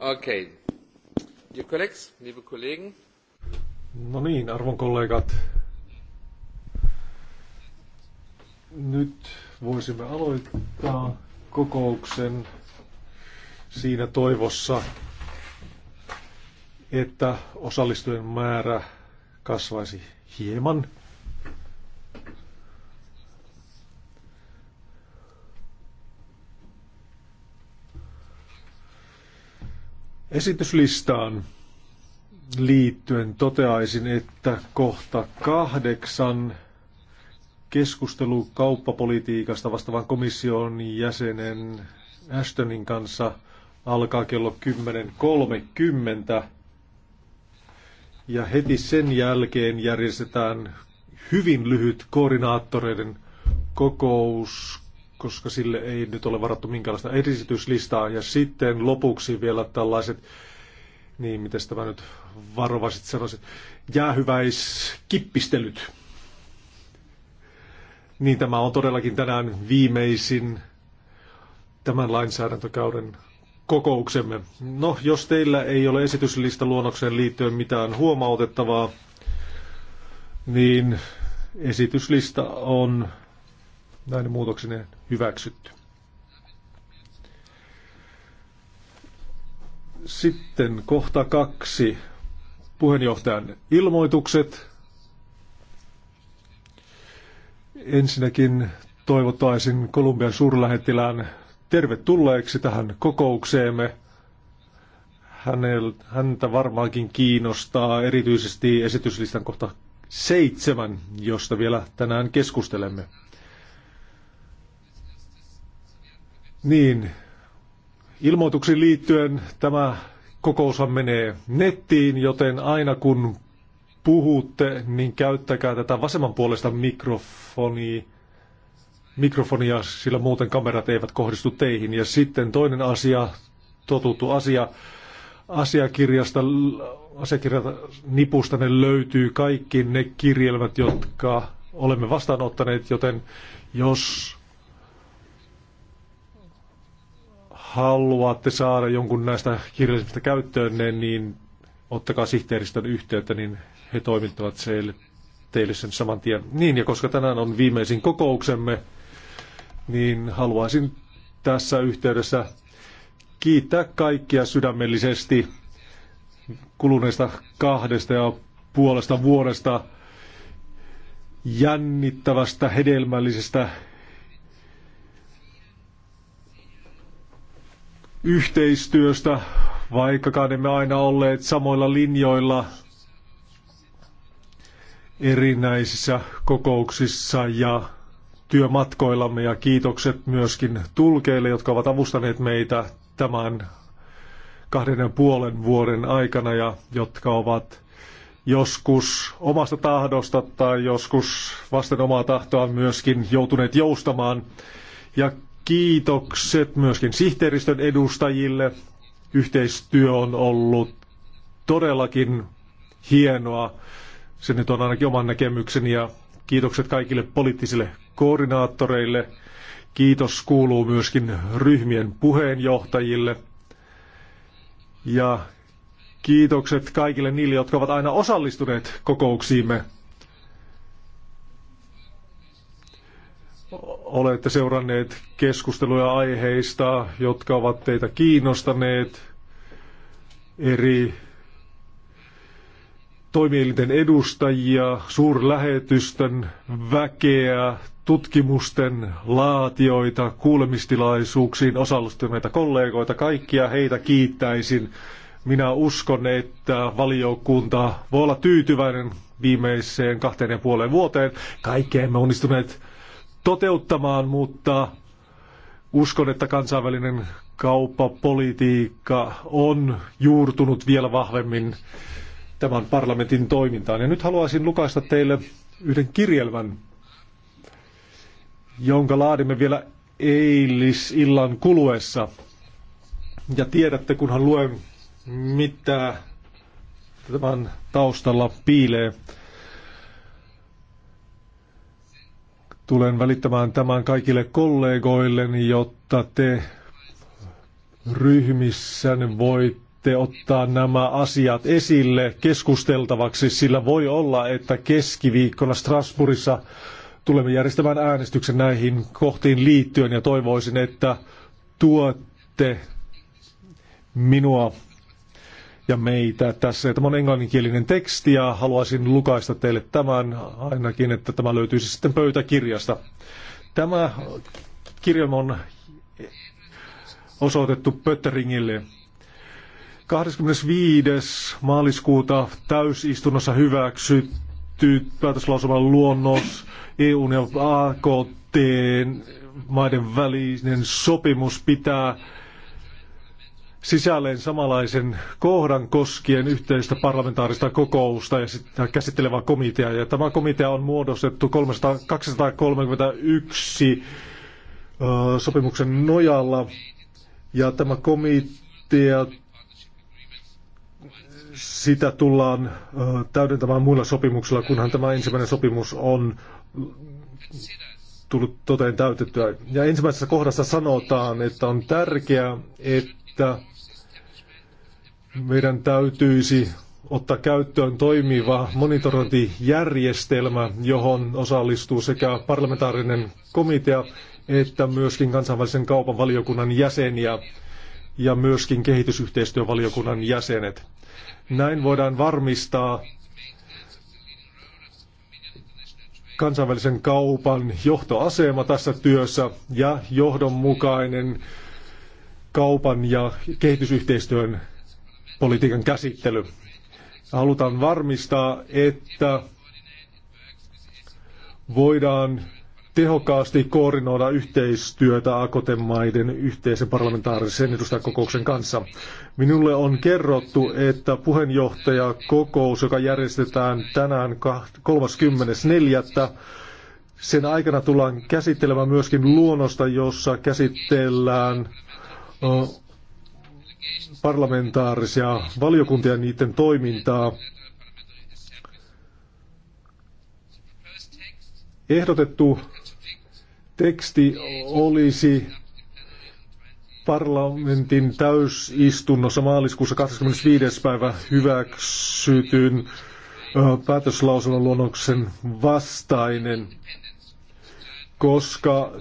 Okay. Dear liebe Kollegen. No niin, arvon kollegat. Nyt voisimme aloittaa kokouksen siinä toivossa, että osallistujien määrä kasvaisi hieman. Esityslistaan liittyen toteaisin, että kohta kahdeksan keskustelu kauppapolitiikasta vastaavan komission jäsenen Ashtonin kanssa alkaa kello 10.30 ja heti sen jälkeen järjestetään hyvin lyhyt koordinaattoreiden kokous koska sille ei nyt ole varattu minkäänlaista esityslistaa Ja sitten lopuksi vielä tällaiset, niin miten tämä nyt varovaiset sanoisin, jäähyväiskippistelyt. Niin tämä on todellakin tänään viimeisin tämän lainsäädäntökauden kokouksemme. No, jos teillä ei ole esityslista luonnokseen liittyen mitään huomautettavaa, niin esityslista on näin muutoksinen hyväksytty. Sitten kohta kaksi. Puheenjohtajan ilmoitukset. Ensinnäkin toivottaisin Kolumbian suurlähettilään tervetulleeksi tähän kokoukseemme. häntä varmaankin kiinnostaa erityisesti esityslistan kohta seitsemän, josta vielä tänään keskustelemme. Niin, ilmoituksiin liittyen tämä kokoushan menee nettiin, joten aina kun puhutte, niin käyttäkää tätä vasemmanpuolista mikrofonia, mikrofonia, sillä muuten kamerat eivät kohdistu teihin. Ja sitten toinen asia, totuttu asia, asiakirjasta, asiakirjat nipusta ne löytyy kaikki ne kirjelmät, jotka olemme vastaanottaneet, joten jos haluatte saada jonkun näistä kirjallisista käyttöönne, niin, niin ottakaa sihteeristön yhteyttä, niin he toimittavat seille, teille sen saman tien. Niin, ja koska tänään on viimeisin kokouksemme, niin haluaisin tässä yhteydessä kiittää kaikkia sydämellisesti kuluneesta kahdesta ja puolesta vuodesta jännittävästä, hedelmällisestä yhteistyöstä, vaikkakaan emme aina olleet samoilla linjoilla erinäisissä kokouksissa ja työmatkoillamme ja kiitokset myöskin tulkeille, jotka ovat avustaneet meitä tämän kahden ja puolen vuoden aikana ja jotka ovat joskus omasta tahdosta tai joskus vasten omaa tahtoa myöskin joutuneet joustamaan. Ja kiitokset myöskin sihteeristön edustajille. Yhteistyö on ollut todellakin hienoa. Se nyt on ainakin oman näkemykseni ja kiitokset kaikille poliittisille koordinaattoreille. Kiitos kuuluu myöskin ryhmien puheenjohtajille. Ja kiitokset kaikille niille, jotka ovat aina osallistuneet kokouksiimme. olette seuranneet keskusteluja aiheista, jotka ovat teitä kiinnostaneet eri toimielinten edustajia, suurlähetysten väkeä, tutkimusten laatioita, kuulemistilaisuuksiin osallistuneita kollegoita, kaikkia heitä kiittäisin. Minä uskon, että valiokunta voi olla tyytyväinen viimeiseen kahteen ja puoleen vuoteen. Kaikkeen me onnistuneet toteuttamaan, mutta uskon, että kansainvälinen kauppapolitiikka on juurtunut vielä vahvemmin tämän parlamentin toimintaan. Ja nyt haluaisin lukaista teille yhden kirjelmän, jonka laadimme vielä eilisillan kuluessa. Ja tiedätte, kunhan luen, mitä tämän taustalla piilee. Tulen välittämään tämän kaikille kollegoille, jotta te ryhmissä voitte ottaa nämä asiat esille keskusteltavaksi, sillä voi olla, että keskiviikkona Strasbourgissa tulemme järjestämään äänestyksen näihin kohtiin liittyen ja toivoisin, että tuotte minua ja meitä tässä. Tämä on englanninkielinen teksti ja haluaisin lukaista teille tämän ainakin, että tämä löytyisi sitten pöytäkirjasta. Tämä kirjelmä on osoitettu Pötteringille. 25. maaliskuuta täysistunnossa hyväksytty päätöslausuman luonnos EUn ja AKT maiden välinen sopimus pitää sisälleen samanlaisen kohdan koskien yhteistä parlamentaarista kokousta ja sitä käsittelevää komiteaa. Ja tämä komitea on muodostettu 300, 231 sopimuksen nojalla. Ja tämä komitea, sitä tullaan täydentämään muilla sopimuksilla, kunhan tämä ensimmäinen sopimus on tullut toteen täytettyä. Ja ensimmäisessä kohdassa sanotaan, että on tärkeää, että meidän täytyisi ottaa käyttöön toimiva monitorointijärjestelmä, johon osallistuu sekä parlamentaarinen komitea että myöskin kansainvälisen kaupan valiokunnan jäseniä ja myöskin kehitysyhteistyövaliokunnan jäsenet. Näin voidaan varmistaa kansainvälisen kaupan johtoasema tässä työssä ja johdonmukainen kaupan ja kehitysyhteistyön politiikan käsittely. Halutaan varmistaa, että voidaan tehokkaasti koordinoida yhteistyötä AKT-maiden yhteisen parlamentaarisen edustajakokouksen kanssa. Minulle on kerrottu, että puheenjohtajakokous, joka järjestetään tänään 30.4., Sen aikana tullaan käsittelemään myöskin luonnosta, jossa käsitellään parlamentaarisia valiokuntia ja niiden toimintaa. Ehdotettu teksti olisi parlamentin täysistunnossa maaliskuussa 25. päivä hyväksytyn päätöslausunnon luonnoksen vastainen, koska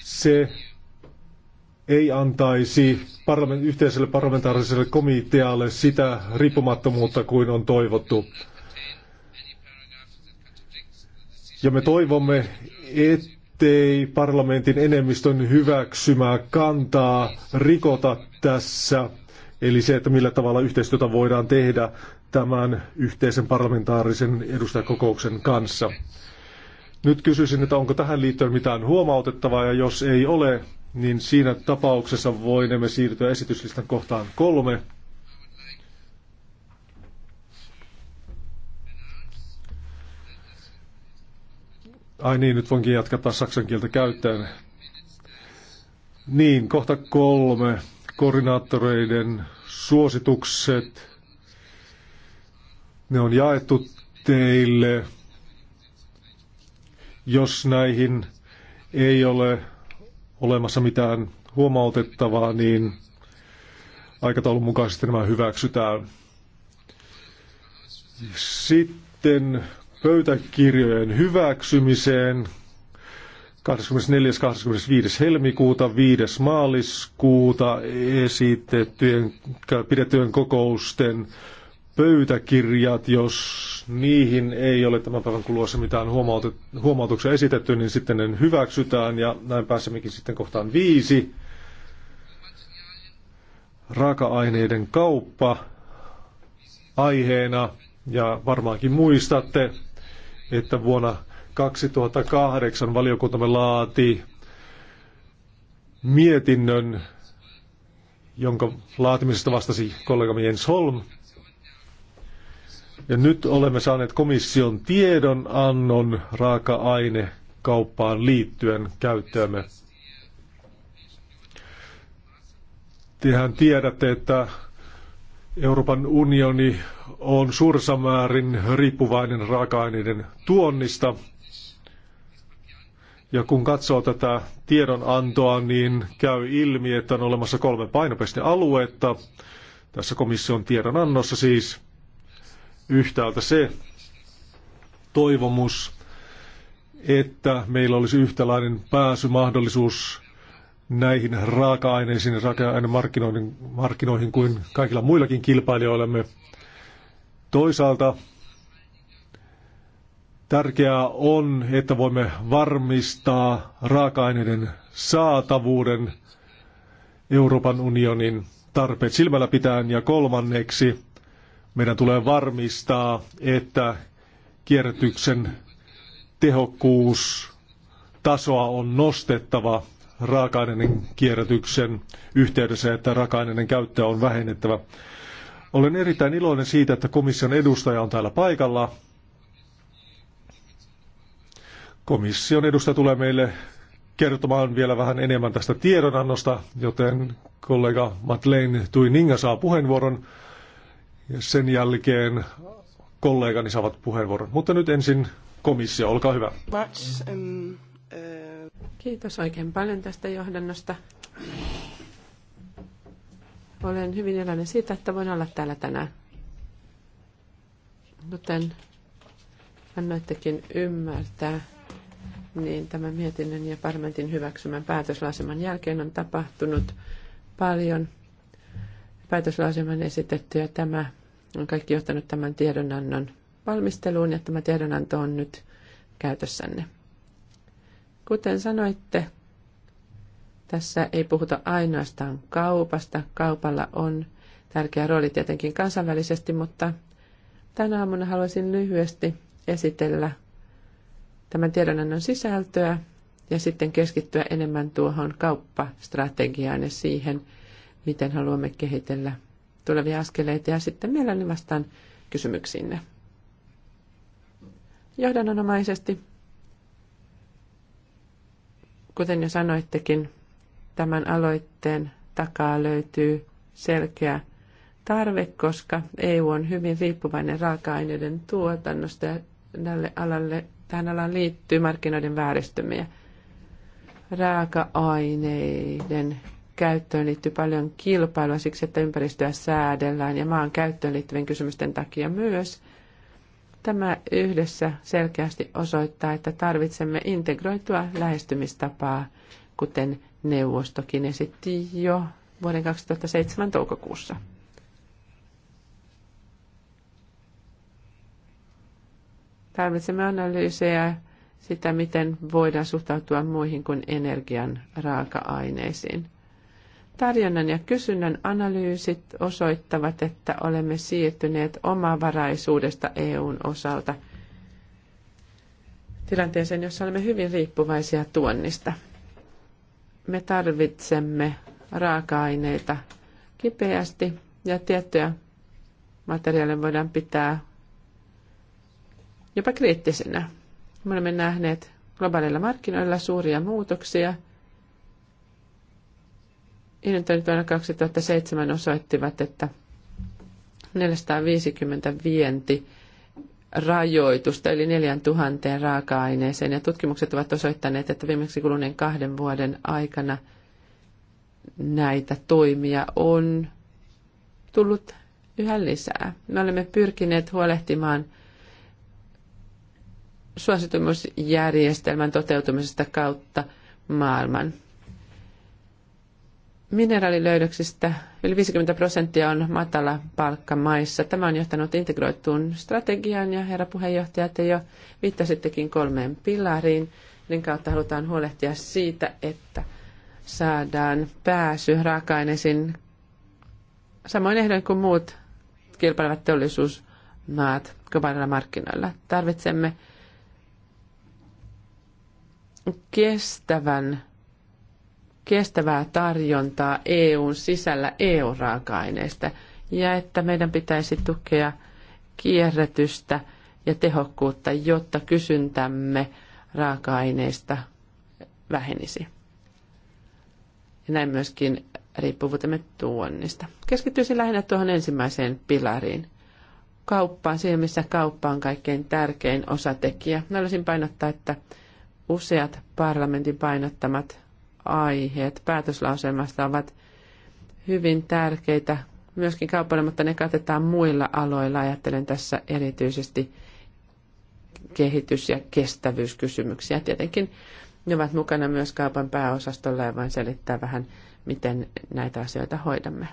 se ei antaisi parlament, yhteiselle parlamentaariselle komitealle sitä riippumattomuutta kuin on toivottu. Ja me toivomme, ettei parlamentin enemmistön hyväksymää kantaa rikota tässä, eli se, että millä tavalla yhteistyötä voidaan tehdä tämän yhteisen parlamentaarisen edustajakokouksen kanssa. Nyt kysyisin, että onko tähän liittyen mitään huomautettavaa, ja jos ei ole, niin siinä tapauksessa voimme siirtyä esityslistan kohtaan kolme. Ai niin, nyt voinkin jatkaa saksan kieltä käyttäen. Niin, kohta kolme. Koordinaattoreiden suositukset. Ne on jaettu teille. Jos näihin ei ole olemassa mitään huomautettavaa, niin aikataulun mukaisesti nämä hyväksytään. Sitten pöytäkirjojen hyväksymiseen 24.–25. helmikuuta, 5. maaliskuuta esitettyjen pidettyjen kokousten pöytäkirjat, jos niihin ei ole tämän päivän kuluessa mitään huomautuksia esitetty, niin sitten ne hyväksytään ja näin pääsemmekin sitten kohtaan viisi. Raaka-aineiden kauppa aiheena ja varmaankin muistatte, että vuonna 2008 valiokuntamme laati mietinnön, jonka laatimisesta vastasi kollegamme Jens Holm, ja nyt olemme saaneet komission tiedonannon raaka-aine kauppaan liittyen käyttöömme. Tehän tiedätte, että Euroopan unioni on suuressa määrin riippuvainen raaka-aineiden tuonnista. Ja kun katsoo tätä tiedonantoa, niin käy ilmi, että on olemassa kolme painopistealuetta. Tässä komission tiedonannossa siis – Yhtäältä se toivomus, että meillä olisi yhtälainen pääsymahdollisuus näihin raaka-aineisiin raaka-ainemarkkinoihin markkinoihin kuin kaikilla muillakin kilpailijoillamme. Toisaalta tärkeää on, että voimme varmistaa raaka-aineiden saatavuuden Euroopan unionin tarpeet silmällä pitäen ja kolmanneksi meidän tulee varmistaa, että kierrätyksen tehokkuus tasoa on nostettava raaka-aineiden kierrätyksen yhteydessä, että raaka-aineiden käyttöä on vähennettävä. Olen erittäin iloinen siitä, että komission edustaja on täällä paikalla. Komission edustaja tulee meille kertomaan vielä vähän enemmän tästä tiedonannosta, joten kollega Madeleine Tuininga saa puheenvuoron. Ja sen jälkeen kollegani saavat puheenvuoron. Mutta nyt ensin komissio, olkaa hyvä. Um, uh, Kiitos oikein paljon tästä johdannosta. Olen hyvin iloinen siitä, että voin olla täällä tänään. Kuten annoittekin ymmärtää, niin tämän mietinnön ja parlamentin hyväksymän päätöslaseman jälkeen on tapahtunut paljon. päätöslaseman esitetty ja tämä on kaikki johtanut tämän tiedonannon valmisteluun ja tämä tiedonanto on nyt käytössänne. Kuten sanoitte, tässä ei puhuta ainoastaan kaupasta. Kaupalla on tärkeä rooli tietenkin kansainvälisesti, mutta tänä aamuna haluaisin lyhyesti esitellä tämän tiedonannon sisältöä ja sitten keskittyä enemmän tuohon kauppastrategiaan ja siihen, miten haluamme kehitellä tulevia askeleita ja sitten mielelläni vastaan kysymyksiinne. Johdannonomaisesti, kuten jo sanoittekin, tämän aloitteen takaa löytyy selkeä tarve, koska EU on hyvin riippuvainen raaka-aineiden tuotannosta ja tälle alalle, tähän alaan liittyy markkinoiden vääristymiä. Raaka-aineiden käyttöön liittyy paljon kilpailua siksi, että ympäristöä säädellään ja maan käyttöön liittyvien kysymysten takia myös. Tämä yhdessä selkeästi osoittaa, että tarvitsemme integroitua lähestymistapaa, kuten neuvostokin esitti jo vuoden 2007 toukokuussa. Tarvitsemme analyysejä sitä, miten voidaan suhtautua muihin kuin energian raaka-aineisiin. Tarjonnan ja kysynnän analyysit osoittavat, että olemme siirtyneet omavaraisuudesta EUn osalta tilanteeseen, jossa olemme hyvin riippuvaisia tuonnista. Me tarvitsemme raaka-aineita kipeästi ja tiettyjä materiaaleja voidaan pitää jopa kriittisenä. Me olemme nähneet globaaleilla markkinoilla suuria muutoksia – Ilmoitukset vuonna 2007 osoittivat, että 450 vienti rajoitusta eli 4000 raaka-aineeseen. Ja tutkimukset ovat osoittaneet, että viimeksi kuluneen kahden vuoden aikana näitä toimia on tullut yhä lisää. Me olemme pyrkineet huolehtimaan suositumusjärjestelmän toteutumisesta kautta maailman. Mineraalilöydöksistä yli 50 prosenttia on matala palkka maissa. Tämä on johtanut integroituun strategiaan ja herra puheenjohtaja, te jo viittasittekin kolmeen pilariin. Niin kautta halutaan huolehtia siitä, että saadaan pääsy raaka-aineisiin samoin ehdoin kuin muut kilpailevat teollisuusmaat globaaleilla markkinoilla. Tarvitsemme kestävän kestävää tarjontaa EUn sisällä EU-raaka-aineista ja että meidän pitäisi tukea kierrätystä ja tehokkuutta, jotta kysyntämme raaka-aineista vähenisi. Ja näin myöskin riippuvuutemme tuonnista. Keskittyisin lähinnä tuohon ensimmäiseen pilariin. Kauppaan, siihen missä kauppa on kaikkein tärkein osatekijä. Haluaisin painottaa, että useat parlamentin painottamat aiheet päätöslauselmasta ovat hyvin tärkeitä myöskin kaupalle, mutta ne katetaan muilla aloilla. Ajattelen tässä erityisesti kehitys- ja kestävyyskysymyksiä. Tietenkin ne ovat mukana myös kaupan pääosastolla ja voin selittää vähän, miten näitä asioita hoidamme.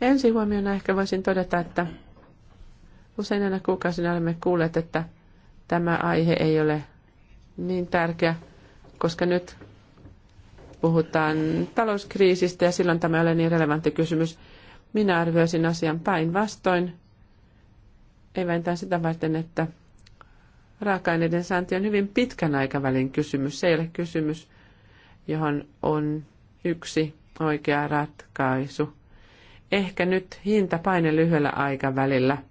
Ensi huomiona ehkä voisin todeta, että Usein aina kuukausina olemme kuulleet, että tämä aihe ei ole niin tärkeä, koska nyt puhutaan talouskriisistä ja silloin tämä ei ole niin relevantti kysymys. Minä arvioisin asian päinvastoin, ei vähintään sitä varten, että raaka-aineiden saanti on hyvin pitkän aikavälin kysymys. Se ei ole kysymys, johon on yksi oikea ratkaisu. Ehkä nyt hintapaine lyhyellä aikavälillä –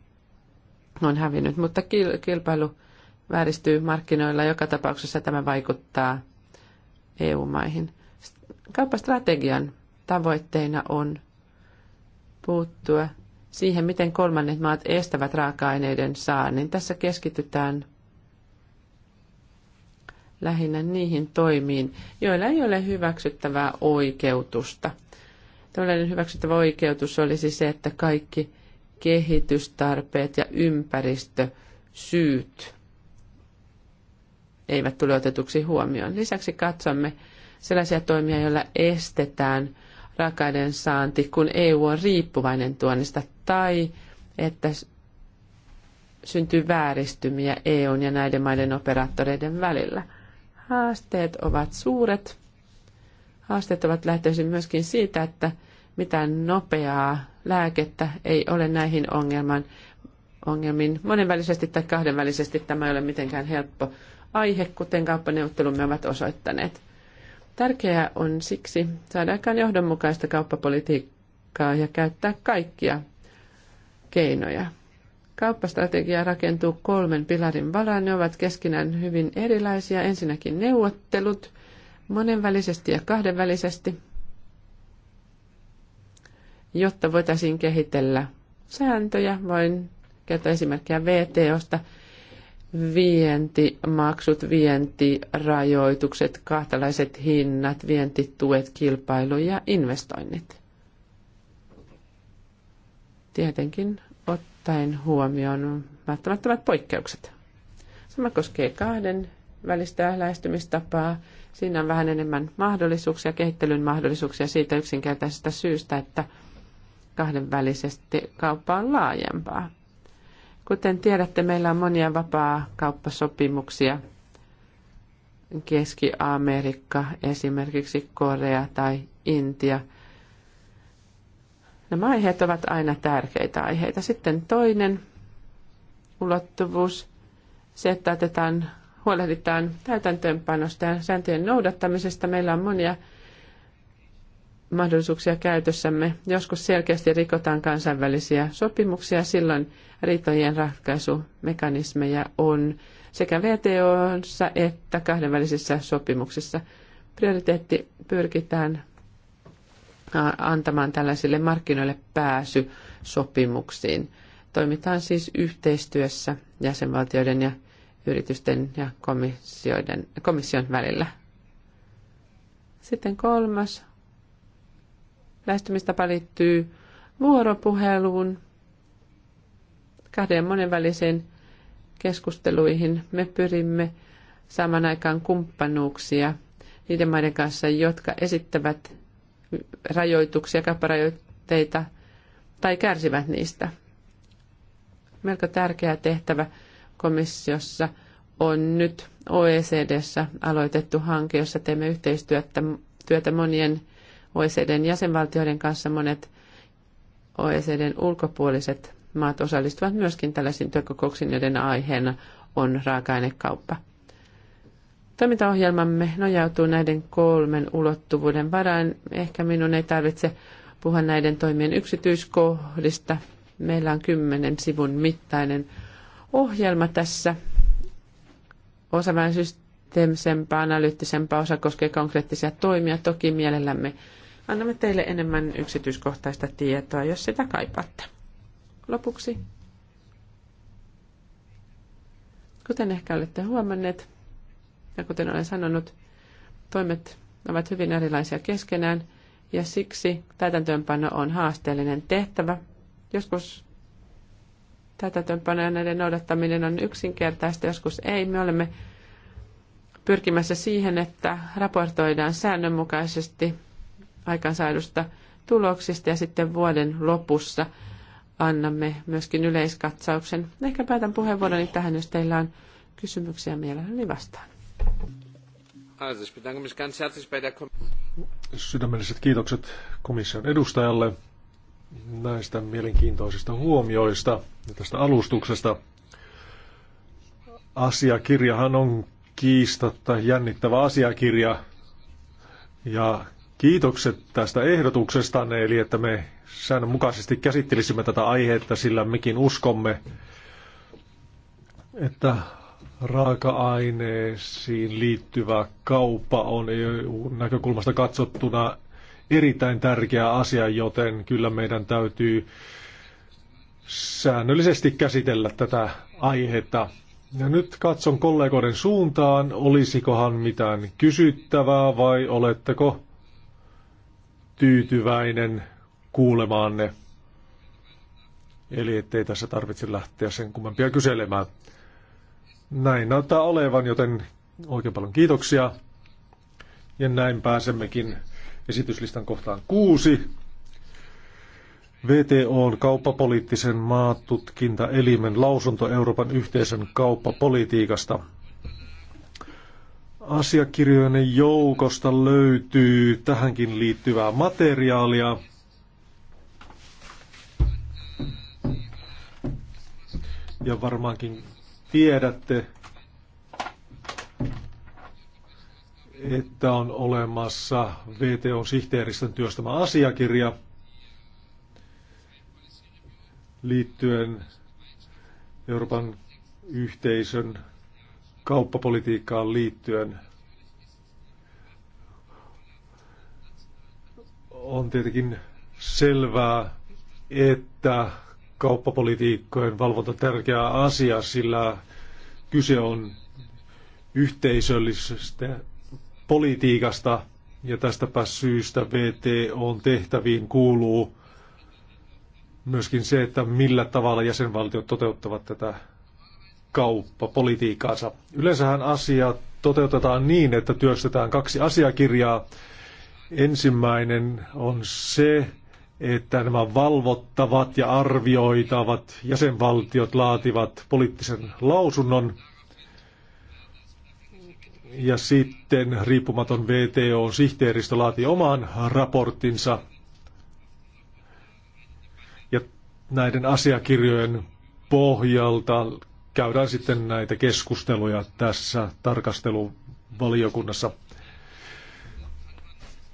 on hävinnyt, mutta kilpailu vääristyy markkinoilla. Joka tapauksessa tämä vaikuttaa EU-maihin. Kauppastrategian tavoitteena on puuttua siihen, miten kolmannet maat estävät raaka-aineiden saannin. Tässä keskitytään lähinnä niihin toimiin, joilla ei ole hyväksyttävää oikeutusta. Tällainen hyväksyttävä oikeutus olisi se, että kaikki – kehitystarpeet ja ympäristösyyt eivät tule otetuksi huomioon. Lisäksi katsomme sellaisia toimia, joilla estetään rakaiden saanti, kun EU on riippuvainen tuonnista tai että syntyy vääristymiä EUn ja näiden maiden operaattoreiden välillä. Haasteet ovat suuret. Haasteet ovat lähtöisin myöskin siitä, että mitään nopeaa lääkettä ei ole näihin ongelman, ongelmiin. Monenvälisesti tai kahdenvälisesti tämä ei ole mitenkään helppo aihe, kuten kauppaneuvottelumme ovat osoittaneet. Tärkeää on siksi saada aikaan johdonmukaista kauppapolitiikkaa ja käyttää kaikkia keinoja. Kauppastrategia rakentuu kolmen pilarin varaan. Ne ovat keskenään hyvin erilaisia. Ensinnäkin neuvottelut monenvälisesti ja kahdenvälisesti jotta voitaisiin kehitellä sääntöjä. Voin käyttää esimerkkiä VTOsta. Vientimaksut, vientirajoitukset, kahtalaiset hinnat, vientituet, kilpailu ja investoinnit. Tietenkin ottaen huomioon välttämättömät poikkeukset. Sama koskee kahden välistä lähestymistapaa. Siinä on vähän enemmän mahdollisuuksia, kehittelyn mahdollisuuksia siitä yksinkertaisesta syystä, että – kahdenvälisesti kauppa on laajempaa. Kuten tiedätte, meillä on monia vapaa kauppasopimuksia. Keski-Amerikka, esimerkiksi Korea tai Intia. Nämä aiheet ovat aina tärkeitä aiheita. Sitten toinen ulottuvuus, se, että otetaan, huolehditaan täytäntöönpanosta ja sääntöjen noudattamisesta. Meillä on monia mahdollisuuksia käytössämme. Joskus selkeästi rikotaan kansainvälisiä sopimuksia, silloin riitojen ratkaisumekanismeja on sekä VTOssa että kahdenvälisissä sopimuksissa. Prioriteetti pyrkitään antamaan tällaisille markkinoille pääsy sopimuksiin. Toimitaan siis yhteistyössä jäsenvaltioiden ja yritysten ja komission välillä. Sitten kolmas Lähestymistapa liittyy vuoropuheluun, kahden monenvälisen keskusteluihin. Me pyrimme saamaan aikaan kumppanuuksia niiden maiden kanssa, jotka esittävät rajoituksia, kapparajoitteita tai kärsivät niistä. Melko tärkeä tehtävä komissiossa on nyt OECDssä aloitettu hanke, jossa teemme yhteistyötä työtä monien OECDn jäsenvaltioiden kanssa monet OECDn ulkopuoliset maat osallistuvat myöskin tällaisiin työkokouksiin, joiden aiheena on raaka-ainekauppa. Toimintaohjelmamme nojautuu näiden kolmen ulottuvuuden varaan. Ehkä minun ei tarvitse puhua näiden toimien yksityiskohdista. Meillä on kymmenen sivun mittainen ohjelma tässä. Osa vähän systeemisempää, analyyttisempaa, osa koskee konkreettisia toimia. Toki mielellämme Annamme teille enemmän yksityiskohtaista tietoa, jos sitä kaipaatte. Lopuksi, kuten ehkä olette huomanneet, ja kuten olen sanonut, toimet ovat hyvin erilaisia keskenään, ja siksi täytäntöönpano on haasteellinen tehtävä. Joskus ja näiden noudattaminen on yksinkertaista, joskus ei. Me olemme pyrkimässä siihen, että raportoidaan säännönmukaisesti aikaansaadusta tuloksista ja sitten vuoden lopussa annamme myöskin yleiskatsauksen. Ehkä päätän puheenvuoroni tähän, jos teillä on kysymyksiä mielelläni niin vastaan. Sydämelliset kiitokset komission edustajalle näistä mielenkiintoisista huomioista ja tästä alustuksesta. Asiakirjahan on kiistatta jännittävä asiakirja ja Kiitokset tästä ehdotuksestanne, eli että me säännönmukaisesti käsittelisimme tätä aihetta, sillä mekin uskomme, että raaka-aineisiin liittyvä kauppa on näkökulmasta katsottuna erittäin tärkeä asia, joten kyllä meidän täytyy säännöllisesti käsitellä tätä aihetta. Ja nyt katson kollegoiden suuntaan, olisikohan mitään kysyttävää vai oletteko tyytyväinen kuulemaanne. Eli ettei tässä tarvitse lähteä sen kummempia kyselemään. Näin näyttää olevan, joten oikein paljon kiitoksia. Ja näin pääsemmekin esityslistan kohtaan kuusi. VTOn kauppapoliittisen maatutkintaelimen lausunto Euroopan yhteisön kauppapolitiikasta asiakirjojen joukosta löytyy tähänkin liittyvää materiaalia. Ja varmaankin tiedätte, että on olemassa vto sihteeristön työstämä asiakirja liittyen Euroopan yhteisön kauppapolitiikkaan liittyen. On tietenkin selvää, että kauppapolitiikkojen valvonta on tärkeä asia, sillä kyse on yhteisöllisestä politiikasta ja tästäpä syystä VTOn tehtäviin kuuluu myöskin se, että millä tavalla jäsenvaltiot toteuttavat tätä kauppapolitiikkaansa. Yleensähän asia toteutetaan niin, että työstetään kaksi asiakirjaa. Ensimmäinen on se, että nämä valvottavat ja arvioitavat jäsenvaltiot laativat poliittisen lausunnon ja sitten riippumaton VTO-sihteeristö laati oman raporttinsa ja näiden asiakirjojen pohjalta käydään sitten näitä keskusteluja tässä tarkasteluvaliokunnassa.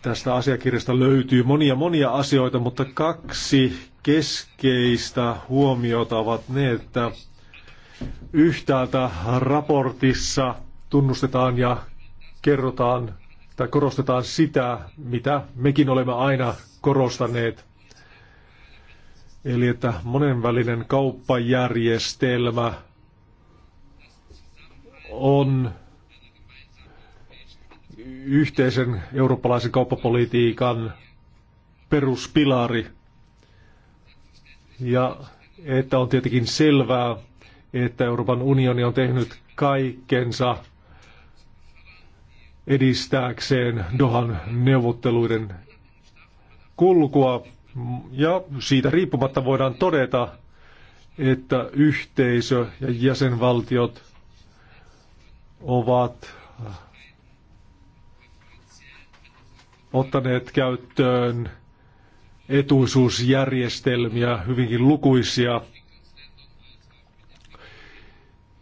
Tästä asiakirjasta löytyy monia monia asioita, mutta kaksi keskeistä huomiota ovat ne, että yhtäältä raportissa tunnustetaan ja kerrotaan tai korostetaan sitä, mitä mekin olemme aina korostaneet. Eli että monenvälinen kauppajärjestelmä – on yhteisen eurooppalaisen kauppapolitiikan peruspilari. Ja että on tietenkin selvää, että Euroopan unioni on tehnyt kaikkensa edistääkseen Dohan neuvotteluiden kulkua. Ja siitä riippumatta voidaan todeta, että yhteisö ja jäsenvaltiot – ovat ottaneet käyttöön etuisuusjärjestelmiä, hyvinkin lukuisia,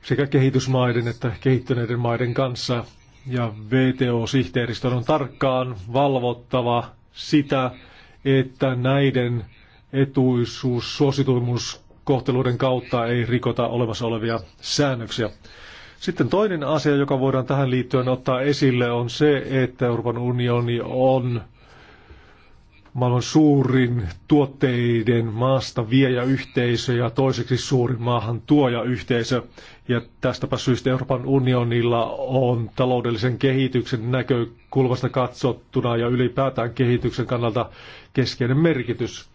sekä kehitysmaiden että kehittyneiden maiden kanssa. Ja VTO-sihteeristön on tarkkaan valvottava sitä, että näiden etuisuus kautta ei rikota olemassa olevia säännöksiä. Sitten toinen asia, joka voidaan tähän liittyen ottaa esille, on se, että Euroopan unioni on maailman suurin tuotteiden maasta viejäyhteisö ja toiseksi suurin maahan tuojayhteisö. Ja tästäpä syystä Euroopan unionilla on taloudellisen kehityksen näkökulmasta katsottuna ja ylipäätään kehityksen kannalta keskeinen merkitys.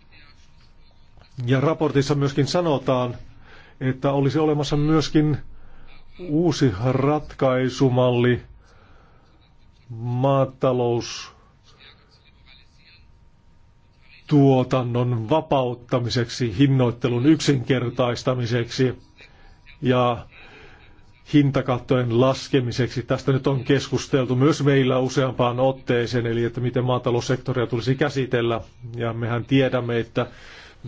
Ja raportissa myöskin sanotaan, että olisi olemassa myöskin uusi ratkaisumalli maatalous tuotannon vapauttamiseksi, hinnoittelun yksinkertaistamiseksi ja hintakattojen laskemiseksi. Tästä nyt on keskusteltu myös meillä useampaan otteeseen, eli että miten maataloussektoria tulisi käsitellä. Ja mehän tiedämme, että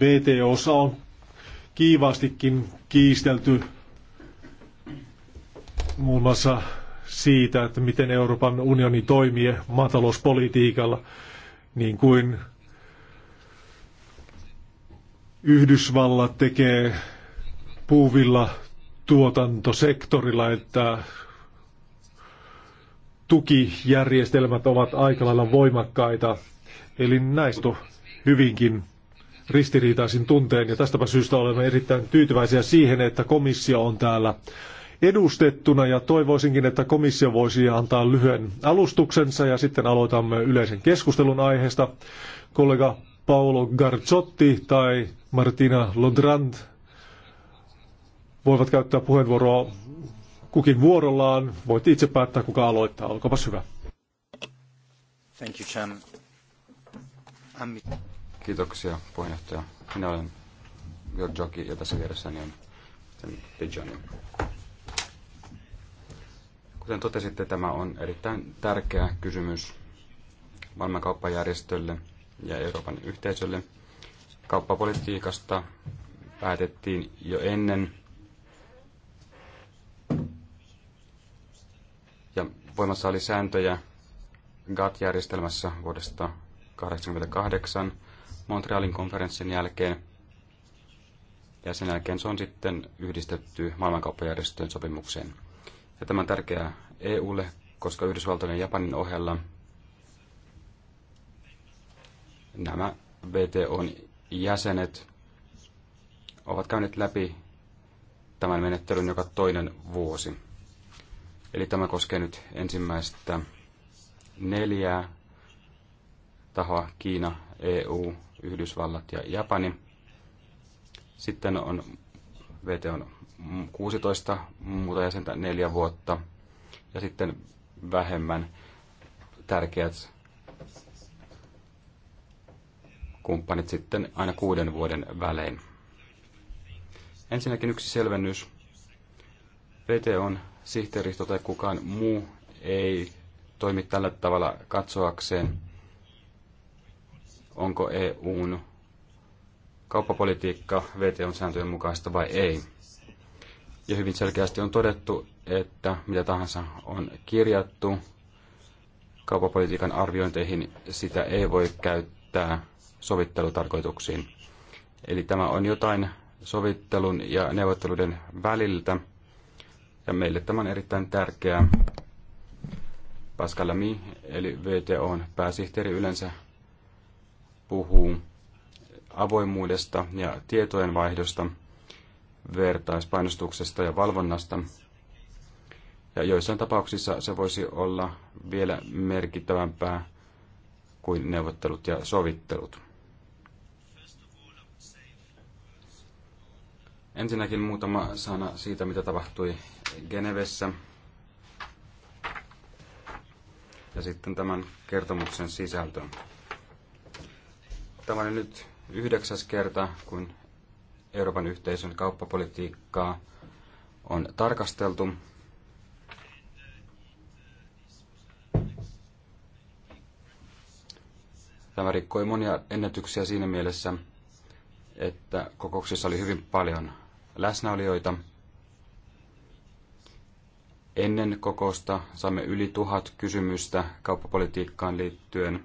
VTOssa on kiivastikin kiistelty muun muassa siitä, että miten Euroopan unioni toimii maatalouspolitiikalla, niin kuin Yhdysvallat tekee puuvilla tuotantosektorilla, että tukijärjestelmät ovat aika lailla voimakkaita. Eli näistä hyvinkin ristiriitaisin tunteen ja tästäpä syystä olemme erittäin tyytyväisiä siihen, että komissio on täällä edustettuna ja toivoisinkin, että komissio voisi antaa lyhyen alustuksensa ja sitten aloitamme yleisen keskustelun aiheesta. Kollega Paolo Garzotti tai Martina Lodrand voivat käyttää puheenvuoroa kukin vuorollaan. Voit itse päättää, kuka aloittaa. Olkapas hyvä. Thank you, Chairman. Kiitoksia, puheenjohtaja. Minä olen Georgioki ja tässä vieressäni niin on Pidgeon. Kuten totesitte, tämä on erittäin tärkeä kysymys maailmankauppajärjestölle ja Euroopan yhteisölle. Kauppapolitiikasta päätettiin jo ennen ja voimassa oli sääntöjä GATT-järjestelmässä vuodesta 1988 Montrealin konferenssin jälkeen. Ja sen jälkeen se on sitten yhdistetty maailmankauppajärjestön sopimukseen. Ja tämä on tärkeää EUlle, koska Yhdysvaltojen ja Japanin ohella nämä VTOn jäsenet ovat käyneet läpi tämän menettelyn joka toinen vuosi. Eli tämä koskee nyt ensimmäistä neljää tahoa, Kiina, EU, Yhdysvallat ja Japani. Sitten on VTOn 16 muuta jäsentä neljä vuotta ja sitten vähemmän tärkeät kumppanit sitten aina kuuden vuoden välein. Ensinnäkin yksi selvennys. PT on sihteeristo tai kukaan muu ei toimi tällä tavalla katsoakseen, onko EUn kauppapolitiikka VT on sääntöjen mukaista vai ei. Ja hyvin selkeästi on todettu, että mitä tahansa on kirjattu kaupapolitiikan arviointeihin, sitä ei voi käyttää sovittelutarkoituksiin. Eli tämä on jotain sovittelun ja neuvotteluiden väliltä. Ja meille tämä on erittäin tärkeää. Pascal Lamy, eli VTOn pääsihteeri yleensä puhuu avoimuudesta ja tietojen vaihdosta vertaispainostuksesta ja valvonnasta. Ja joissain tapauksissa se voisi olla vielä merkittävämpää kuin neuvottelut ja sovittelut. Ensinnäkin muutama sana siitä, mitä tapahtui Genevessä. Ja sitten tämän kertomuksen sisältö. Tämä on nyt yhdeksäs kerta, kun Euroopan yhteisön kauppapolitiikkaa on tarkasteltu. Tämä rikkoi monia ennätyksiä siinä mielessä, että kokouksissa oli hyvin paljon läsnäolijoita. Ennen kokousta saimme yli tuhat kysymystä kauppapolitiikkaan liittyen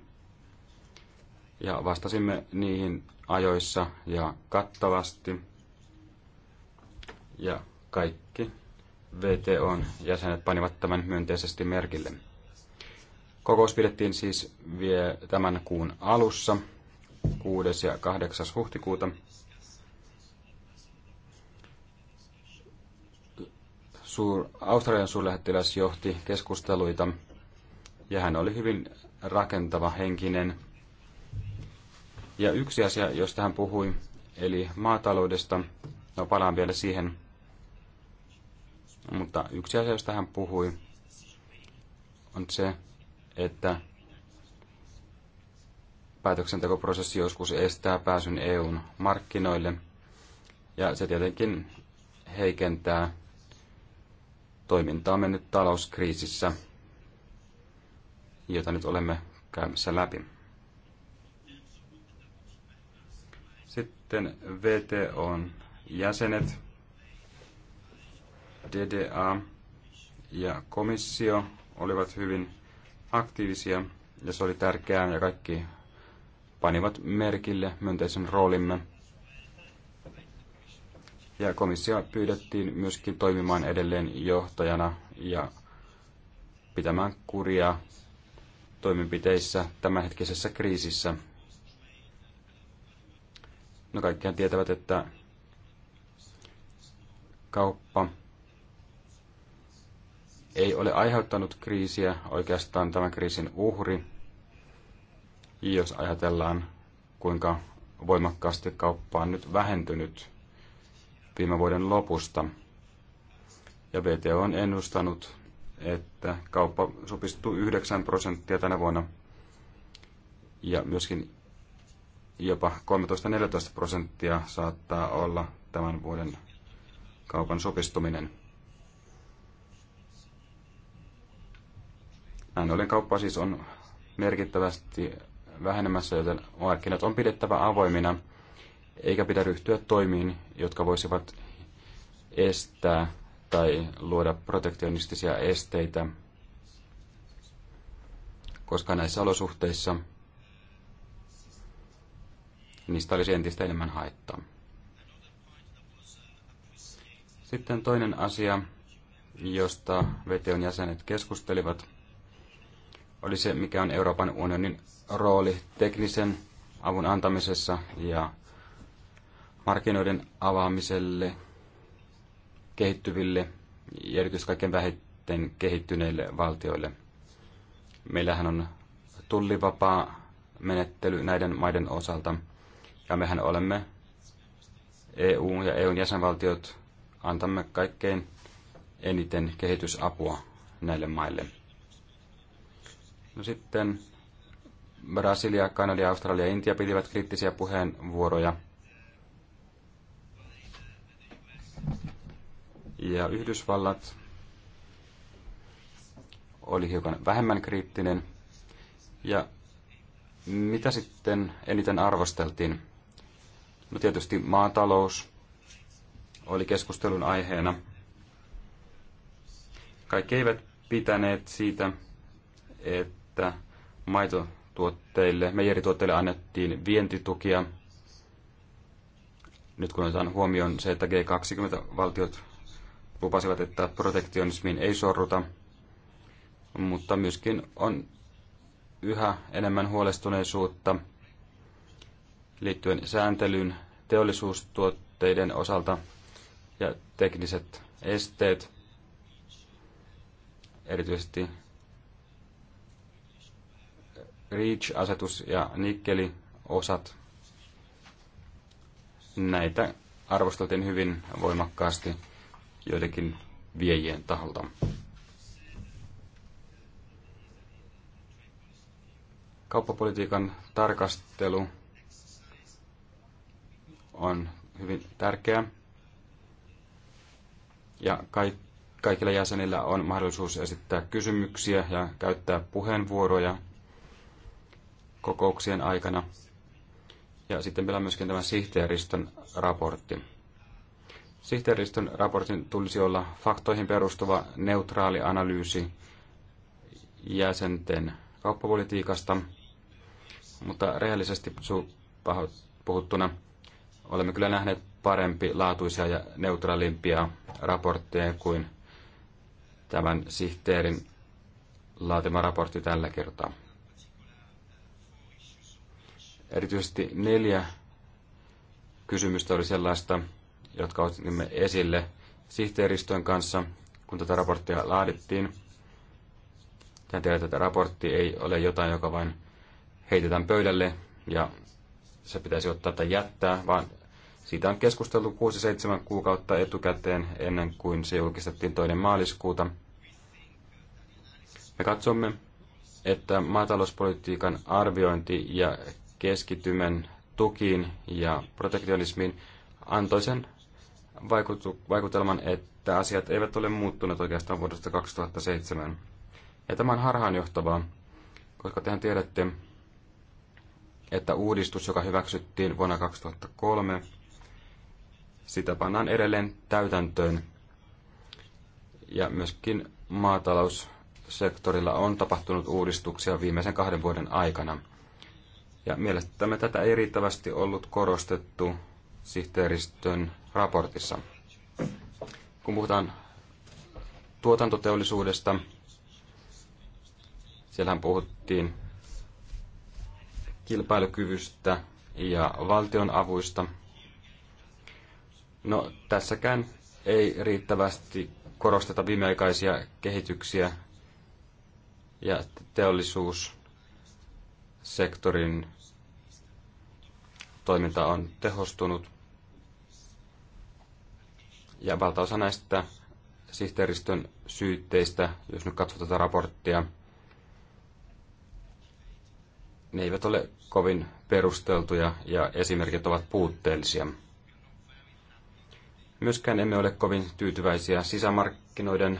ja vastasimme niihin ajoissa ja kattavasti. Ja kaikki VTOn jäsenet panivat tämän myönteisesti merkille. Kokous pidettiin siis vielä tämän kuun alussa, 6. ja 8. huhtikuuta. Suur, Australian suurlähettiläs johti keskusteluita ja hän oli hyvin rakentava henkinen ja yksi asia, josta hän puhui, eli maataloudesta, no palaan vielä siihen, mutta yksi asia, josta hän puhui, on se, että päätöksentekoprosessi joskus estää pääsyn EUn markkinoille, ja se tietenkin heikentää toimintaa mennyt talouskriisissä, jota nyt olemme käymässä läpi. Sitten VTOn jäsenet, DDA ja komissio olivat hyvin aktiivisia ja se oli tärkeää ja kaikki panivat merkille myönteisen roolimme. Ja komissio pyydettiin myöskin toimimaan edelleen johtajana ja pitämään kuria toimenpiteissä tämänhetkisessä kriisissä, No kaikkihan tietävät, että kauppa ei ole aiheuttanut kriisiä, oikeastaan tämän kriisin uhri, jos ajatellaan kuinka voimakkaasti kauppa on nyt vähentynyt viime vuoden lopusta. Ja VTO on ennustanut, että kauppa supistuu 9 prosenttia tänä vuonna. Ja myöskin jopa 13-14 prosenttia saattaa olla tämän vuoden kaupan sopistuminen. Näin ollen kauppa siis on merkittävästi vähenemässä, joten markkinat on pidettävä avoimina, eikä pidä ryhtyä toimiin, jotka voisivat estää tai luoda protektionistisia esteitä, koska näissä olosuhteissa – niistä olisi entistä enemmän haittaa. Sitten toinen asia, josta VTOn jäsenet keskustelivat, oli se, mikä on Euroopan unionin rooli teknisen avun antamisessa ja markkinoiden avaamiselle kehittyville ja erityisesti kaiken vähiten kehittyneille valtioille. Meillähän on tullivapaa menettely näiden maiden osalta – ja mehän olemme EU ja EUn jäsenvaltiot antamme kaikkein eniten kehitysapua näille maille. No sitten Brasilia, Kanadia, Australia ja Intia pitivät kriittisiä puheenvuoroja. Ja Yhdysvallat oli hiukan vähemmän kriittinen. Ja mitä sitten eniten arvosteltiin? No tietysti maatalous oli keskustelun aiheena. Kaikki eivät pitäneet siitä, että maitotuotteille, meijerituotteille annettiin vientitukia. Nyt kun otetaan huomioon se, että G20-valtiot lupasivat, että protektionismiin ei sorruta, mutta myöskin on yhä enemmän huolestuneisuutta – liittyen sääntelyyn teollisuustuotteiden osalta ja tekniset esteet, erityisesti REACH-asetus ja nikkeliosat. Näitä arvosteltiin hyvin voimakkaasti joidenkin viejien taholta. Kauppapolitiikan tarkastelu on hyvin tärkeä. Ja kaikilla jäsenillä on mahdollisuus esittää kysymyksiä ja käyttää puheenvuoroja kokouksien aikana. Ja sitten meillä on myöskin tämä sihteeristön raportti. Sihteeristön raportin tulisi olla faktoihin perustuva neutraali analyysi jäsenten kauppapolitiikasta, mutta rehellisesti puhuttuna – olemme kyllä nähneet parempi laatuisia ja neutraalimpia raportteja kuin tämän sihteerin laatima raportti tällä kertaa. Erityisesti neljä kysymystä oli sellaista, jotka otimme esille sihteeristön kanssa, kun tätä raporttia laadittiin. Tämä tiedät, että raportti ei ole jotain, joka vain heitetään pöydälle ja se pitäisi ottaa tai jättää, vaan siitä on keskusteltu 6-7 kuukautta etukäteen ennen kuin se julkistettiin toinen maaliskuuta. Me katsomme, että maatalouspolitiikan arviointi ja keskitymen tukiin ja protektionismiin antoi sen vaikutelman, että asiat eivät ole muuttuneet oikeastaan vuodesta 2007. Ja tämä on harhaanjohtavaa, koska tehän tiedätte, että uudistus, joka hyväksyttiin vuonna 2003, sitä pannaan edelleen täytäntöön. Ja myöskin maataloussektorilla on tapahtunut uudistuksia viimeisen kahden vuoden aikana. Ja mielestämme tätä ei riittävästi ollut korostettu sihteeristön raportissa. Kun puhutaan tuotantoteollisuudesta, siellähän puhuttiin kilpailukyvystä ja valtion avuista – No tässäkään ei riittävästi korosteta viimeaikaisia kehityksiä ja teollisuussektorin toiminta on tehostunut. Ja valtaosa näistä sihteeristön syytteistä, jos nyt katsoo tätä raporttia, ne eivät ole kovin perusteltuja ja esimerkit ovat puutteellisia. Myöskään emme ole kovin tyytyväisiä sisämarkkinoiden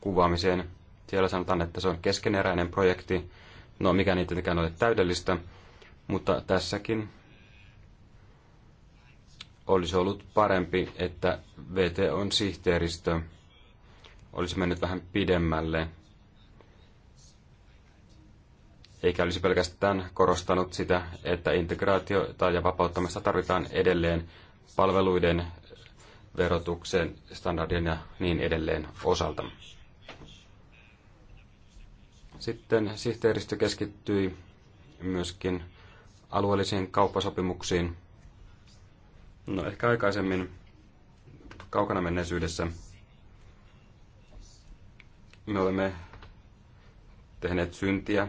kuvaamiseen. Siellä sanotaan, että se on keskeneräinen projekti. No, mikä ei tietenkään ole täydellistä, mutta tässäkin olisi ollut parempi, että on sihteeristö olisi mennyt vähän pidemmälle, eikä olisi pelkästään korostanut sitä, että integraatiota ja vapauttamista tarvitaan edelleen palveluiden verotuksen, standardien ja niin edelleen osalta. Sitten sihteeristö keskittyi myöskin alueellisiin kauppasopimuksiin. No ehkä aikaisemmin kaukana menneisyydessä me olemme tehneet syntiä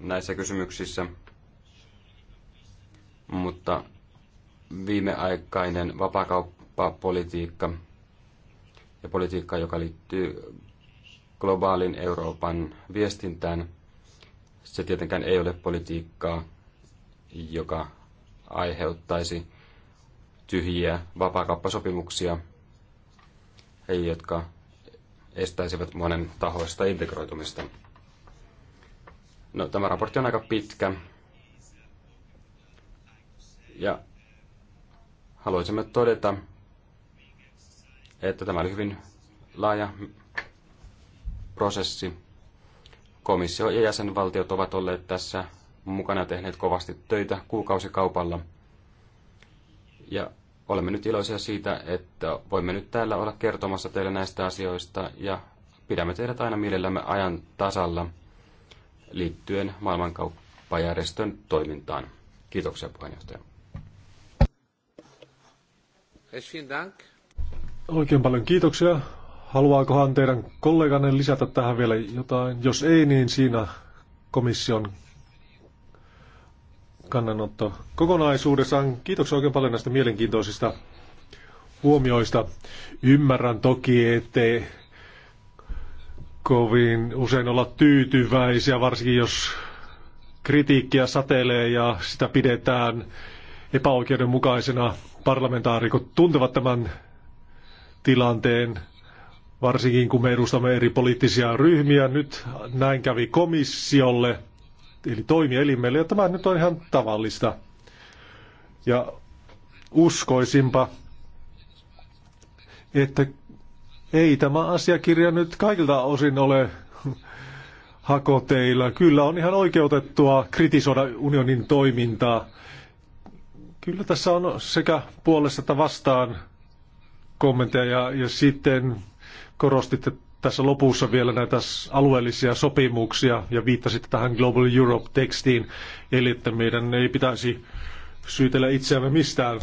näissä kysymyksissä, mutta viimeaikainen vapaakauppa politiikka ja politiikka, joka liittyy globaalin Euroopan viestintään, se tietenkään ei ole politiikkaa, joka aiheuttaisi tyhjiä vapaakauppasopimuksia, ei, jotka estäisivät monen tahoista integroitumista. No, tämä raportti on aika pitkä. Ja haluaisimme todeta, että tämä oli hyvin laaja prosessi. Komissio ja jäsenvaltiot ovat olleet tässä mukana tehneet kovasti töitä kuukausikaupalla. Ja olemme nyt iloisia siitä, että voimme nyt täällä olla kertomassa teille näistä asioista ja pidämme teidät aina mielellämme ajan tasalla liittyen maailmankauppajärjestön toimintaan. Kiitoksia puheenjohtaja. Vielen Dank. Oikein paljon kiitoksia. Haluaakohan teidän kolleganne lisätä tähän vielä jotain? Jos ei, niin siinä komission kannanotto kokonaisuudessaan. Kiitoksia oikein paljon näistä mielenkiintoisista huomioista. Ymmärrän toki, ettei kovin usein olla tyytyväisiä, varsinkin jos kritiikkiä satelee ja sitä pidetään epäoikeudenmukaisena. Parlamentaarikot tuntevat tämän tilanteen, varsinkin kun me edustamme eri poliittisia ryhmiä. Nyt näin kävi komissiolle, eli toimielimelle, ja tämä nyt on ihan tavallista. Ja uskoisinpa, että ei tämä asiakirja nyt kaikilta osin ole hakoteilla. Kyllä on ihan oikeutettua kritisoida unionin toimintaa. Kyllä tässä on sekä puolesta että vastaan kommentteja ja, ja sitten korostitte tässä lopussa vielä näitä alueellisia sopimuksia ja viittasitte tähän Global Europe-tekstiin, eli että meidän ei pitäisi syytellä itseämme mistään,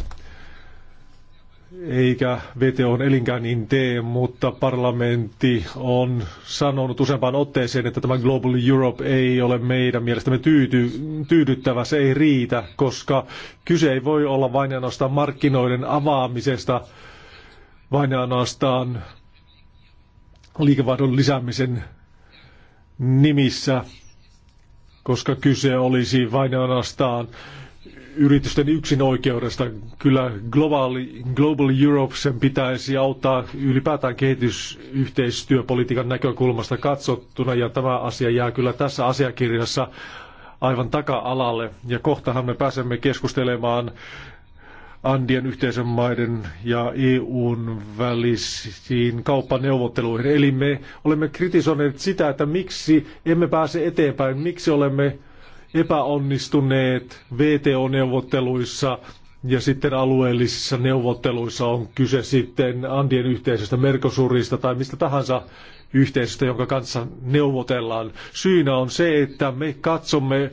eikä VTO on elinkään niin tee, mutta parlamentti on sanonut useampaan otteeseen, että tämä Global Europe ei ole meidän mielestämme tyyty, tyydyttävä, se ei riitä, koska kyse ei voi olla vain ainoastaan markkinoiden avaamisesta, vain ainoastaan liikevaihdon lisäämisen nimissä, koska kyse olisi vain ainoastaan yritysten yksinoikeudesta. Kyllä globaali, Global Europe sen pitäisi auttaa ylipäätään kehitysyhteistyöpolitiikan näkökulmasta katsottuna, ja tämä asia jää kyllä tässä asiakirjassa aivan taka-alalle. Ja kohtahan me pääsemme keskustelemaan Andien yhteisön maiden ja EUn välisiin kauppaneuvotteluihin. Eli me olemme kritisoineet sitä, että miksi emme pääse eteenpäin, miksi olemme epäonnistuneet VTO-neuvotteluissa ja sitten alueellisissa neuvotteluissa on kyse sitten Andien yhteisöstä, Mercosurista tai mistä tahansa yhteisöstä, jonka kanssa neuvotellaan. Syynä on se, että me katsomme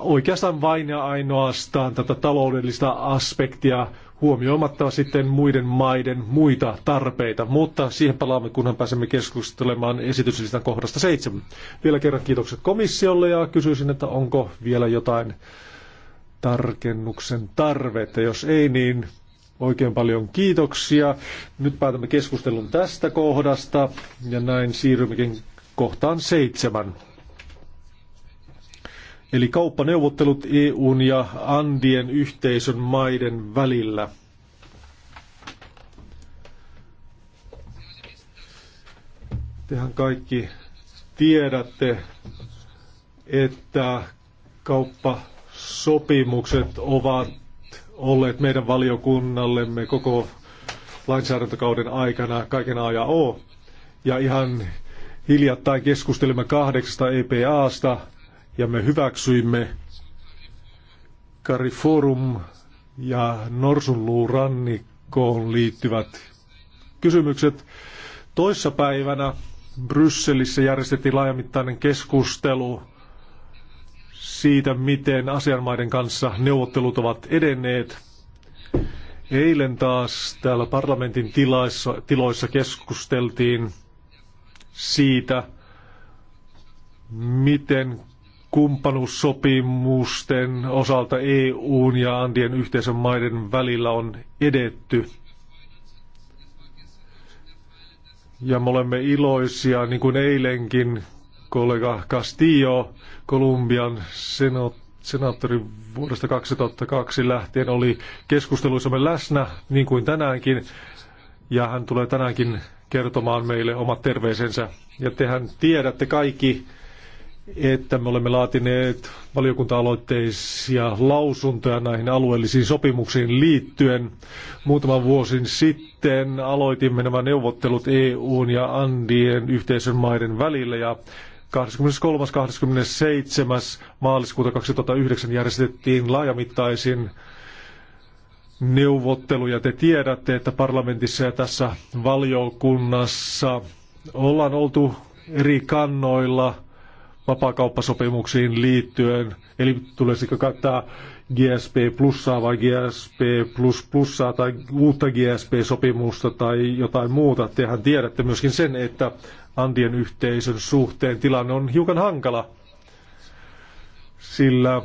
oikeastaan vain ja ainoastaan tätä taloudellista aspektia huomioimatta sitten muiden maiden muita tarpeita, mutta siihen palaamme, kunhan pääsemme keskustelemaan esityslistan kohdasta seitsemän. Vielä kerran kiitokset komissiolle ja kysyisin, että onko vielä jotain tarkennuksen tarvetta. Jos ei, niin oikein paljon kiitoksia. Nyt päätämme keskustelun tästä kohdasta ja näin siirrymmekin kohtaan seitsemän eli kauppaneuvottelut EUn ja Andien yhteisön maiden välillä. Tehän kaikki tiedätte, että kauppasopimukset ovat olleet meidän valiokunnallemme koko lainsäädäntökauden aikana kaiken ajan O. Ja ihan hiljattain keskustelimme kahdeksasta EPAsta, ja me hyväksyimme Cariforum ja Norsunluurannikkoon liittyvät kysymykset. Toissapäivänä Brysselissä järjestettiin laajamittainen keskustelu siitä, miten asianmaiden kanssa neuvottelut ovat edenneet. Eilen taas täällä parlamentin tilaissa, tiloissa keskusteltiin siitä, miten kumppanuussopimusten osalta EUn ja Andien yhteisön maiden välillä on edetty. Ja me olemme iloisia, niin kuin eilenkin kollega Castillo, Kolumbian senaattori vuodesta 2002 lähtien oli keskusteluissamme läsnä, niin kuin tänäänkin. Ja hän tulee tänäänkin kertomaan meille omat terveisensä. Ja tehän tiedätte kaikki, että me olemme laatineet valiokunta-aloitteisia lausuntoja näihin alueellisiin sopimuksiin liittyen. Muutaman vuosin sitten aloitimme nämä neuvottelut EUn ja Andien yhteisön maiden välillä ja 23.–27. maaliskuuta 2009 järjestettiin laajamittaisin neuvotteluja. Te tiedätte, että parlamentissa ja tässä valiokunnassa ollaan oltu eri kannoilla – vapaakauppasopimuksiin liittyen, eli tulisiko kattaa GSP plussaa vai GSP plus plussaa tai uutta GSP-sopimusta tai jotain muuta. Tehän tiedätte myöskin sen, että Andien yhteisön suhteen tilanne on hiukan hankala, sillä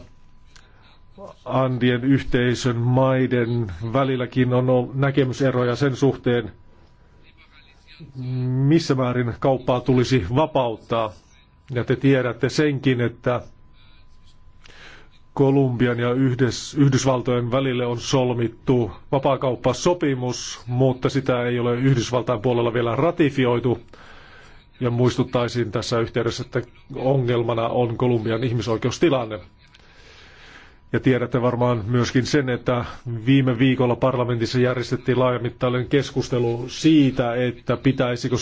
Andien yhteisön maiden välilläkin on näkemyseroja sen suhteen, missä määrin kauppaa tulisi vapauttaa. Ja te tiedätte senkin, että Kolumbian ja Yhdys, Yhdysvaltojen välille on solmittu vapaakauppasopimus, mutta sitä ei ole Yhdysvaltain puolella vielä ratifioitu. Ja muistuttaisin tässä yhteydessä, että ongelmana on Kolumbian ihmisoikeustilanne. Ja tiedätte varmaan myöskin sen, että viime viikolla parlamentissa järjestettiin laajamittainen keskustelu siitä, että pitäisikö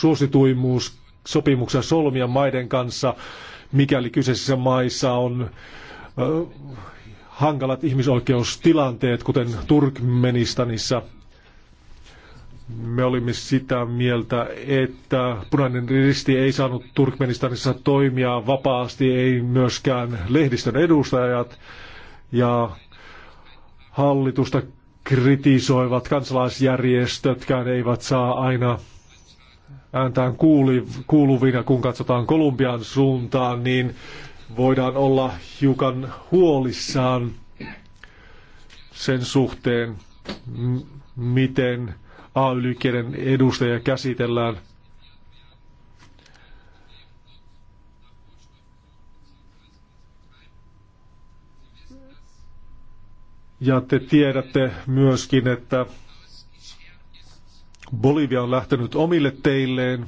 suosituimuus sopimuksen solmia maiden kanssa, mikäli kyseisissä maissa on hankalat ihmisoikeustilanteet, kuten Turkmenistanissa. Me olimme sitä mieltä, että punainen risti ei saanut Turkmenistanissa toimia vapaasti, ei myöskään lehdistön edustajat ja hallitusta kritisoivat kansalaisjärjestötkään eivät saa aina ääntään kuuluvina, kun katsotaan Kolumbian suuntaan, niin voidaan olla hiukan huolissaan sen suhteen, miten AY-liikkeiden edustajia käsitellään. Ja te tiedätte myöskin, että Bolivia on lähtenyt omille teilleen,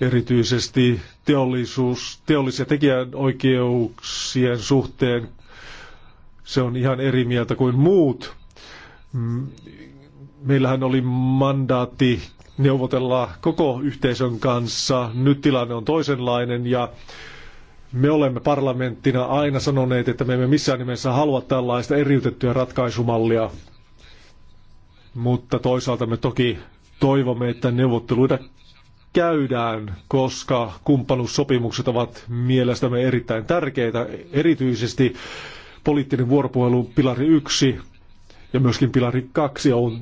erityisesti teollisuus, teollis- ja tekijänoikeuksien suhteen. Se on ihan eri mieltä kuin muut. Mm, meillähän oli mandaatti neuvotella koko yhteisön kanssa. Nyt tilanne on toisenlainen ja me olemme parlamenttina aina sanoneet, että me emme missään nimessä halua tällaista eriytettyä ratkaisumallia mutta toisaalta me toki toivomme, että neuvotteluita käydään, koska kumppanuussopimukset ovat mielestämme erittäin tärkeitä, erityisesti poliittinen vuoropuhelu pilari yksi ja myöskin pilari kaksi on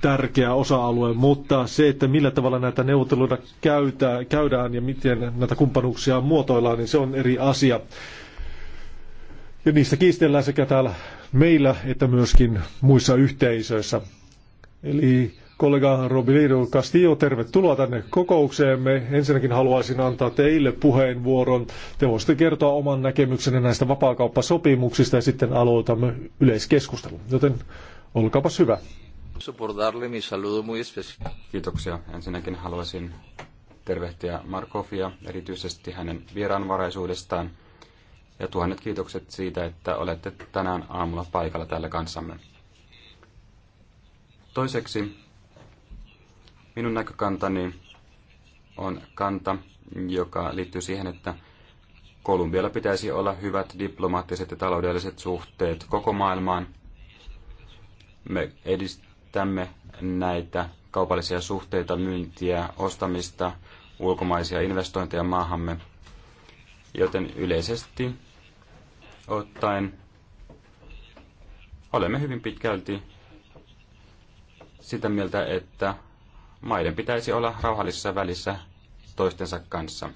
tärkeä osa-alue, mutta se, että millä tavalla näitä neuvotteluita käytä, käydään ja miten näitä kumppanuuksia muotoillaan, niin se on eri asia. Ja niistä kiistellään sekä täällä meillä että myöskin muissa yhteisöissä. Eli kollega Robilino Castillo, tervetuloa tänne kokoukseemme. Ensinnäkin haluaisin antaa teille puheenvuoron. Te voisitte kertoa oman näkemyksenne näistä vapaakauppasopimuksista ja sitten aloitamme yleiskeskustelun. Joten olkaapas hyvä. Kiitoksia. Ensinnäkin haluaisin tervehtiä Markovia erityisesti hänen vieraanvaraisuudestaan. Ja tuhannet kiitokset siitä, että olette tänään aamulla paikalla täällä kanssamme. Toiseksi minun näkökantani on kanta, joka liittyy siihen, että Kolumbialla pitäisi olla hyvät diplomaattiset ja taloudelliset suhteet koko maailmaan. Me edistämme näitä kaupallisia suhteita, myyntiä, ostamista, ulkomaisia investointeja maahamme. Joten yleisesti ottaen olemme hyvin pitkälti sitä mieltä, että maiden pitäisi olla rauhallisessa välissä toistensa kanssa.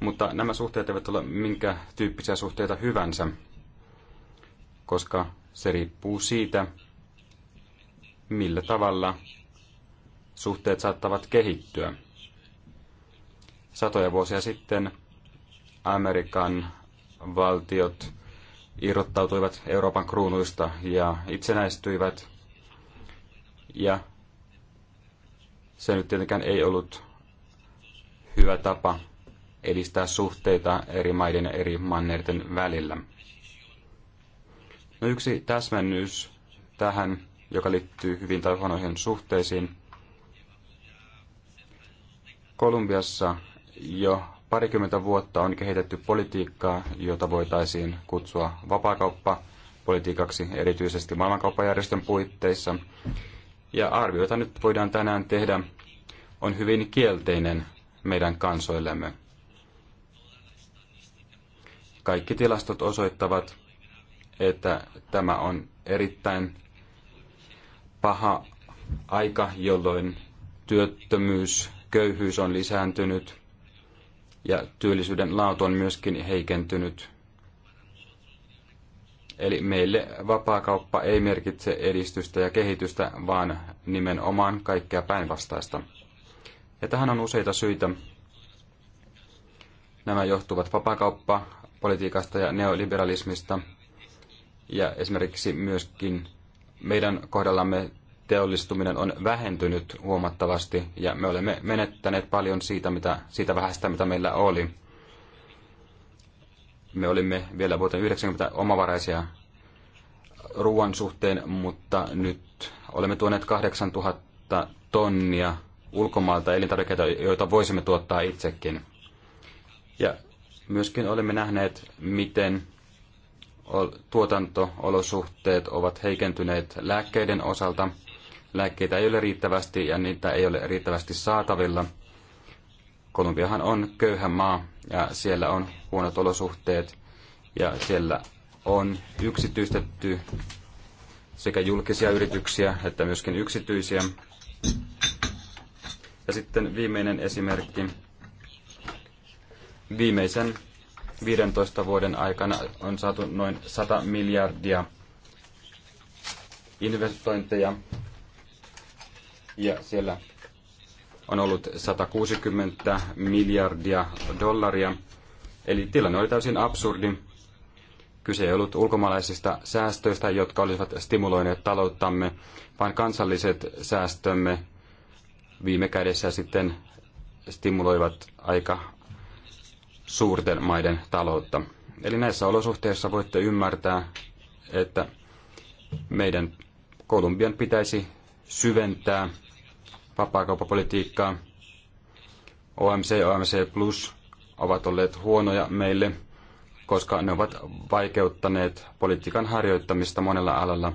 Mutta nämä suhteet eivät ole minkä tyyppisiä suhteita hyvänsä, koska se riippuu siitä, millä tavalla suhteet saattavat kehittyä. Satoja vuosia sitten Amerikan valtiot irrottautuivat Euroopan kruunuista ja itsenäistyivät ja se nyt tietenkään ei ollut hyvä tapa edistää suhteita eri maiden ja eri mannerten välillä. No yksi täsmennys tähän, joka liittyy hyvin tai huonoihin suhteisiin. Kolumbiassa jo parikymmentä vuotta on kehitetty politiikkaa, jota voitaisiin kutsua vapaakauppapolitiikaksi, erityisesti maailmankauppajärjestön puitteissa. Ja arvioita nyt voidaan tänään tehdä, on hyvin kielteinen meidän kansoillemme. Kaikki tilastot osoittavat, että tämä on erittäin paha aika, jolloin työttömyys, köyhyys on lisääntynyt ja työllisyyden laatu on myöskin heikentynyt Eli meille vapaakauppa ei merkitse edistystä ja kehitystä, vaan nimenomaan kaikkea päinvastaista. Ja tähän on useita syitä. Nämä johtuvat vapaakauppapolitiikasta ja neoliberalismista. Ja esimerkiksi myöskin meidän kohdallamme teollistuminen on vähentynyt huomattavasti ja me olemme menettäneet paljon siitä, mitä, siitä vähästä, mitä meillä oli. Me olimme vielä vuoteen 90 omavaraisia ruoan suhteen, mutta nyt olemme tuoneet 8000 tonnia ulkomailta elintarvikkeita, joita voisimme tuottaa itsekin. Ja myöskin olemme nähneet, miten tuotantoolosuhteet ovat heikentyneet lääkkeiden osalta. Lääkkeitä ei ole riittävästi ja niitä ei ole riittävästi saatavilla – Kolumbiahan on köyhä maa ja siellä on huonot olosuhteet ja siellä on yksityistetty sekä julkisia yrityksiä että myöskin yksityisiä. Ja sitten viimeinen esimerkki. Viimeisen 15 vuoden aikana on saatu noin 100 miljardia investointeja ja siellä on ollut 160 miljardia dollaria. Eli tilanne oli täysin absurdi. Kyse ei ollut ulkomaalaisista säästöistä, jotka olisivat stimuloineet talouttamme, vaan kansalliset säästömme viime kädessä sitten stimuloivat aika suurten maiden taloutta. Eli näissä olosuhteissa voitte ymmärtää, että meidän Kolumbian pitäisi syventää vapaakauppapolitiikkaa. OMC ja OMC Plus ovat olleet huonoja meille, koska ne ovat vaikeuttaneet politiikan harjoittamista monella alalla.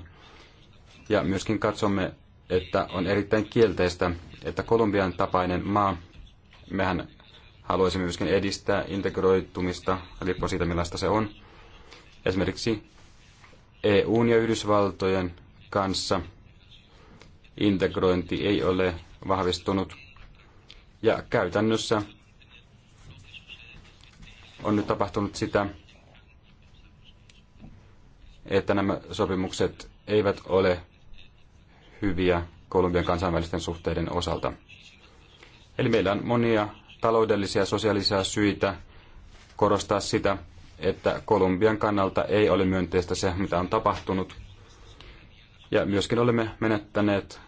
Ja myöskin katsomme, että on erittäin kielteistä, että Kolumbian tapainen maa, mehän haluaisimme myöskin edistää integroitumista, riippuen siitä millaista se on. Esimerkiksi EUn ja Yhdysvaltojen kanssa integrointi ei ole vahvistunut. Ja käytännössä on nyt tapahtunut sitä, että nämä sopimukset eivät ole hyviä Kolumbian kansainvälisten suhteiden osalta. Eli meillä on monia taloudellisia ja sosiaalisia syitä korostaa sitä, että Kolumbian kannalta ei ole myönteistä se, mitä on tapahtunut. Ja myöskin olemme menettäneet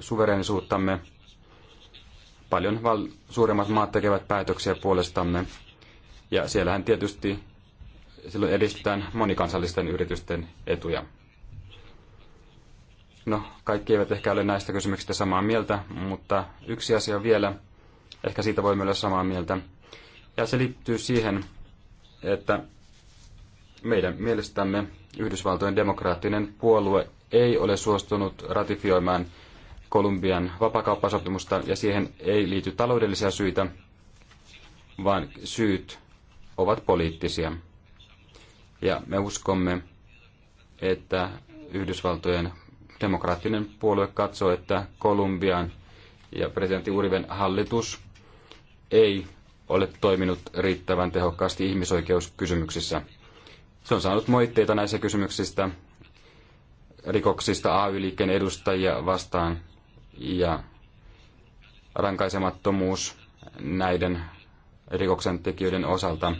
suverenisuuttamme. Paljon val- suuremmat maat tekevät päätöksiä puolestamme. Ja siellähän tietysti silloin edistetään monikansallisten yritysten etuja. No, kaikki eivät ehkä ole näistä kysymyksistä samaa mieltä, mutta yksi asia vielä, ehkä siitä voi olla samaa mieltä. Ja se liittyy siihen, että meidän mielestämme Yhdysvaltojen demokraattinen puolue ei ole suostunut ratifioimaan Kolumbian vapakauppasopimusta ja siihen ei liity taloudellisia syitä, vaan syyt ovat poliittisia. Ja me uskomme, että Yhdysvaltojen demokraattinen puolue katsoo, että Kolumbian ja presidentti Uriven hallitus ei ole toiminut riittävän tehokkaasti ihmisoikeuskysymyksissä. Se on saanut moitteita näissä kysymyksistä rikoksista AY-liikkeen edustajia vastaan ja rankaisemattomuus näiden rikoksen tekijöiden osalta.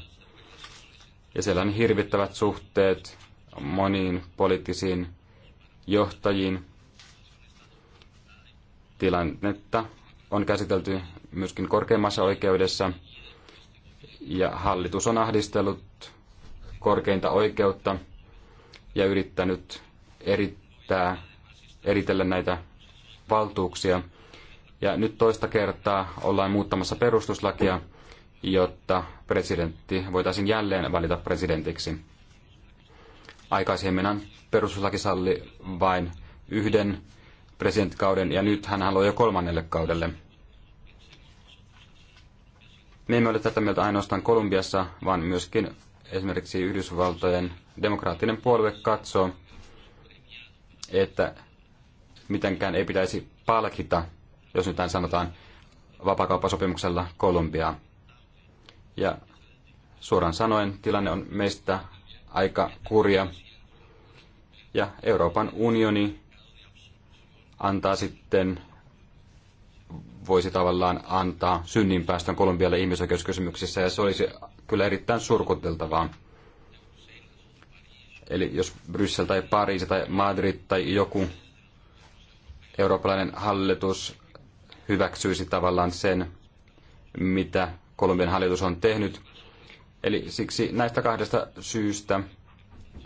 Ja siellä on hirvittävät suhteet moniin poliittisiin johtajiin. Tilannetta on käsitelty myöskin korkeimmassa oikeudessa ja hallitus on ahdistellut korkeinta oikeutta ja yrittänyt erittää, eritellä näitä valtuuksia. Ja nyt toista kertaa ollaan muuttamassa perustuslakia, jotta presidentti voitaisiin jälleen valita presidentiksi. Aikaisemmin perustuslaki salli vain yhden presidenttikauden ja nyt hän haluaa jo kolmannelle kaudelle. Me emme ole tätä mieltä ainoastaan Kolumbiassa, vaan myöskin esimerkiksi Yhdysvaltojen demokraattinen puolue katsoo, että mitenkään ei pitäisi palkita, jos nyt sanotaan, vapakauppasopimuksella Kolumbiaa. Ja suoraan sanoen tilanne on meistä aika kurja. Ja Euroopan unioni antaa sitten, voisi tavallaan antaa synninpäästön Kolumbialle ihmisoikeuskysymyksissä, ja se olisi kyllä erittäin surkuteltavaa. Eli jos Bryssel tai Pariisi tai Madrid tai joku eurooppalainen hallitus hyväksyisi tavallaan sen, mitä Kolumbian hallitus on tehnyt. Eli siksi näistä kahdesta syystä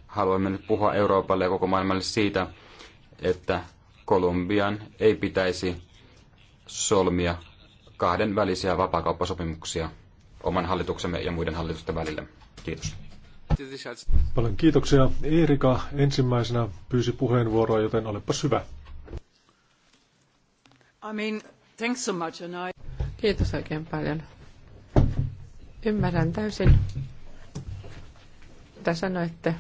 haluamme nyt puhua Euroopalle ja koko maailmalle siitä, että Kolumbian ei pitäisi solmia kahden välisiä vapaakauppasopimuksia oman hallituksemme ja muiden hallitusten välillä. Kiitos. Paljon kiitoksia. Erika ensimmäisenä pyysi puheenvuoroa, joten olepas hyvä. I mean, thanks so much, and I... Kiitos oikein paljon. Ymmärrän täysin, mitä sanoitte.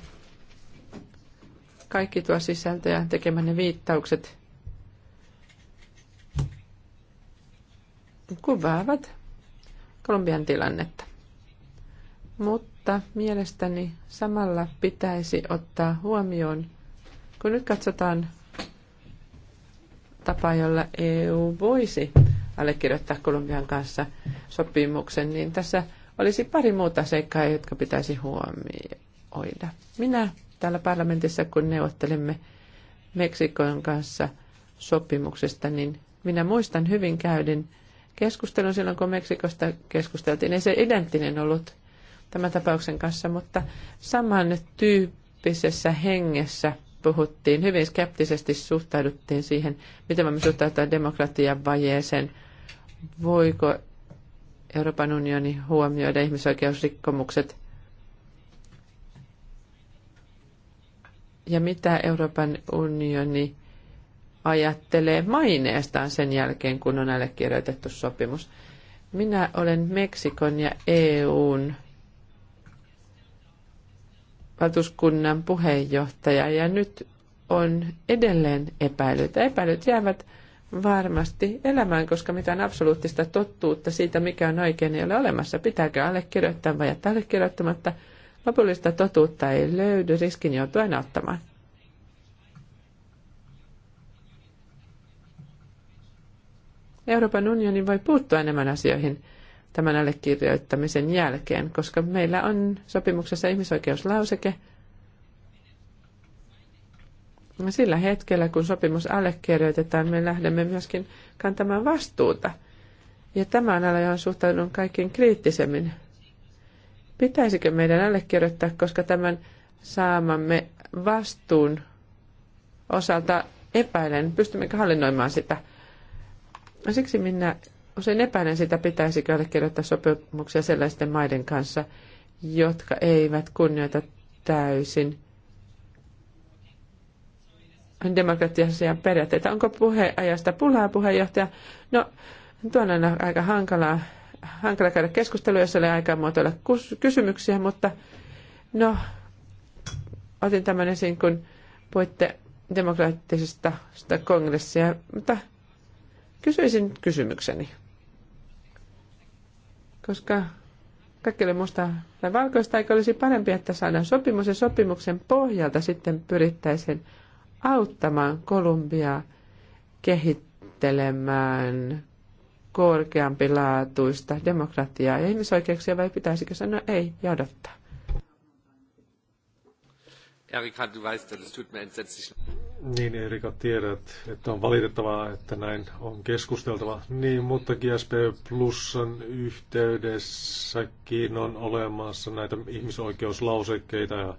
Kaikki tuo sisältö ja tekemänne viittaukset kuvaavat Kolumbian tilannetta. Mutta mielestäni samalla pitäisi ottaa huomioon, kun nyt katsotaan tapa, jolla EU voisi allekirjoittaa Kolumbian kanssa sopimuksen, niin tässä olisi pari muuta seikkaa, jotka pitäisi huomioida. Minä täällä parlamentissa, kun neuvottelimme Meksikon kanssa sopimuksesta, niin minä muistan hyvin käydin keskustelun silloin, kun Meksikosta keskusteltiin. Ei se identtinen ollut tämän tapauksen kanssa, mutta saman tyyppisessä hengessä – puhuttiin, hyvin skeptisesti suhtauduttiin siihen, miten me suhtaudutaan demokratian vajeeseen. Voiko Euroopan unioni huomioida ihmisoikeusrikkomukset? Ja mitä Euroopan unioni ajattelee maineestaan sen jälkeen, kun on allekirjoitettu sopimus? Minä olen Meksikon ja EUn valtuuskunnan puheenjohtaja ja nyt on edelleen epäilyt. Epäilyt jäävät varmasti elämään, koska mitään absoluuttista tottuutta siitä, mikä on oikein, ei ole olemassa. Pitääkö allekirjoittaa vai jättää allekirjoittamatta? Lopullista totuutta ei löydy, riskin joutuu aina ottamaan. Euroopan unioni voi puuttua enemmän asioihin – tämän allekirjoittamisen jälkeen, koska meillä on sopimuksessa ihmisoikeuslauseke. Sillä hetkellä, kun sopimus allekirjoitetaan, me lähdemme myöskin kantamaan vastuuta. Ja tämä on ala, johon suhtaudun kaikkein kriittisemmin. Pitäisikö meidän allekirjoittaa, koska tämän saamamme vastuun osalta epäilen, pystymmekö hallinnoimaan sitä. Siksi minä usein epäilen sitä, pitäisikö allekirjoittaa sopimuksia sellaisten maiden kanssa, jotka eivät kunnioita täysin demokratiaisia periaatteita. Onko puheajasta pulaa, puheenjohtaja? No, tuon on aika hankalaa, hankala käydä keskustelua, jos ei aikaa muotoilla kysymyksiä, mutta no, otin tämän esiin, kun puhuitte demokraattisesta kongressia, mutta kysyisin kysymykseni koska kaikille musta tai valkoista, eikö olisi parempi, että saadaan sopimus ja sopimuksen pohjalta sitten pyrittäisiin auttamaan Kolumbiaa kehittelemään korkeampilaatuista demokratiaa ja ihmisoikeuksia, vai pitäisikö sanoa ei ja odottaa? Erika, du weißt, das tut mir entsetzlich. Niin Erika, tiedät, että on valitettavaa, että näin on keskusteltava. Niin, mutta GSP Plusan yhteydessäkin on olemassa näitä ihmisoikeuslausekkeita ja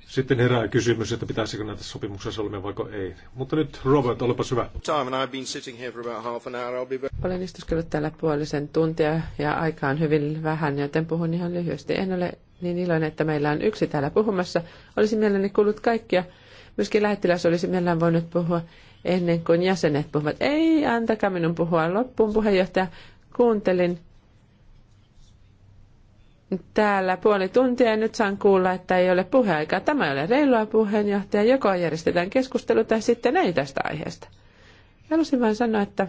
sitten herää kysymys, että pitäisikö näitä sopimuksia solmia vaiko ei. Mutta nyt Robert, olepa hyvä. Olen istuskellut täällä puolisen tuntia ja aika on hyvin vähän, joten puhun ihan lyhyesti. En ole niin iloinen, että meillä on yksi täällä puhumassa. Olisi mielelläni kuullut kaikkia Myöskin lähettiläs olisi mielellään voinut puhua ennen kuin jäsenet puhuvat. Ei, antakaa minun puhua loppuun, puheenjohtaja. Kuuntelin täällä puoli tuntia ja nyt saan kuulla, että ei ole puheaikaa. Tämä ei ole reilua puheenjohtaja. Joko järjestetään keskustelu tai sitten ei tästä aiheesta. Haluaisin vain sanoa, että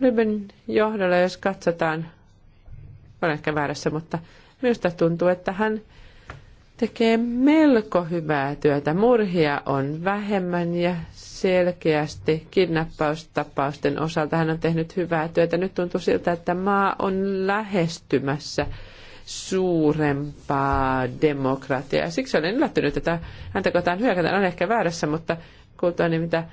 Ryben johdolla, jos katsotaan, olen ehkä väärässä, mutta minusta tuntuu, että hän tekee melko hyvää työtä. Murhia on vähemmän ja selkeästi kidnappaustapausten osalta hän on tehnyt hyvää työtä. Nyt tuntuu siltä, että maa on lähestymässä suurempaa demokratiaa. Siksi olen yllättynyt, että häntä kohtaan hyökätään. On ehkä väärässä, mutta kuultuani mitä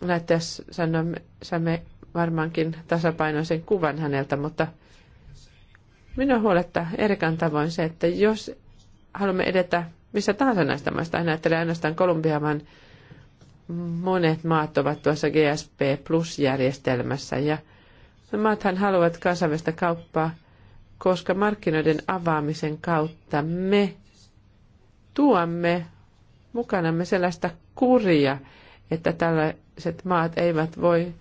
näyttäjässä sanomme, saamme varmaankin tasapainoisen kuvan häneltä, mutta minun huoletta Erikan tavoin se, että jos haluamme edetä missä tahansa näistä maista. Hän ajattelee ainoastaan Kolumbia, vaan monet maat ovat tuossa GSP Plus-järjestelmässä ja maathan haluavat kansainvälistä kauppaa, koska markkinoiden avaamisen kautta me tuomme mukanamme sellaista kuria, että tällaiset maat eivät voi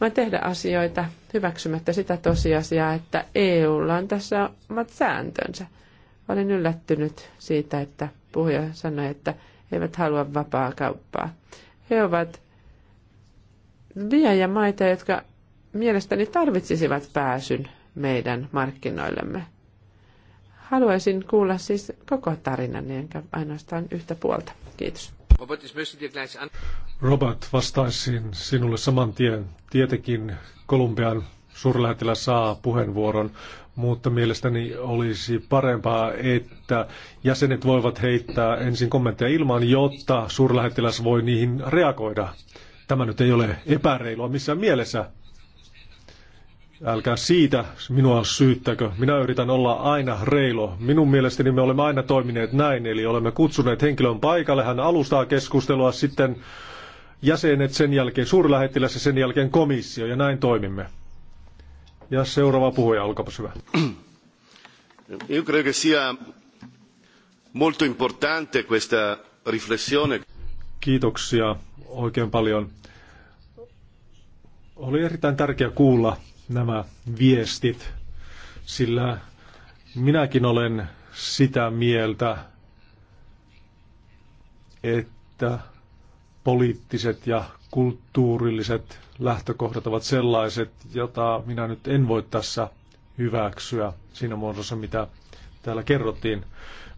vaan tehdä asioita hyväksymättä sitä tosiasiaa, että EUlla on tässä omat sääntönsä. Olen yllättynyt siitä, että puhuja sanoi, että eivät halua vapaa kauppaa. He ovat maita, jotka mielestäni tarvitsisivat pääsyn meidän markkinoillemme. Haluaisin kuulla siis koko tarinan, enkä ainoastaan yhtä puolta. Kiitos. Robert, vastaisin sinulle saman tien. Tietenkin Kolumbian suurlähettilä saa puheenvuoron, mutta mielestäni olisi parempaa, että jäsenet voivat heittää ensin kommentteja ilman, jotta suurlähettiläs voi niihin reagoida. Tämä nyt ei ole epäreilua missään mielessä. Älkää siitä minua syyttäkö. Minä yritän olla aina reilo. Minun mielestäni me olemme aina toimineet näin, eli olemme kutsuneet henkilön paikalle. Hän alustaa keskustelua, sitten jäsenet, sen jälkeen suurlähettiläs ja sen jälkeen komissio, ja näin toimimme. Ja seuraava puhuja, olkaapa hyvä. Io credo che sia molto importante questa riflessione. Kiitoksia oikein paljon. Oli erittäin tärkeää kuulla nämä viestit, sillä minäkin olen sitä mieltä, että poliittiset ja kulttuurilliset lähtökohdat ovat sellaiset, jota minä nyt en voi tässä hyväksyä siinä muodossa, mitä täällä kerrottiin.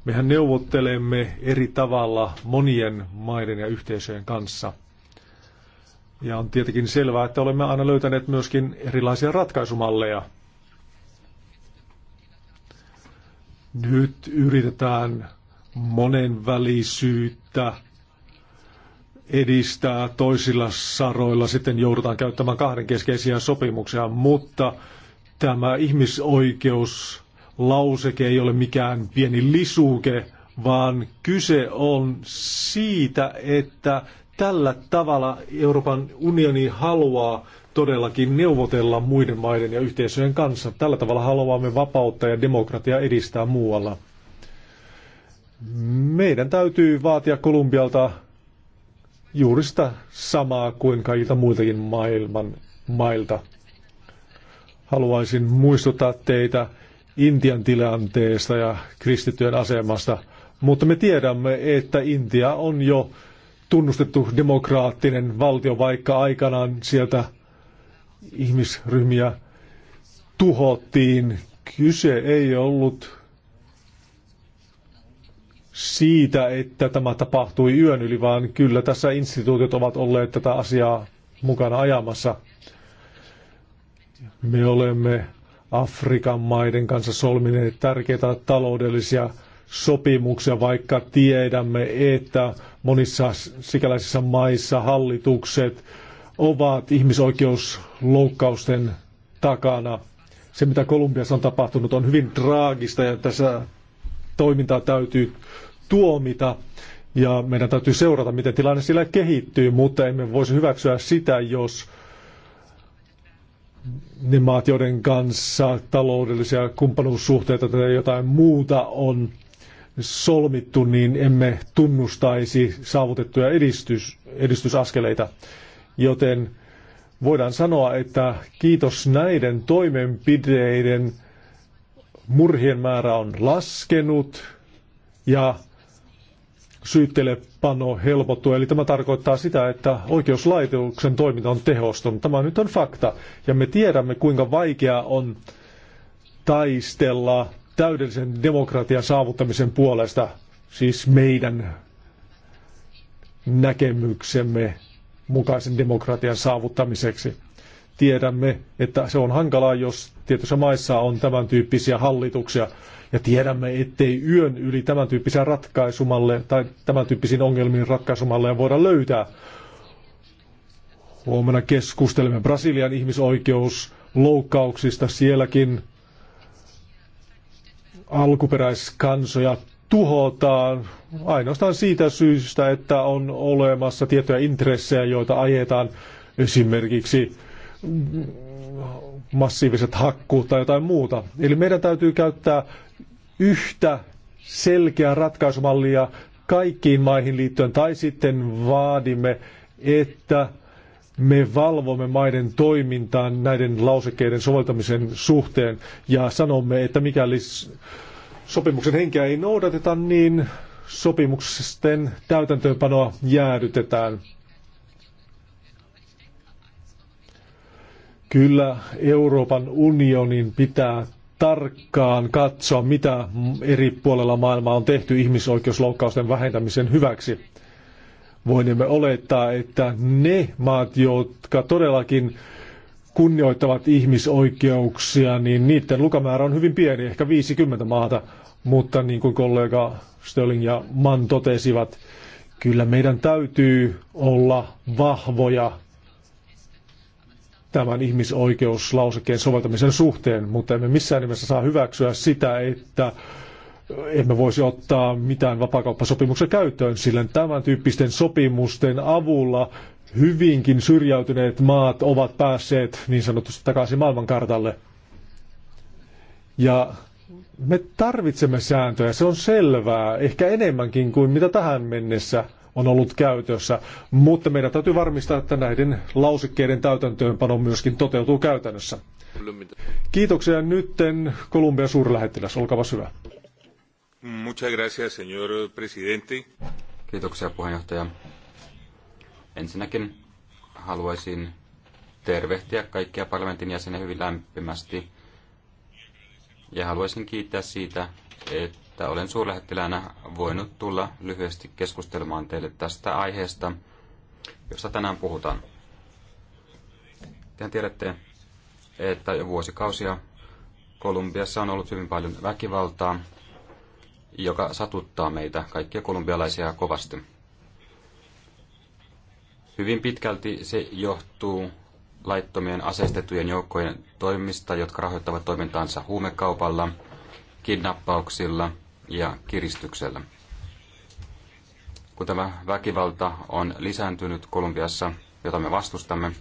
Mehän neuvottelemme eri tavalla monien maiden ja yhteisöjen kanssa. Ja on tietenkin selvää, että olemme aina löytäneet myöskin erilaisia ratkaisumalleja. Nyt yritetään monenvälisyyttä edistää. Toisilla saroilla sitten joudutaan käyttämään kahdenkeskeisiä sopimuksia, mutta tämä ihmisoikeuslauseke ei ole mikään pieni lisuke, vaan kyse on siitä, että tällä tavalla Euroopan unioni haluaa todellakin neuvotella muiden maiden ja yhteisöjen kanssa. Tällä tavalla haluamme vapautta ja demokratiaa edistää muualla. Meidän täytyy vaatia Kolumbialta juuri sitä samaa kuin kaikilta muiltakin maailman mailta. Haluaisin muistuttaa teitä Intian tilanteesta ja kristittyjen asemasta, mutta me tiedämme, että Intia on jo tunnustettu demokraattinen valtio, vaikka aikanaan sieltä ihmisryhmiä tuhottiin. Kyse ei ollut siitä, että tämä tapahtui yön yli, vaan kyllä tässä instituutiot ovat olleet tätä asiaa mukana ajamassa. Me olemme Afrikan maiden kanssa solmineet tärkeitä taloudellisia sopimuksia, vaikka tiedämme, että monissa sikäläisissä maissa hallitukset ovat ihmisoikeusloukkausten takana. Se, mitä Kolumbiassa on tapahtunut, on hyvin traagista ja tässä toimintaa täytyy tuomita ja meidän täytyy seurata, miten tilanne sillä kehittyy, mutta emme voisi hyväksyä sitä, jos ne maat, joiden kanssa taloudellisia kumppanuussuhteita tai jotain muuta on solmittu, niin emme tunnustaisi saavutettuja edistys, edistysaskeleita. Joten voidaan sanoa, että kiitos näiden toimenpideiden murhien määrä on laskenut ja syyttelepano helpottuu. Eli tämä tarkoittaa sitä, että oikeuslaitoksen toiminta on tehostunut. Tämä nyt on fakta. Ja me tiedämme, kuinka vaikeaa on taistella täydellisen demokratian saavuttamisen puolesta, siis meidän näkemyksemme mukaisen demokratian saavuttamiseksi tiedämme, että se on hankalaa, jos tietyissä maissa on tämän tyyppisiä hallituksia. Ja tiedämme, ettei yön yli tämän tyyppisiä ratkaisumalle tai tämän tyyppisiin ongelmiin ratkaisumalle voida löytää. Huomenna keskustelemme Brasilian ihmisoikeusloukkauksista. Sielläkin alkuperäiskansoja tuhotaan ainoastaan siitä syystä, että on olemassa tiettyjä intressejä, joita ajetaan esimerkiksi massiiviset hakkuut tai jotain muuta. Eli meidän täytyy käyttää yhtä selkeää ratkaisumallia kaikkiin maihin liittyen, tai sitten vaadimme, että me valvomme maiden toimintaa näiden lausekkeiden soveltamisen suhteen ja sanomme, että mikäli sopimuksen henkeä ei noudateta, niin sopimusten täytäntöönpanoa jäädytetään. Kyllä Euroopan unionin pitää tarkkaan katsoa, mitä eri puolella maailmaa on tehty ihmisoikeusloukkausten vähentämisen hyväksi. Voimme olettaa, että ne maat, jotka todellakin kunnioittavat ihmisoikeuksia, niin niiden lukamäärä on hyvin pieni, ehkä 50 maata, mutta niin kuin kollega Stölling ja Mann totesivat, kyllä meidän täytyy olla vahvoja tämän ihmisoikeuslausekkeen soveltamisen suhteen, mutta emme missään nimessä saa hyväksyä sitä, että emme voisi ottaa mitään vapaakauppasopimuksia käyttöön, sillä tämän tyyppisten sopimusten avulla hyvinkin syrjäytyneet maat ovat päässeet niin sanotusti takaisin maailmankartalle. Ja me tarvitsemme sääntöjä, se on selvää, ehkä enemmänkin kuin mitä tähän mennessä – on ollut käytössä, mutta meidän täytyy varmistaa, että näiden lausekkeiden täytäntöönpano myöskin toteutuu käytännössä. Kiitoksia nytten Kolumbian suurlähettiläs, olkaa hyvä. Muchas gracias, señor presidente. Kiitoksia puheenjohtaja. Ensinnäkin haluaisin tervehtiä kaikkia parlamentin jäseniä hyvin lämpimästi ja haluaisin kiittää siitä, että että olen suurlähettiläänä voinut tulla lyhyesti keskustelemaan teille tästä aiheesta, josta tänään puhutaan. Tehän tiedätte, että jo vuosikausia Kolumbiassa on ollut hyvin paljon väkivaltaa, joka satuttaa meitä kaikkia kolumbialaisia kovasti. Hyvin pitkälti se johtuu laittomien aseistettujen joukkojen toimista, jotka rahoittavat toimintaansa huumekaupalla, kidnappauksilla – ja kiristyksellä. Kun tämä väkivalta on lisääntynyt Kolumbiassa, jota me vastustamme,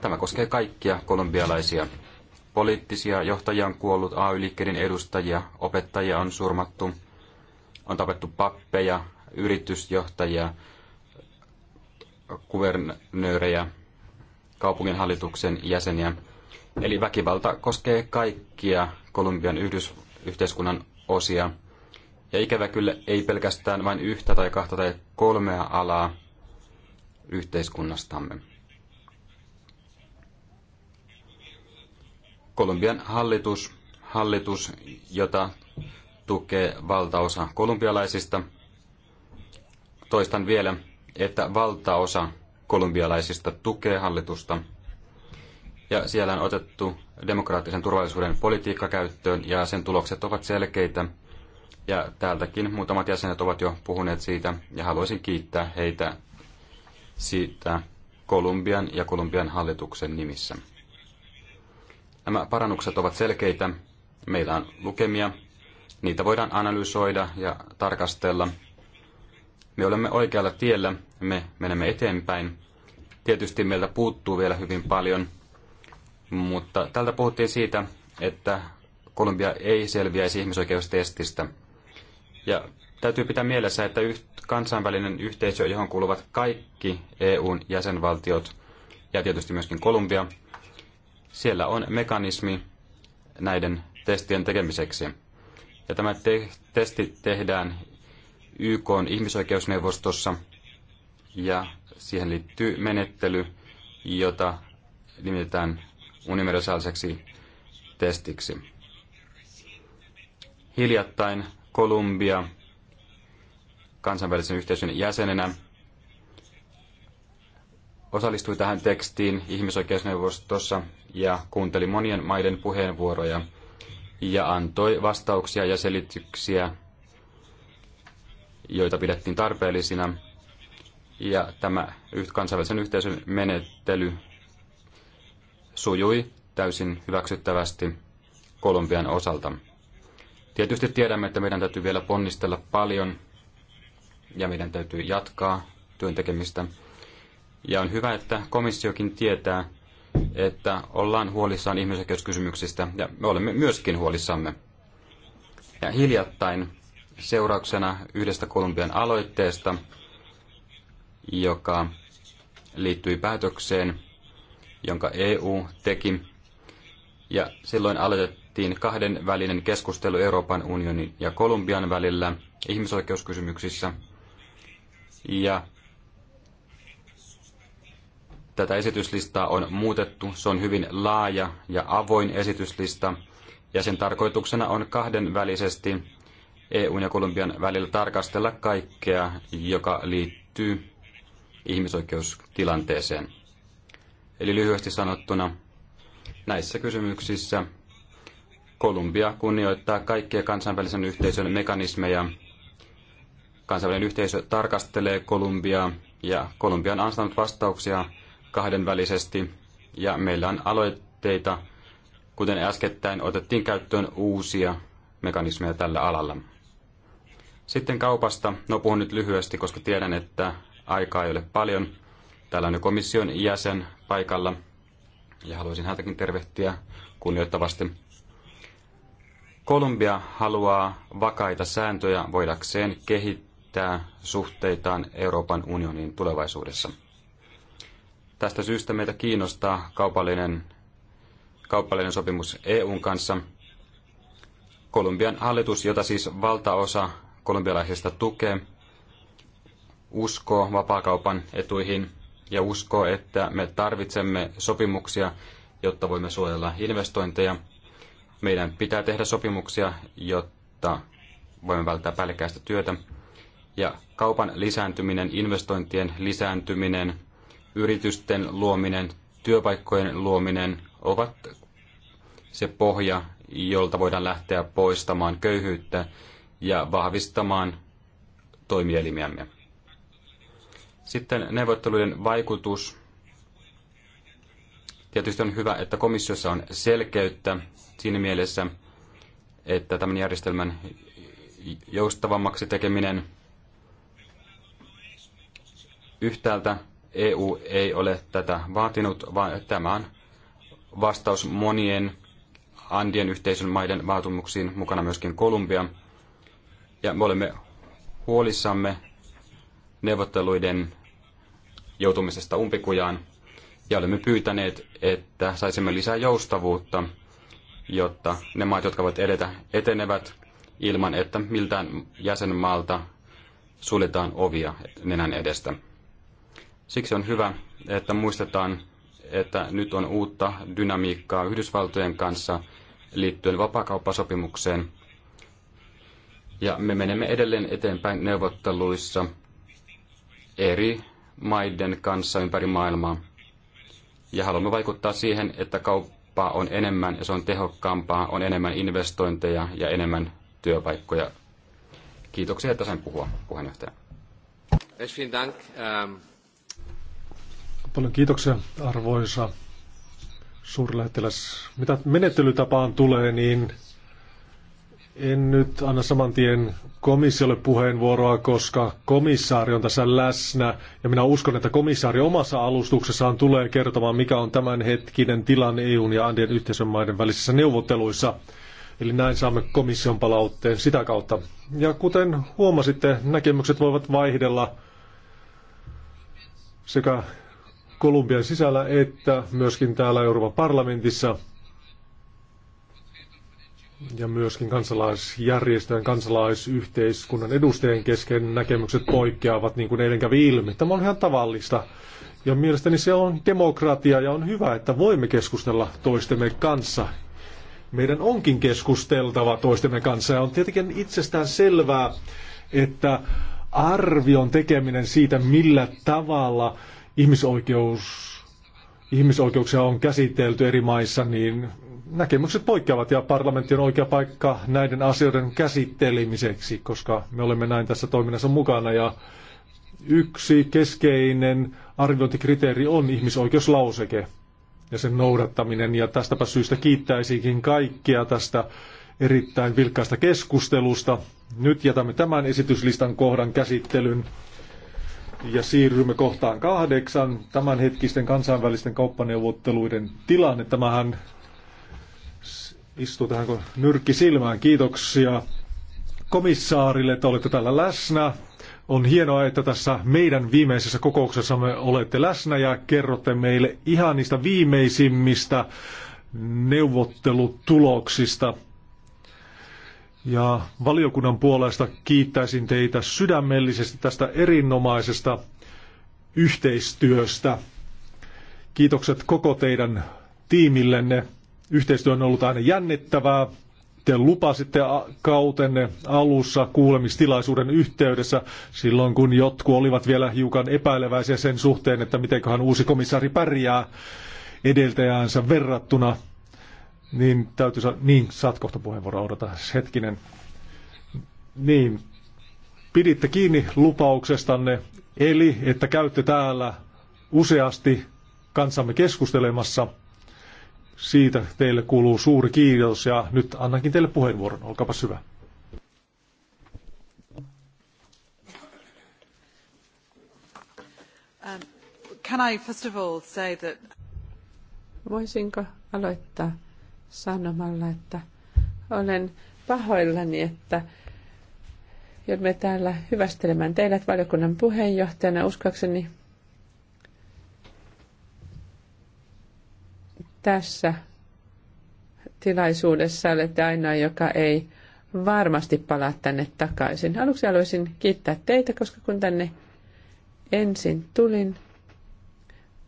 tämä koskee kaikkia kolumbialaisia. Poliittisia johtajia on kuollut, AY-liikkeiden edustajia, opettajia on surmattu, on tapettu pappeja, yritysjohtajia, kuvernöörejä, kaupunginhallituksen jäseniä. Eli väkivalta koskee kaikkia Kolumbian yhdys, yhteiskunnan osia. Ja ikävä kyllä ei pelkästään vain yhtä tai kahta tai kolmea alaa yhteiskunnastamme. Kolumbian hallitus, hallitus, jota tukee valtaosa kolumbialaisista, toistan vielä, että valtaosa kolumbialaisista tukee hallitusta. Ja siellä on otettu demokraattisen turvallisuuden politiikka käyttöön ja sen tulokset ovat selkeitä. Ja täältäkin muutamat jäsenet ovat jo puhuneet siitä ja haluaisin kiittää heitä siitä Kolumbian ja Kolumbian hallituksen nimissä. Nämä parannukset ovat selkeitä. Meillä on lukemia. Niitä voidaan analysoida ja tarkastella. Me olemme oikealla tiellä. Me menemme eteenpäin. Tietysti meiltä puuttuu vielä hyvin paljon – mutta tältä puhuttiin siitä, että Kolumbia ei selviäisi ihmisoikeustestistä. Ja täytyy pitää mielessä, että kansainvälinen yhteisö, johon kuuluvat kaikki EUn jäsenvaltiot ja tietysti myöskin Kolumbia, siellä on mekanismi näiden testien tekemiseksi. Ja tämä te- testi tehdään YK ihmisoikeusneuvostossa ja siihen liittyy menettely, jota nimitetään universaaliseksi testiksi. Hiljattain Kolumbia kansainvälisen yhteisön jäsenenä osallistui tähän tekstiin ihmisoikeusneuvostossa ja kuunteli monien maiden puheenvuoroja ja antoi vastauksia ja selityksiä, joita pidettiin tarpeellisina. Ja tämä kansainvälisen yhteisön menettely sujui täysin hyväksyttävästi Kolumbian osalta. Tietysti tiedämme, että meidän täytyy vielä ponnistella paljon ja meidän täytyy jatkaa työn tekemistä. Ja on hyvä, että komissiokin tietää, että ollaan huolissaan ihmisoikeuskysymyksistä ja me olemme myöskin huolissamme. Ja hiljattain seurauksena yhdestä Kolumbian aloitteesta, joka liittyi päätökseen, jonka EU teki. Ja silloin aloitettiin kahden välinen keskustelu Euroopan unionin ja Kolumbian välillä ihmisoikeuskysymyksissä. Ja tätä esityslistaa on muutettu. Se on hyvin laaja ja avoin esityslista. Ja sen tarkoituksena on kahden välisesti EUn ja Kolumbian välillä tarkastella kaikkea, joka liittyy ihmisoikeustilanteeseen. Eli lyhyesti sanottuna näissä kysymyksissä Kolumbia kunnioittaa kaikkia kansainvälisen yhteisön mekanismeja. Kansainvälinen yhteisö tarkastelee Kolumbiaa ja Kolumbia on antanut vastauksia kahdenvälisesti ja meillä on aloitteita, kuten äskettäin otettiin käyttöön uusia mekanismeja tällä alalla. Sitten kaupasta. No puhun nyt lyhyesti, koska tiedän, että aikaa ei ole paljon. Täällä on jo komission jäsen paikalla ja haluaisin häntäkin tervehtiä kunnioittavasti. Kolumbia haluaa vakaita sääntöjä voidakseen kehittää suhteitaan Euroopan unionin tulevaisuudessa. Tästä syystä meitä kiinnostaa kaupallinen, kaupallinen sopimus EUn kanssa. Kolumbian hallitus, jota siis valtaosa kolumbialaisista tukee, uskoo vapaakaupan etuihin – ja uskoo, että me tarvitsemme sopimuksia, jotta voimme suojella investointeja. Meidän pitää tehdä sopimuksia, jotta voimme välttää päällekkäistä työtä. Ja kaupan lisääntyminen, investointien lisääntyminen, yritysten luominen, työpaikkojen luominen ovat se pohja, jolta voidaan lähteä poistamaan köyhyyttä ja vahvistamaan toimielimiämme. Sitten neuvotteluiden vaikutus. Tietysti on hyvä, että komissiossa on selkeyttä siinä mielessä, että tämän järjestelmän joustavammaksi tekeminen yhtäältä EU ei ole tätä vaatinut, vaan tämä on vastaus monien Andien yhteisön maiden vaatimuksiin, mukana myöskin Kolumbia. Ja me olemme huolissamme neuvotteluiden joutumisesta umpikujaan ja olemme pyytäneet, että saisimme lisää joustavuutta, jotta ne maat, jotka voivat edetä, etenevät ilman, että miltään jäsenmaalta suljetaan ovia nenän edestä. Siksi on hyvä, että muistetaan, että nyt on uutta dynamiikkaa Yhdysvaltojen kanssa liittyen vapaakauppasopimukseen. Ja me menemme edelleen eteenpäin neuvotteluissa – eri maiden kanssa ympäri maailmaa. Ja haluamme vaikuttaa siihen, että kauppaa on enemmän ja se on tehokkaampaa, on enemmän investointeja ja enemmän työpaikkoja. Kiitoksia, että sain puhua, puheenjohtaja. Ähm, Paljon kiitoksia, arvoisa suurlähettiläs. Mitä menettelytapaan tulee, niin en nyt anna saman tien komissiolle puheenvuoroa, koska komissaari on tässä läsnä. Ja minä uskon, että komissaari omassa alustuksessaan tulee kertomaan, mikä on tämänhetkinen tilanne EUn ja Andien yhteisön maiden välisissä neuvotteluissa. Eli näin saamme komission palautteen sitä kautta. Ja kuten huomasitte, näkemykset voivat vaihdella sekä Kolumbian sisällä että myöskin täällä Euroopan parlamentissa – ja myöskin kansalaisjärjestöjen, kansalaisyhteiskunnan edustajien kesken näkemykset poikkeavat, niin kuin eilen kävi ilmi. Tämä on ihan tavallista. Ja mielestäni se on demokratia ja on hyvä, että voimme keskustella toistemme kanssa. Meidän onkin keskusteltava toistemme kanssa ja on tietenkin itsestään selvää, että arvion tekeminen siitä, millä tavalla ihmisoikeus, ihmisoikeuksia on käsitelty eri maissa, niin näkemykset poikkeavat ja parlamentti on oikea paikka näiden asioiden käsittelemiseksi, koska me olemme näin tässä toiminnassa mukana ja yksi keskeinen arviointikriteeri on ihmisoikeuslauseke ja sen noudattaminen ja tästäpä syystä kiittäisikin kaikkia tästä erittäin vilkkaista keskustelusta. Nyt jätämme tämän esityslistan kohdan käsittelyn ja siirrymme kohtaan kahdeksan. Tämänhetkisten kansainvälisten kauppaneuvotteluiden tilanne. Tämähän Istuu tähän kun nyrkki silmään. Kiitoksia komissaarille, että olette täällä läsnä. On hienoa, että tässä meidän viimeisessä kokouksessamme olette läsnä ja kerrotte meille ihan niistä viimeisimmistä neuvottelutuloksista. Ja valiokunnan puolesta kiittäisin teitä sydämellisesti tästä erinomaisesta yhteistyöstä. Kiitokset koko teidän tiimillenne. Yhteistyö on ollut aina jännittävää. Te lupasitte kautenne alussa kuulemistilaisuuden yhteydessä, silloin kun jotkut olivat vielä hiukan epäileväisiä sen suhteen, että mitenköhän uusi komissaari pärjää edeltäjäänsä verrattuna. Niin täytyy sa- niin, saat kohta puheenvuoro, odota hetkinen. Niin, piditte kiinni lupauksestanne, eli että käytte täällä useasti kanssamme keskustelemassa – siitä teille kuuluu suuri kiitos ja nyt annankin teille puheenvuoron. Olkaapa hyvä. Um, can I first of all say that... Voisinko aloittaa sanomalla, että olen pahoillani, että joudumme täällä hyvästelemään teidät valiokunnan puheenjohtajana. Uskoakseni tässä tilaisuudessa olette ainoa, joka ei varmasti palaa tänne takaisin. Aluksi haluaisin kiittää teitä, koska kun tänne ensin tulin,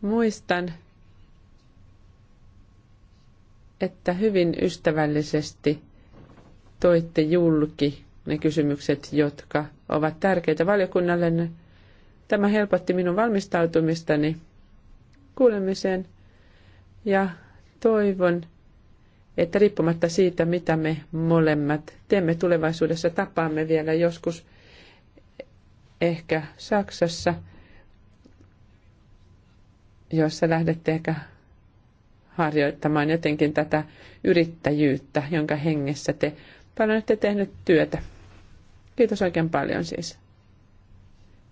muistan, että hyvin ystävällisesti toitte julki ne kysymykset, jotka ovat tärkeitä valiokunnalle. Tämä helpotti minun valmistautumistani kuulemiseen ja Toivon, että riippumatta siitä, mitä me molemmat teemme tulevaisuudessa, tapaamme vielä joskus ehkä Saksassa, jossa lähdette ehkä harjoittamaan jotenkin tätä yrittäjyyttä, jonka hengessä te paljon olette tehnyt työtä. Kiitos oikein paljon siis.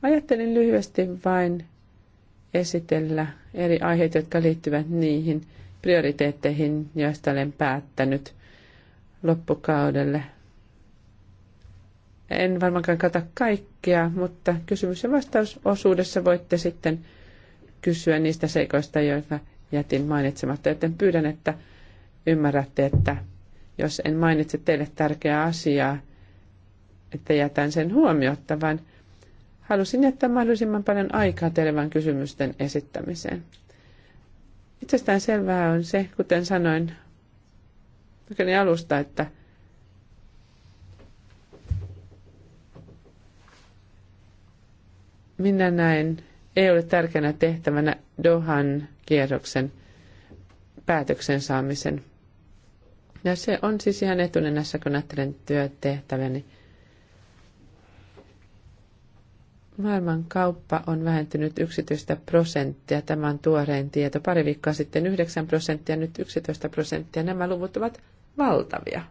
Ajattelin lyhyesti vain esitellä eri aiheet, jotka liittyvät niihin – prioriteetteihin, joista olen päättänyt loppukaudelle. En varmaankaan kata kaikkea, mutta kysymys- ja vastausosuudessa voitte sitten kysyä niistä seikoista, joita jätin mainitsematta, joten pyydän, että ymmärrätte, että jos en mainitse teille tärkeää asiaa, että jätän sen huomiotta, vaan halusin jättää mahdollisimman paljon aikaa teille vain kysymysten esittämiseen. Itsestään selvää on se, kuten sanoin oikein alusta, että minä näen ei ole tärkeänä tehtävänä Dohan kierroksen päätöksen saamisen. Ja se on siis ihan etunenässä, kun ajattelen työtehtäväni. Niin Maailman kauppa on vähentynyt 11 prosenttia. Tämä on tuorein tieto. Pari viikkoa sitten 9 prosenttia, nyt 11 prosenttia. Nämä luvut ovat valtavia.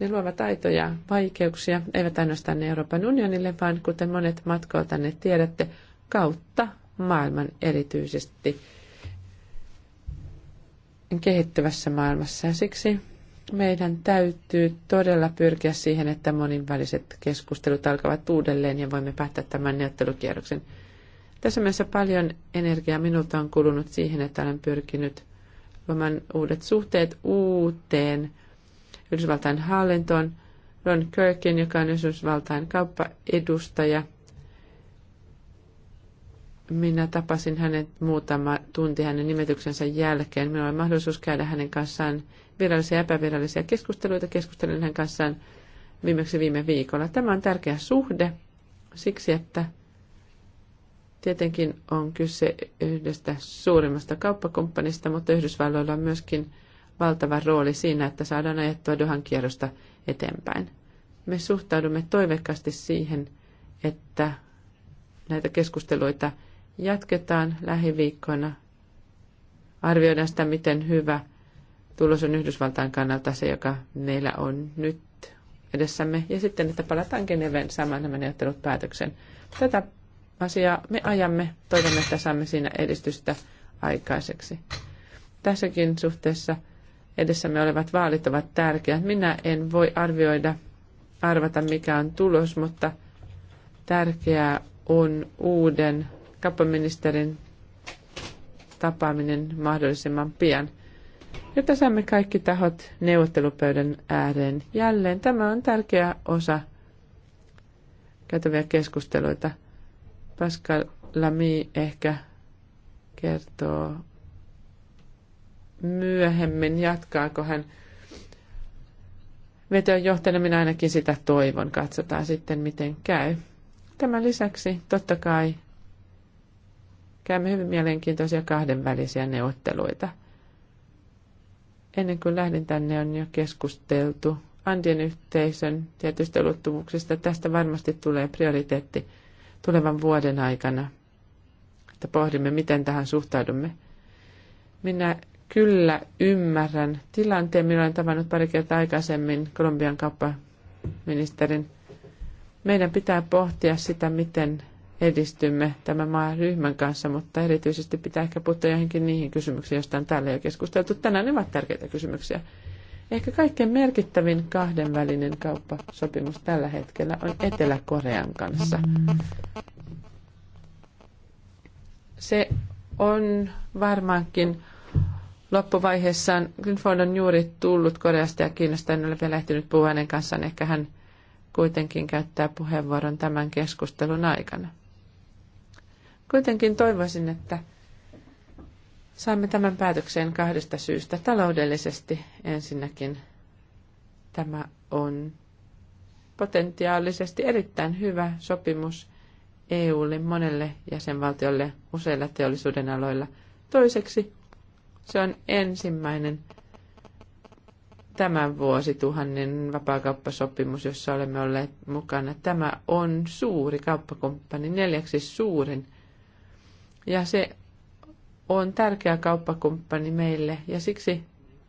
Ne luovat aitoja vaikeuksia, eivät ainoastaan Euroopan unionille, vaan kuten monet matkoiltanne tiedätte, kautta maailman erityisesti kehittyvässä maailmassa. Ja siksi meidän täytyy todella pyrkiä siihen, että moninväliset keskustelut alkavat uudelleen ja voimme päättää tämän neuvottelukierroksen. Tässä mielessä paljon energiaa minulta on kulunut siihen, että olen pyrkinyt luomaan uudet suhteet uuteen Yhdysvaltain hallintoon. Ron Kirkin, joka on Yhdysvaltain kauppaedustaja – minä tapasin hänet muutama tunti hänen nimetyksensä jälkeen. Minulla oli mahdollisuus käydä hänen kanssaan virallisia ja epävirallisia keskusteluita. Keskustelin hänen kanssaan viimeksi viime viikolla. Tämä on tärkeä suhde siksi, että tietenkin on kyse yhdestä suurimmasta kauppakumppanista, mutta Yhdysvalloilla on myöskin valtava rooli siinä, että saadaan ajettua Dohan kierrosta eteenpäin. Me suhtaudumme toivekkaasti siihen, että näitä keskusteluita – Jatketaan lähiviikkoina. Arvioidaan sitä, miten hyvä tulos on Yhdysvaltain kannalta se, joka meillä on nyt edessämme. Ja sitten, että palataan Geneven saamaan nämä neuvottelut päätöksen. Tätä asiaa me ajamme. Toivomme, että saamme siinä edistystä aikaiseksi. Tässäkin suhteessa edessämme olevat vaalit ovat tärkeät. Minä en voi arvioida, arvata mikä on tulos, mutta tärkeää on uuden kauppaministerin tapaaminen mahdollisimman pian, jotta saamme kaikki tahot neuvottelupöydän ääreen jälleen. Tämä on tärkeä osa käytäviä keskusteluita. Pascal Lamy ehkä kertoo myöhemmin, jatkaako hän veteon johtajana minä ainakin sitä toivon. Katsotaan sitten, miten käy. Tämän lisäksi totta kai Käymme hyvin mielenkiintoisia kahdenvälisiä neuvotteluita. Ennen kuin lähdin tänne, on jo keskusteltu Andien yhteisön tietystä ulottuvuuksista. Tästä varmasti tulee prioriteetti tulevan vuoden aikana, että pohdimme, miten tähän suhtaudumme. Minä kyllä ymmärrän tilanteen. Minä olen tavannut pari kertaa aikaisemmin Kolumbian kauppaministerin. Meidän pitää pohtia sitä, miten edistymme tämän maan ryhmän kanssa, mutta erityisesti pitää ehkä puuttua johonkin niihin kysymyksiin, joista on täällä jo keskusteltu. Tänään ne ovat tärkeitä kysymyksiä. Ehkä kaikkein merkittävin kahdenvälinen kauppasopimus tällä hetkellä on Etelä-Korean kanssa. Se on varmaankin loppuvaiheessaan, Grünford on juuri tullut Koreasta ja Kiinasta, en ole vielä ehtinyt puhua hänen kanssaan, ehkä hän kuitenkin käyttää puheenvuoron tämän keskustelun aikana. Kuitenkin toivoisin, että saamme tämän päätökseen kahdesta syystä. Taloudellisesti ensinnäkin tämä on potentiaalisesti erittäin hyvä sopimus EUlle, monelle jäsenvaltiolle, useilla teollisuuden aloilla. Toiseksi se on ensimmäinen tämän vuosituhannen vapaakauppasopimus, jossa olemme olleet mukana. Tämä on suuri kauppakumppani, neljäksi suurin ja se on tärkeä kauppakumppani meille ja siksi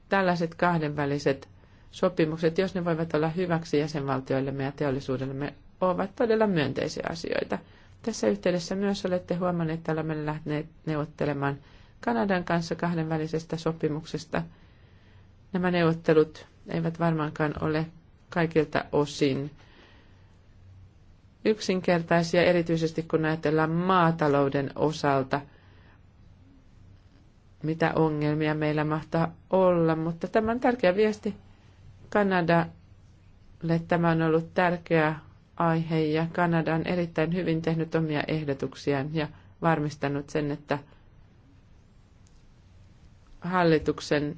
tällaiset kahdenväliset sopimukset, jos ne voivat olla hyväksi jäsenvaltioillemme ja teollisuudellemme, ovat todella myönteisiä asioita. Tässä yhteydessä myös olette huomanneet, että olemme lähteneet neuvottelemaan Kanadan kanssa kahdenvälisestä sopimuksesta. Nämä neuvottelut eivät varmaankaan ole kaikilta osin yksinkertaisia, erityisesti kun ajatellaan maatalouden osalta, mitä ongelmia meillä mahtaa olla. Mutta tämä on tärkeä viesti Kanadalle. Tämä on ollut tärkeä aihe ja Kanada on erittäin hyvin tehnyt omia ehdotuksiaan ja varmistanut sen, että hallituksen,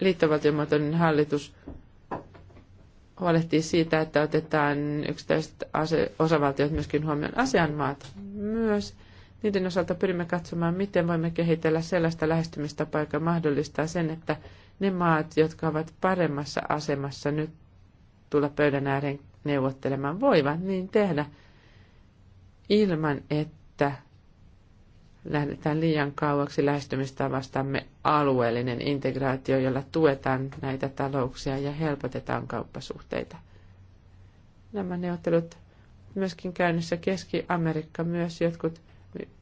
liittovaltiomuotoinen hallitus huolehtia siitä, että otetaan yksittäiset ase- osavaltiot myöskin huomioon asianmaat myös. Niiden osalta pyrimme katsomaan, miten voimme kehitellä sellaista lähestymistapaa, joka mahdollistaa sen, että ne maat, jotka ovat paremmassa asemassa nyt tulla pöydän ääreen neuvottelemaan, voivat niin tehdä ilman, että lähdetään liian kauaksi lähestymistavastamme alueellinen integraatio, jolla tuetaan näitä talouksia ja helpotetaan kauppasuhteita. Nämä neuvottelut myöskin käynnissä Keski-Amerikka, myös jotkut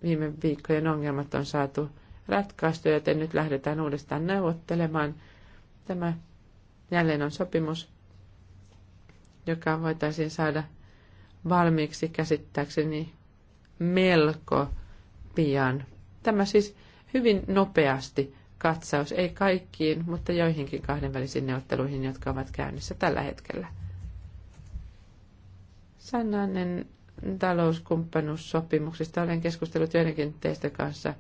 viime viikkojen ongelmat on saatu ratkaistua, joten nyt lähdetään uudestaan neuvottelemaan. Tämä jälleen on sopimus, joka voitaisiin saada valmiiksi käsittääkseni melko pian. Tämä siis hyvin nopeasti katsaus, ei kaikkiin, mutta joihinkin kahdenvälisiin neuvotteluihin, jotka ovat käynnissä tällä hetkellä. Sananen talouskumppanuussopimuksista. Olen keskustellut joidenkin teistä kanssa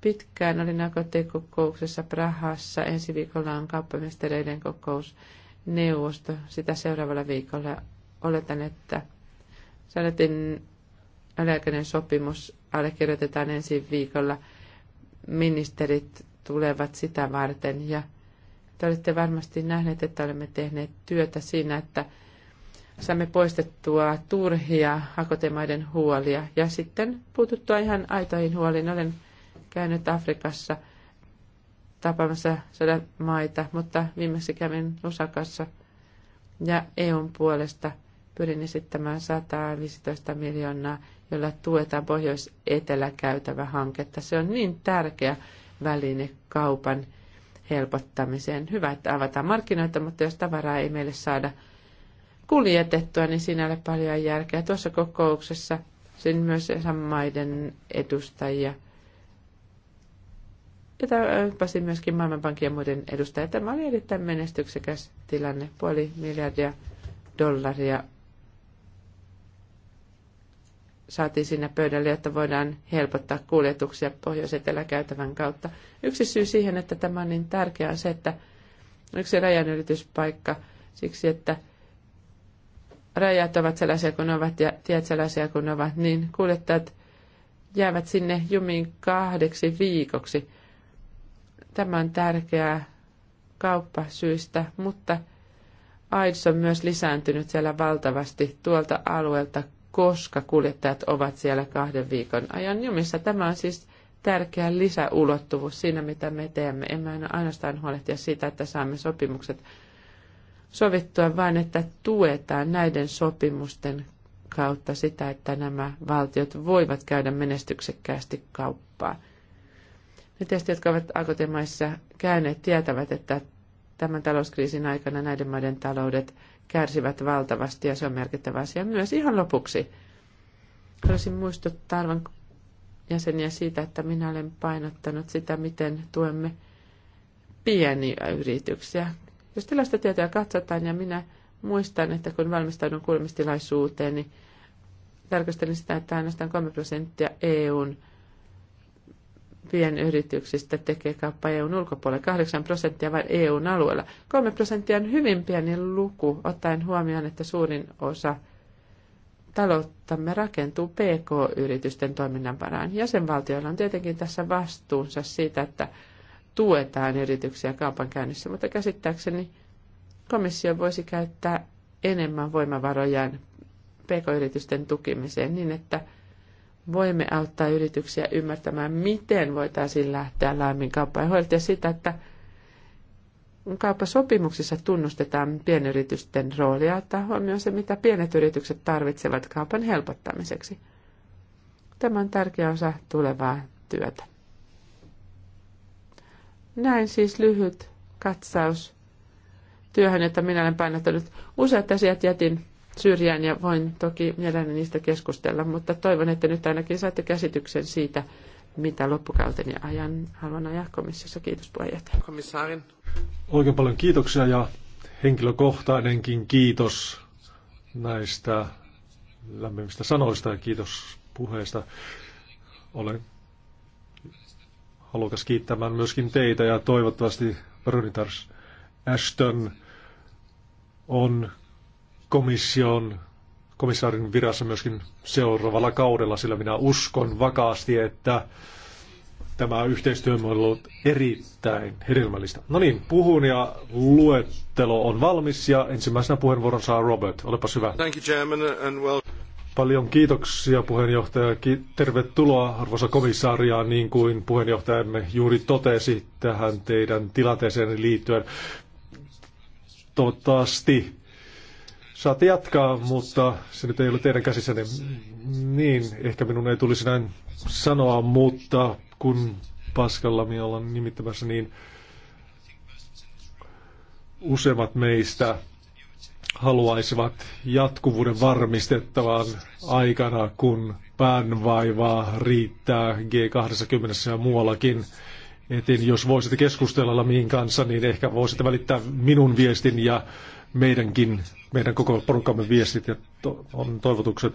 pitkään. Olin AKT-kokouksessa Prahassa. Ensi viikolla on kauppamestereiden kokous neuvosto sitä seuraavalla viikolla. Oletan, että Sanatin Väliaikainen sopimus allekirjoitetaan ensi viikolla. Ministerit tulevat sitä varten ja te olette varmasti nähneet, että olemme tehneet työtä siinä, että saamme poistettua turhia hakotemaiden huolia ja sitten puututtua ihan aitoihin huoliin. Olen käynyt Afrikassa tapaamassa sadan maita, mutta viimeksi kävin Lusakassa ja EUn puolesta – Pyrin esittämään 115 miljoonaa, jolla tuetaan pohjois-etelä käytävä hanketta. Se on niin tärkeä väline kaupan helpottamiseen. Hyvä, että avataan markkinoita, mutta jos tavaraa ei meille saada kuljetettua, niin siinä ei ole paljon järkeä. Tuossa kokouksessa sen myös maiden edustajia. Ja tapasin myöskin Maailmanpankin ja muiden edustajia. Tämä oli erittäin menestyksekäs tilanne, puoli miljardia dollaria saatiin sinne pöydälle, jotta voidaan helpottaa kuljetuksia pohjois käytävän kautta. Yksi syy siihen, että tämä on niin tärkeää, on se, että yksi rajanylityspaikka siksi, että rajat ovat sellaisia kuin ovat ja tiet sellaisia kuin ovat, niin kuljettajat jäävät sinne jumiin kahdeksi viikoksi. Tämä on tärkeää kauppasyistä, mutta AIDS on myös lisääntynyt siellä valtavasti tuolta alueelta koska kuljettajat ovat siellä kahden viikon ajan jumissa. Tämä on siis tärkeä lisäulottuvuus siinä, mitä me teemme. Emme ainoastaan huolehtia siitä, että saamme sopimukset sovittua, vaan että tuetaan näiden sopimusten kautta sitä, että nämä valtiot voivat käydä menestyksekkäästi kauppaa. Ne tietysti, jotka ovat akt käyneet, tietävät, että tämän talouskriisin aikana näiden maiden taloudet – kärsivät valtavasti ja se on merkittävä asia myös. Ihan lopuksi haluaisin muistuttaa arvon jäseniä siitä, että minä olen painottanut sitä, miten tuemme pieniä yrityksiä. Jos tällaista tietoa katsotaan ja minä muistan, että kun valmistaudun kuulemistilaisuuteen, niin tarkastelin sitä, että ainoastaan 3 prosenttia EUn pienyrityksistä tekee kauppa EUn ulkopuolella, 8 prosenttia vain EUn alueella. 3 prosenttia on hyvin pieni luku, ottaen huomioon, että suurin osa talouttamme rakentuu PK-yritysten toiminnan varaan. Jäsenvaltioilla on tietenkin tässä vastuunsa siitä, että tuetaan yrityksiä kaupankäynnissä, mutta käsittääkseni komissio voisi käyttää enemmän voimavarojaan PK-yritysten tukimiseen niin, että – voimme auttaa yrityksiä ymmärtämään, miten voitaisiin lähteä laajemmin kauppaan ja huolehtia sitä, että kauppasopimuksissa tunnustetaan pienyritysten roolia, on huomioon se, mitä pienet yritykset tarvitsevat kaupan helpottamiseksi. Tämä on tärkeä osa tulevaa työtä. Näin siis lyhyt katsaus työhön, jota minä olen painottanut. Useat asiat jätin syrjään ja voin toki mielelläni niistä keskustella, mutta toivon, että nyt ainakin saatte käsityksen siitä, mitä loppukauteni ajan haluan ajaa komissiossa. Kiitos puheenjohtaja. Komissaarin. Oikein paljon kiitoksia ja henkilökohtainenkin kiitos näistä lämpimistä sanoista ja kiitos puheesta. Olen halukas kiittämään myöskin teitä ja toivottavasti Brunitars Ashton on komission komissaarin virassa myöskin seuraavalla kaudella, sillä minä uskon vakaasti, että tämä yhteistyö on ollut erittäin hedelmällistä. No niin, puhun ja luettelo on valmis ja ensimmäisenä puheenvuoron saa Robert. Olepas hyvä. Thank you, Chairman, and well... Paljon kiitoksia puheenjohtaja. Tervetuloa arvoisa komissaaria niin kuin puheenjohtajamme juuri totesi tähän teidän tilanteeseen liittyen. Toivottavasti Saatte jatkaa, mutta se nyt ei ole teidän käsissäni. Niin, ehkä minun ei tulisi näin sanoa, mutta kun Paskalla minä ollaan nimittämässä, niin useimmat meistä haluaisivat jatkuvuuden varmistettavan aikana, kun päänvaivaa riittää G20 ja muuallakin. Etin, jos voisitte keskustella Lamin kanssa, niin ehkä voisitte välittää minun viestin ja meidänkin, meidän koko porukkamme viestit ja to, on toivotukset.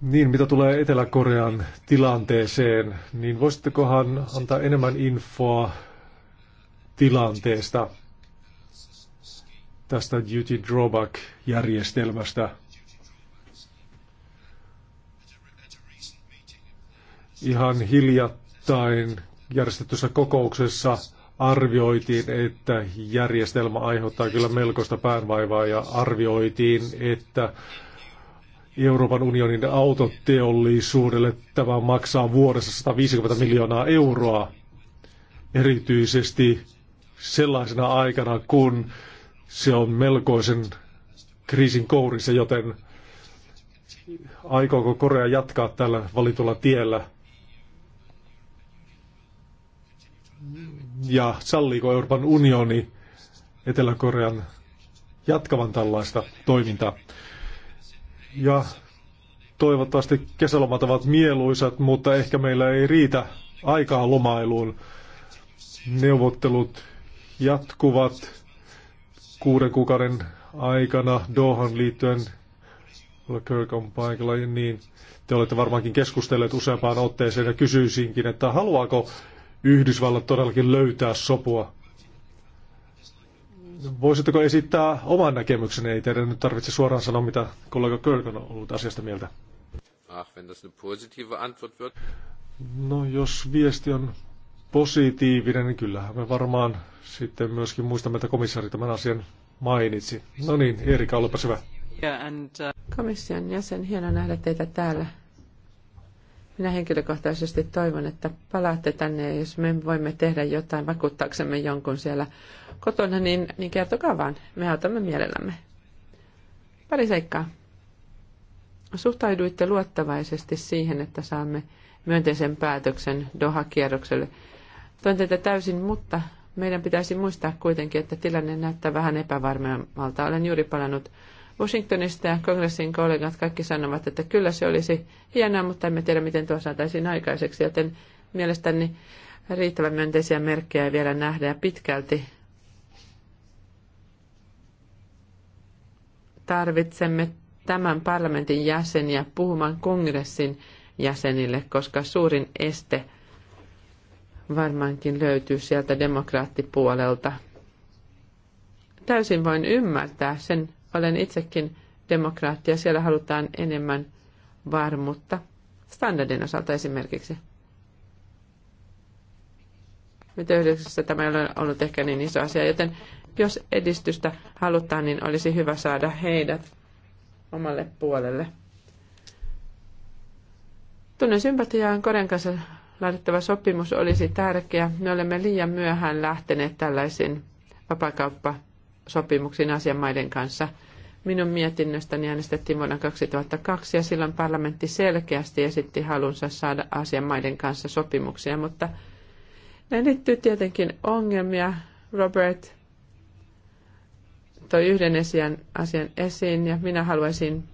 Niin, mitä tulee Etelä-Korean tilanteeseen, niin voisittekohan antaa enemmän infoa tilanteesta, tästä duty drawback-järjestelmästä. Ihan hiljattain järjestetyssä kokouksessa arvioitiin, että järjestelmä aiheuttaa kyllä melkoista päänvaivaa ja arvioitiin, että Euroopan unionin autoteollisuudelle tämä maksaa vuodessa 150 miljoonaa euroa, erityisesti sellaisena aikana, kun se on melkoisen kriisin kourissa, joten aikooko Korea jatkaa tällä valitulla tiellä? ja salliiko Euroopan unioni Etelä-Korean jatkavan tällaista toimintaa. Ja toivottavasti kesälomat ovat mieluisat, mutta ehkä meillä ei riitä aikaa lomailuun. Neuvottelut jatkuvat kuuden kuukauden aikana Dohan liittyen. Kirk on paikalla ja niin. Te olette varmaankin keskustelleet useampaan otteeseen ja kysyisinkin, että haluaako Yhdysvallat todellakin löytää sopua. Voisitteko esittää oman näkemyksenne? Ei teidän nyt tarvitse suoraan sanoa, mitä kollega Kirk on ollut asiasta mieltä. No, jos viesti on positiivinen, niin kyllähän me varmaan sitten myöskin muistamme, että komissaari tämän asian mainitsi. No niin, Erika, olepa hyvä. Uh, Komission jäsen, hieno nähdä teitä täällä. Minä henkilökohtaisesti toivon, että palaatte tänne ja jos me voimme tehdä jotain vakuuttaaksemme jonkun siellä kotona, niin, niin kertokaa vaan. Me autamme mielellämme. Pari seikkaa. Suhtauduitte luottavaisesti siihen, että saamme myönteisen päätöksen Doha-kierrokselle. Toin teitä täysin, mutta meidän pitäisi muistaa kuitenkin, että tilanne näyttää vähän epävarmemmalta. Olen juuri palannut Washingtonista ja kongressin kollegat kaikki sanovat, että kyllä se olisi hienoa, mutta emme tiedä, miten tuo saataisiin aikaiseksi, joten mielestäni riittävän myönteisiä merkkejä ei vielä nähdä ja pitkälti tarvitsemme tämän parlamentin jäseniä puhumaan kongressin jäsenille, koska suurin este varmaankin löytyy sieltä demokraattipuolelta. Täysin voin ymmärtää sen olen itsekin demokraattia. Siellä halutaan enemmän varmuutta standardin osalta esimerkiksi. Mitä yhdessä tämä ei ole ollut ehkä niin iso asia, joten jos edistystä halutaan, niin olisi hyvä saada heidät omalle puolelle. Tunnen sympatiaa Korean kanssa laadittava sopimus olisi tärkeä. Me olemme liian myöhään lähteneet tällaisiin vapakauppa sopimuksiin asianmaiden kanssa. Minun mietinnöstäni äänestettiin vuonna 2002 ja silloin parlamentti selkeästi esitti halunsa saada asianmaiden kanssa sopimuksia, mutta näin liittyy tietenkin ongelmia. Robert toi yhden asian, asian esiin ja minä haluaisin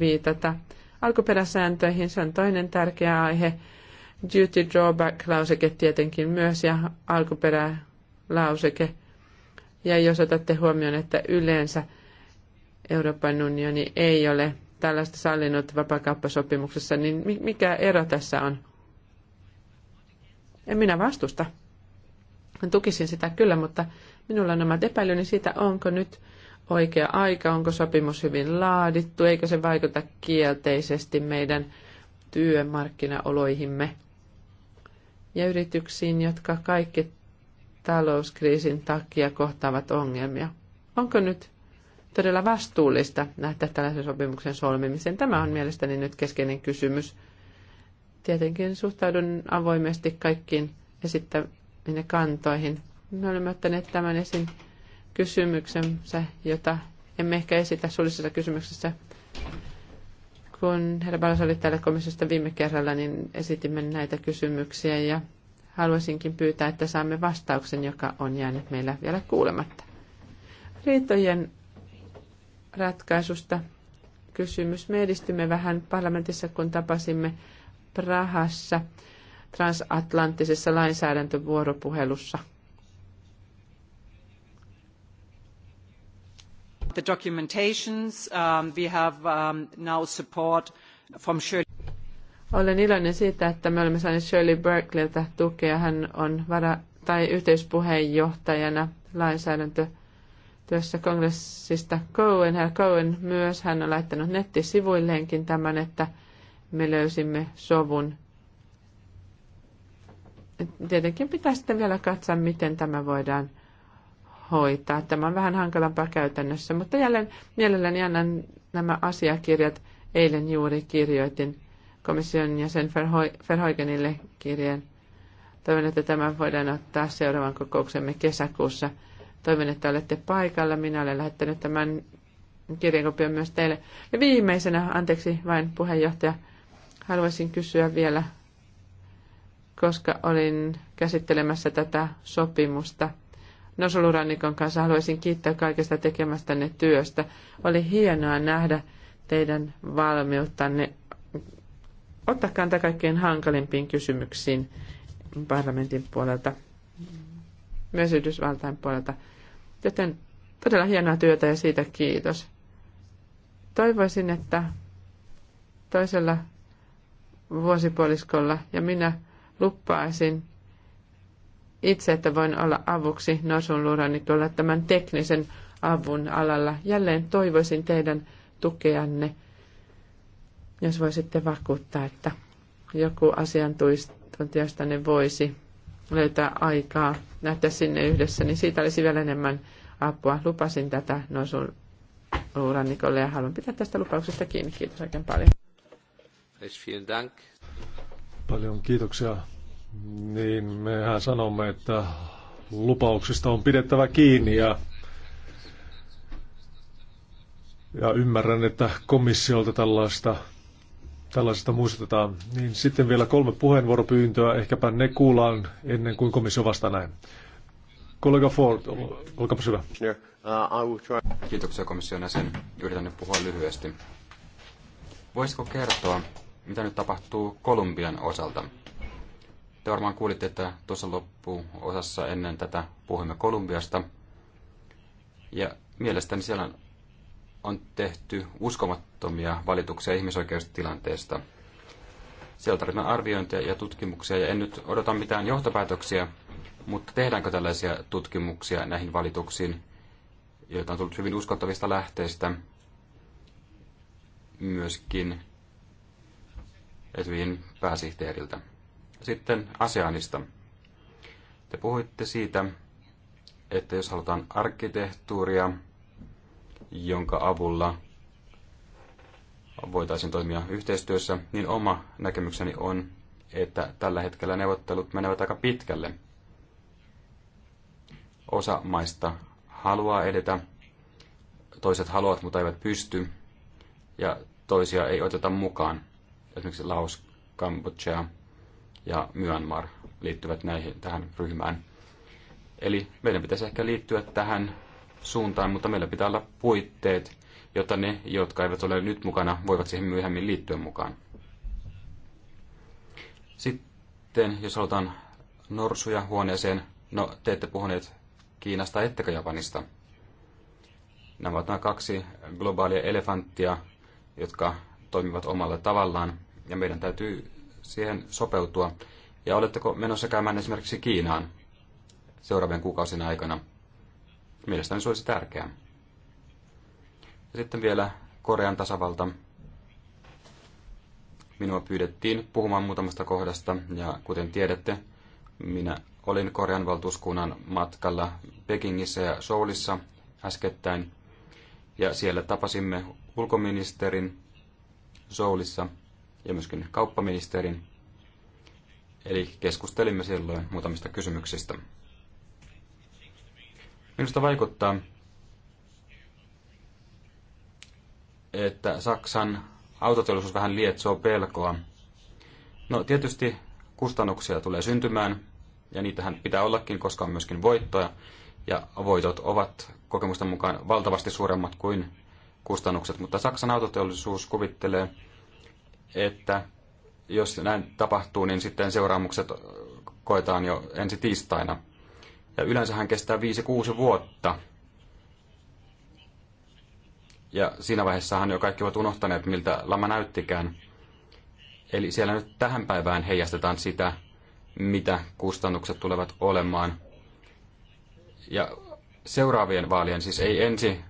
viitata alkuperäsääntöihin. Se on toinen tärkeä aihe. Duty drawback-lauseke tietenkin myös ja alkuperälauseke – ja jos otatte huomioon, että yleensä Euroopan unioni ei ole tällaista sallinut vapakauppasopimuksessa, niin mikä ero tässä on? En minä vastusta. Tukisin sitä kyllä, mutta minulla on omat epäilyni siitä, onko nyt oikea aika, onko sopimus hyvin laadittu, eikö se vaikuta kielteisesti meidän työmarkkinaoloihimme ja yrityksiin, jotka kaikki talouskriisin takia kohtaavat ongelmia. Onko nyt todella vastuullista nähdä tällaisen sopimuksen solmimisen? Tämä on mielestäni nyt keskeinen kysymys. Tietenkin suhtaudun avoimesti kaikkiin esittäminen kantoihin. Me olemme ottaneet tämän esiin kysymyksensä, jota emme ehkä esitä suullisessa kysymyksessä. Kun herra Balas oli täällä komissiosta viime kerralla, niin esitimme näitä kysymyksiä ja haluaisinkin pyytää, että saamme vastauksen, joka on jäänyt meillä vielä kuulematta. Riitojen ratkaisusta kysymys. Me edistymme vähän parlamentissa, kun tapasimme Prahassa transatlanttisessa lainsäädäntövuoropuhelussa. The documentations, um, we have um, now support from Shirley. Olen iloinen siitä, että me olemme saaneet Shirley Berkeleyltä tukea. Hän on vara- tai yhteispuheenjohtajana lainsäädäntötyössä kongressista Cohen. Herr Cohen myös, hän on laittanut nettisivuilleenkin tämän, että me löysimme sovun. Tietenkin pitää sitten vielä katsoa, miten tämä voidaan hoitaa. Tämä on vähän hankalampaa käytännössä, mutta jälleen mielelläni annan nämä asiakirjat. Eilen juuri kirjoitin komission jäsen Verhoigenille kirjeen. Toivon, että tämä voidaan ottaa seuraavan kokouksemme kesäkuussa. Toivon, että olette paikalla. Minä olen lähettänyt tämän kirjankopion myös teille. Ja viimeisenä, anteeksi vain puheenjohtaja, haluaisin kysyä vielä, koska olin käsittelemässä tätä sopimusta – Nosolurannikon kanssa haluaisin kiittää kaikesta tekemästänne työstä. Oli hienoa nähdä teidän valmiuttanne ottaa kantaa kaikkein hankalimpiin kysymyksiin parlamentin puolelta, myös Yhdysvaltain puolelta. Joten todella hienoa työtä ja siitä kiitos. Toivoisin, että toisella vuosipuoliskolla ja minä luppaisin itse, että voin olla avuksi Norsun luurannikolla tämän teknisen avun alalla. Jälleen toivoisin teidän tukeanne jos voisitte vakuuttaa, että joku asiantuntijasta ne voisi löytää aikaa lähteä sinne yhdessä, niin siitä olisi vielä enemmän apua. Lupasin tätä nousun luurannikolle ja haluan pitää tästä lupauksesta kiinni. Kiitos oikein paljon. Paljon kiitoksia. Niin mehän sanomme, että lupauksista on pidettävä kiinni ja ja ymmärrän, että komissiolta tällaista tällaisesta muistutetaan. Niin sitten vielä kolme puheenvuoropyyntöä, ehkäpä ne kuullaan ennen kuin komissio vastaa näin. Kollega Ford, olkaapa hyvä. Kiitoksia komission jäsen. Yritän nyt puhua lyhyesti. Voisiko kertoa, mitä nyt tapahtuu Kolumbian osalta? Te varmaan kuulitte, että tuossa loppuosassa ennen tätä puhumme Kolumbiasta. Ja mielestäni siellä on on tehty uskomattomia valituksia ihmisoikeustilanteesta. Siellä tarvitaan arviointia ja tutkimuksia, ja en nyt odota mitään johtopäätöksiä, mutta tehdäänkö tällaisia tutkimuksia näihin valituksiin, joita on tullut hyvin uskottavista lähteistä, myöskin Etyjin pääsihteeriltä. Sitten ASEANista. Te puhuitte siitä, että jos halutaan arkkitehtuuria jonka avulla voitaisiin toimia yhteistyössä, niin oma näkemykseni on, että tällä hetkellä neuvottelut menevät aika pitkälle. Osa maista haluaa edetä, toiset haluavat, mutta eivät pysty, ja toisia ei oteta mukaan. Esimerkiksi Laos, Kambodža ja Myanmar liittyvät näihin, tähän ryhmään. Eli meidän pitäisi ehkä liittyä tähän suuntaan, mutta meillä pitää olla puitteet, jotta ne, jotka eivät ole nyt mukana, voivat siihen myöhemmin liittyä mukaan. Sitten, jos halutaan norsuja huoneeseen, no te ette puhuneet Kiinasta ettekä Japanista. Nämä ovat nämä kaksi globaalia elefanttia, jotka toimivat omalla tavallaan, ja meidän täytyy siihen sopeutua. Ja oletteko menossa käymään esimerkiksi Kiinaan seuraavien kuukausien aikana? Mielestäni se olisi tärkeää. Ja sitten vielä Korean tasavalta. Minua pyydettiin puhumaan muutamasta kohdasta ja kuten tiedätte, minä olin Korean valtuuskunnan matkalla Pekingissä ja Soulissa äskettäin. Ja siellä tapasimme ulkoministerin Soulissa ja myöskin kauppaministerin. Eli keskustelimme silloin muutamista kysymyksistä. Minusta vaikuttaa, että Saksan autoteollisuus vähän lietsoo pelkoa. No tietysti kustannuksia tulee syntymään, ja niitähän pitää ollakin, koska on myöskin voittoja, ja voitot ovat kokemusten mukaan valtavasti suuremmat kuin kustannukset, mutta Saksan autoteollisuus kuvittelee, että jos näin tapahtuu, niin sitten seuraamukset koetaan jo ensi tiistaina – ja hän kestää 5-6 vuotta. Ja siinä hän jo kaikki ovat unohtaneet, miltä lama näyttikään. Eli siellä nyt tähän päivään heijastetaan sitä, mitä kustannukset tulevat olemaan. Ja seuraavien vaalien, siis ei ensi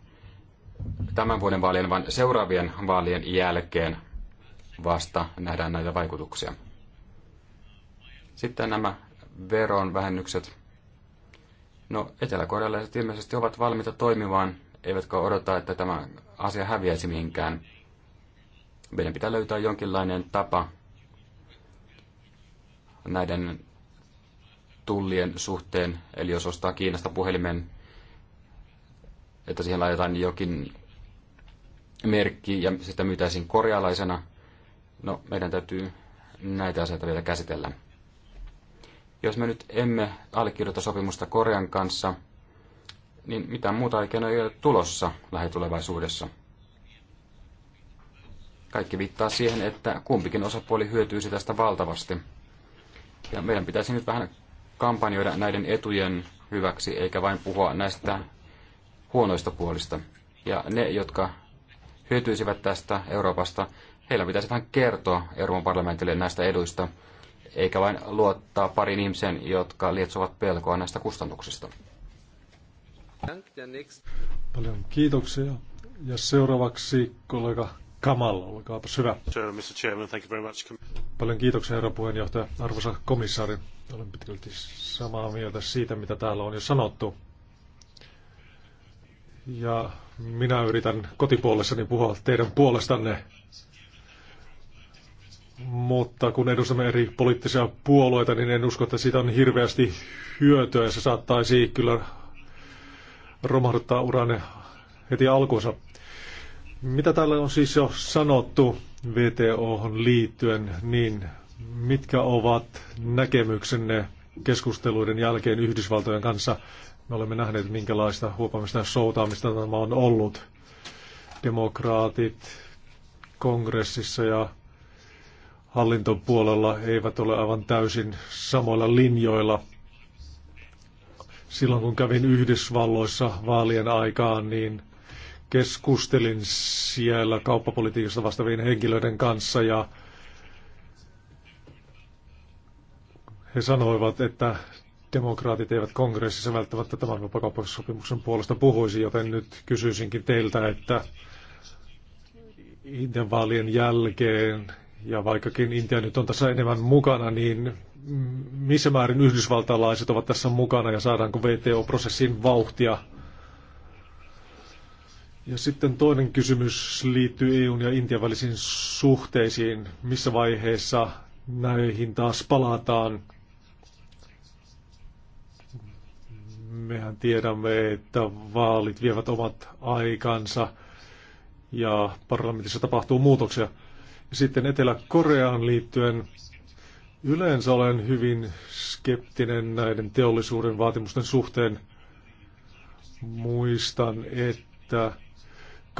tämän vuoden vaalien, vaan seuraavien vaalien jälkeen vasta nähdään näitä vaikutuksia. Sitten nämä veronvähennykset. No, eteläkorealaiset ilmeisesti ovat valmiita toimimaan, eivätkä odota, että tämä asia häviäisi mihinkään. Meidän pitää löytää jonkinlainen tapa näiden tullien suhteen, eli jos ostaa Kiinasta puhelimen, että siihen laitetaan jokin merkki ja sitä myytäisiin korealaisena. No, meidän täytyy näitä asioita vielä käsitellä. Jos me nyt emme allekirjoita sopimusta Korean kanssa, niin mitään muuta oikein ei ole tulossa lähitulevaisuudessa. Kaikki viittaa siihen, että kumpikin osapuoli hyötyisi tästä valtavasti. Ja meidän pitäisi nyt vähän kampanjoida näiden etujen hyväksi, eikä vain puhua näistä huonoista puolista. Ja ne, jotka hyötyisivät tästä Euroopasta, heillä pitäisi vähän kertoa Euroopan parlamentille näistä eduista, eikä vain luottaa parin ihmisen, jotka lietsovat pelkoa näistä kustannuksista. Paljon kiitoksia. Ja seuraavaksi kollega Kamal, olkaapa hyvä. Paljon kiitoksia herra puheenjohtaja. Arvoisa komissaari, olen pitkälti samaa mieltä siitä, mitä täällä on jo sanottu. Ja minä yritän kotipuolessani puhua teidän puolestanne mutta kun edustamme eri poliittisia puolueita, niin en usko, että siitä on hirveästi hyötyä ja se saattaisi kyllä romahduttaa uranne heti alkuunsa. Mitä täällä on siis jo sanottu VTOhon liittyen, niin mitkä ovat näkemyksenne keskusteluiden jälkeen Yhdysvaltojen kanssa? Me olemme nähneet, minkälaista huopamista ja soutaamista tämä on ollut. Demokraatit kongressissa ja hallintopuolella eivät ole aivan täysin samoilla linjoilla. Silloin kun kävin Yhdysvalloissa vaalien aikaan, niin keskustelin siellä kauppapolitiikasta vastaavien henkilöiden kanssa ja he sanoivat, että demokraatit eivät kongressissa välttämättä tämän vapakauppasopimuksen puolesta puhuisi, joten nyt kysyisinkin teiltä, että Intian vaalien jälkeen ja vaikkakin Intia nyt on tässä enemmän mukana, niin missä määrin yhdysvaltalaiset ovat tässä mukana ja saadaanko VTO-prosessin vauhtia? Ja sitten toinen kysymys liittyy EUn ja Intian välisiin suhteisiin. Missä vaiheessa näihin taas palataan? Mehän tiedämme, että vaalit vievät omat aikansa ja parlamentissa tapahtuu muutoksia. Sitten Etelä-Koreaan liittyen yleensä olen hyvin skeptinen näiden teollisuuden vaatimusten suhteen. Muistan, että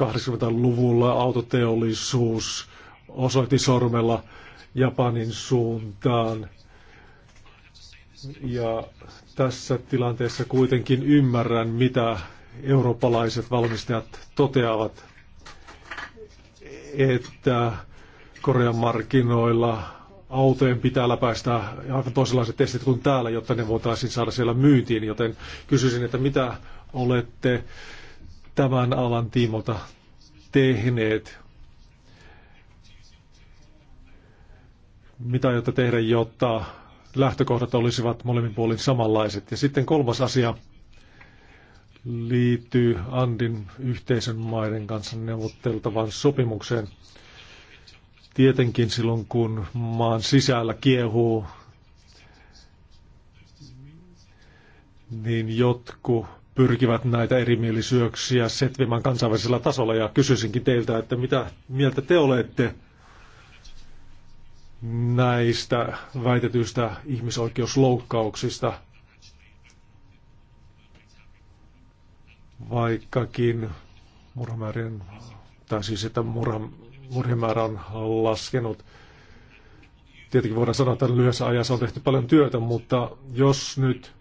80-luvulla autoteollisuus osoitti sormella Japanin suuntaan. Ja tässä tilanteessa kuitenkin ymmärrän, mitä eurooppalaiset valmistajat toteavat, että Korean markkinoilla autojen pitää läpäistä aivan toisenlaiset testit kuin täällä, jotta ne voitaisiin saada siellä myyntiin, joten kysyisin, että mitä olette tämän alan tiimolta tehneet? Mitä aiotte tehdä, jotta lähtökohdat olisivat molemmin puolin samanlaiset? Ja sitten kolmas asia liittyy Andin yhteisön maiden kanssa neuvotteltavaan sopimukseen. Tietenkin silloin, kun maan sisällä kiehuu, niin jotkut pyrkivät näitä erimielisyyksiä setvimään kansainvälisellä tasolla. Ja kysyisinkin teiltä, että mitä mieltä te olette näistä väitetyistä ihmisoikeusloukkauksista, vaikkakin murhamäärien, tai siis että murham, murhimäärä on laskenut. Tietenkin voidaan sanoa, että lyhyessä ajassa on tehty paljon työtä, mutta jos nyt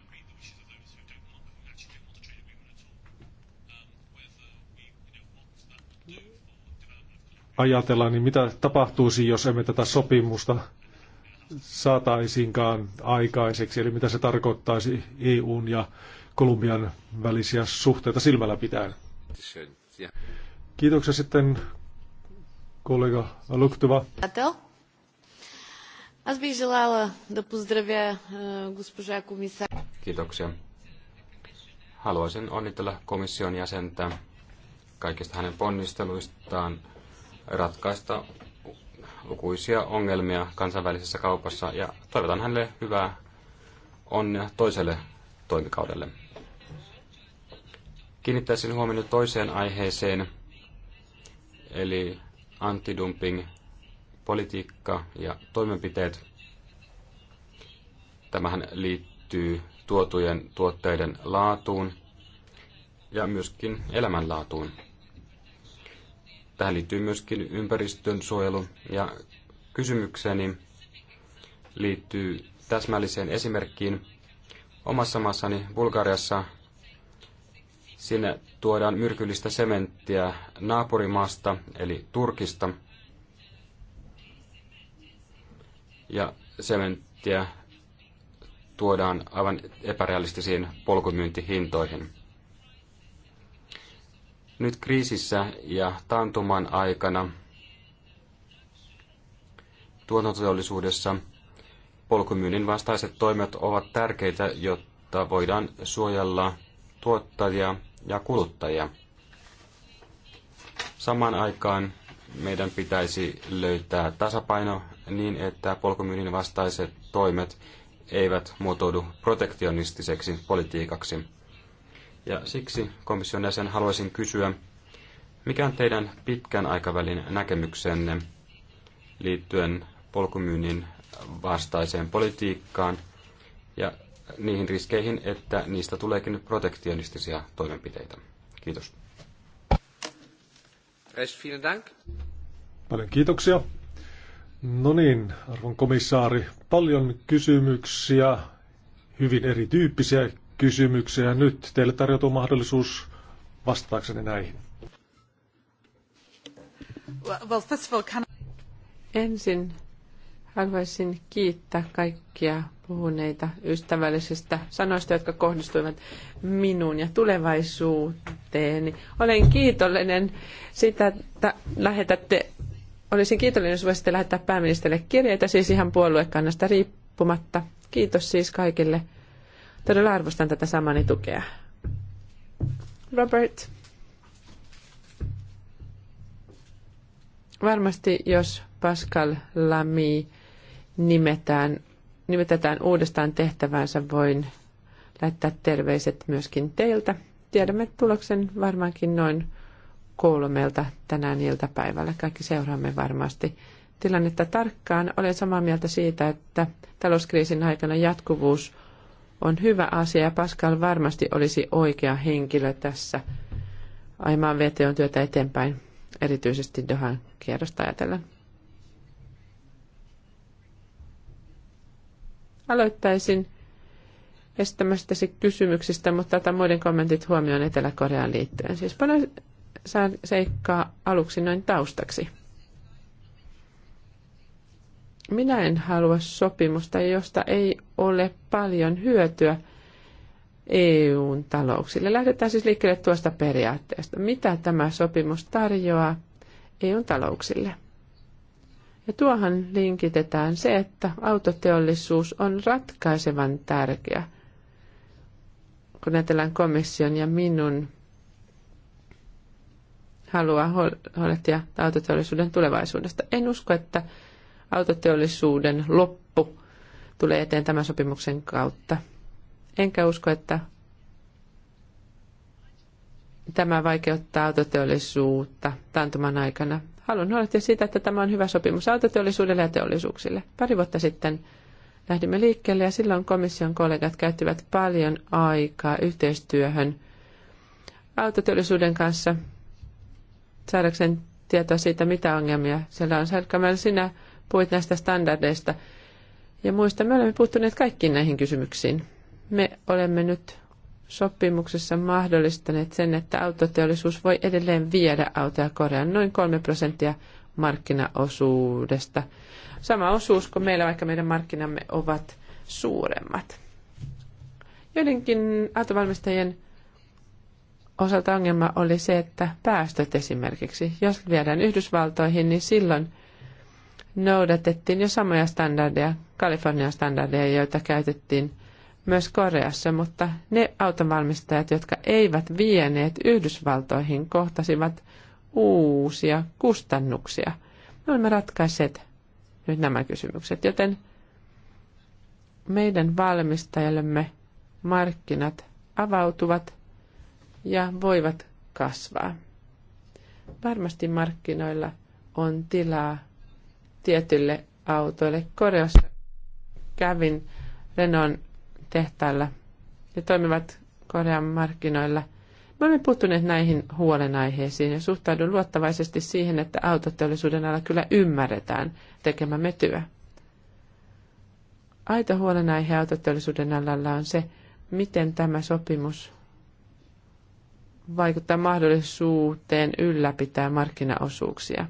ajatellaan, niin mitä tapahtuisi, jos emme tätä sopimusta saataisinkaan aikaiseksi, eli mitä se tarkoittaisi EUn ja Kolumbian välisiä suhteita silmällä pitäen. Kiitoksia sitten kollega Luktova. Eh, Kiitoksia. Haluaisin onnitella komission jäsentä kaikista hänen ponnisteluistaan ratkaista lukuisia ongelmia kansainvälisessä kaupassa ja toivotan hänelle hyvää onnea toiselle toimikaudelle. Kiinnittäisin huomioon toiseen aiheeseen, eli antidumping, politiikka ja toimenpiteet. Tämähän liittyy tuotujen tuotteiden laatuun ja myöskin elämänlaatuun. Tähän liittyy myöskin ympäristön suojelu ja kysymykseni liittyy täsmälliseen esimerkkiin. Omassa maassani Bulgariassa Sinne tuodaan myrkyllistä sementtiä naapurimaasta, eli Turkista. Ja sementtiä tuodaan aivan epärealistisiin polkumyyntihintoihin. Nyt kriisissä ja taantuman aikana tuotantoteollisuudessa polkumyynnin vastaiset toimet ovat tärkeitä, jotta voidaan suojella tuottajia ja kuluttajia. Samaan aikaan meidän pitäisi löytää tasapaino niin, että polkumyynnin vastaiset toimet eivät muotoudu protektionistiseksi politiikaksi. Ja siksi komission jäsen haluaisin kysyä, mikä on teidän pitkän aikavälin näkemyksenne liittyen polkumyynnin vastaiseen politiikkaan ja niihin riskeihin, että niistä tuleekin protektionistisia toimenpiteitä. Kiitos. Paljon kiitoksia. No niin, arvon komissaari, paljon kysymyksiä, hyvin erityyppisiä kysymyksiä. Nyt teille tarjotu mahdollisuus vastaakseni näihin. Ensin Haluaisin kiittää kaikkia puhuneita ystävällisistä sanoista, jotka kohdistuivat minuun ja tulevaisuuteeni. Olen kiitollinen sitä, että lähetätte, olisin kiitollinen, jos voisitte lähettää pääministerille kirjeitä, siis ihan puoluekannasta riippumatta. Kiitos siis kaikille. Todella arvostan tätä samani tukea. Robert. Varmasti jos Pascal Lamy nimetään, nimetetään uudestaan tehtävänsä, voin lähettää terveiset myöskin teiltä. Tiedämme tuloksen varmaankin noin kolmelta tänään iltapäivällä. Kaikki seuraamme varmasti tilannetta tarkkaan. Olen samaa mieltä siitä, että talouskriisin aikana jatkuvuus on hyvä asia ja Pascal varmasti olisi oikea henkilö tässä aimaan VTOn työtä eteenpäin, erityisesti Dohan kierrosta ajatellen. Aloittaisin estämästäsi kysymyksistä, mutta otan muiden kommentit huomioon Etelä-Koreaan liittyen. Siis paljon saa seikkaa aluksi noin taustaksi. Minä en halua sopimusta, josta ei ole paljon hyötyä EUn talouksille. Lähdetään siis liikkeelle tuosta periaatteesta. Mitä tämä sopimus tarjoaa EUn talouksille? Ja tuohan linkitetään se, että autoteollisuus on ratkaisevan tärkeä. Kun ajatellaan komission ja minun haluaa huolehtia autoteollisuuden tulevaisuudesta. En usko, että autoteollisuuden loppu tulee eteen tämän sopimuksen kautta. Enkä usko, että tämä vaikeuttaa autoteollisuutta taantuman aikana haluan huolehtia siitä, että tämä on hyvä sopimus autoteollisuudelle ja teollisuuksille. Pari vuotta sitten lähdimme liikkeelle ja silloin komission kollegat käyttivät paljon aikaa yhteistyöhön autoteollisuuden kanssa saadakseen tietoa siitä, mitä ongelmia siellä on. Särkämällä sinä puhuit näistä standardeista. Ja muista, me olemme puuttuneet kaikkiin näihin kysymyksiin. Me olemme nyt sopimuksessa mahdollistaneet sen, että autoteollisuus voi edelleen viedä autoja Koreaan noin 3 prosenttia markkinaosuudesta. Sama osuus kuin meillä, vaikka meidän markkinamme ovat suuremmat. Joidenkin autovalmistajien osalta ongelma oli se, että päästöt esimerkiksi, jos viedään Yhdysvaltoihin, niin silloin noudatettiin jo samoja standardeja, Kalifornian standardeja, joita käytettiin – myös Koreassa, mutta ne autonvalmistajat, jotka eivät vieneet Yhdysvaltoihin, kohtasivat uusia kustannuksia. Me olemme ratkaisseet nyt nämä kysymykset, joten meidän valmistajillemme markkinat avautuvat ja voivat kasvaa. Varmasti markkinoilla on tilaa tietylle autoille. Koreassa kävin Renon tehtailla ja toimivat Korean markkinoilla. Me olemme puuttuneet näihin huolenaiheisiin ja suhtaudun luottavaisesti siihen, että autoteollisuuden alla kyllä ymmärretään tekemämme työ. Aito huolenaihe autoteollisuuden alalla on se, miten tämä sopimus vaikuttaa mahdollisuuteen ylläpitää markkinaosuuksia.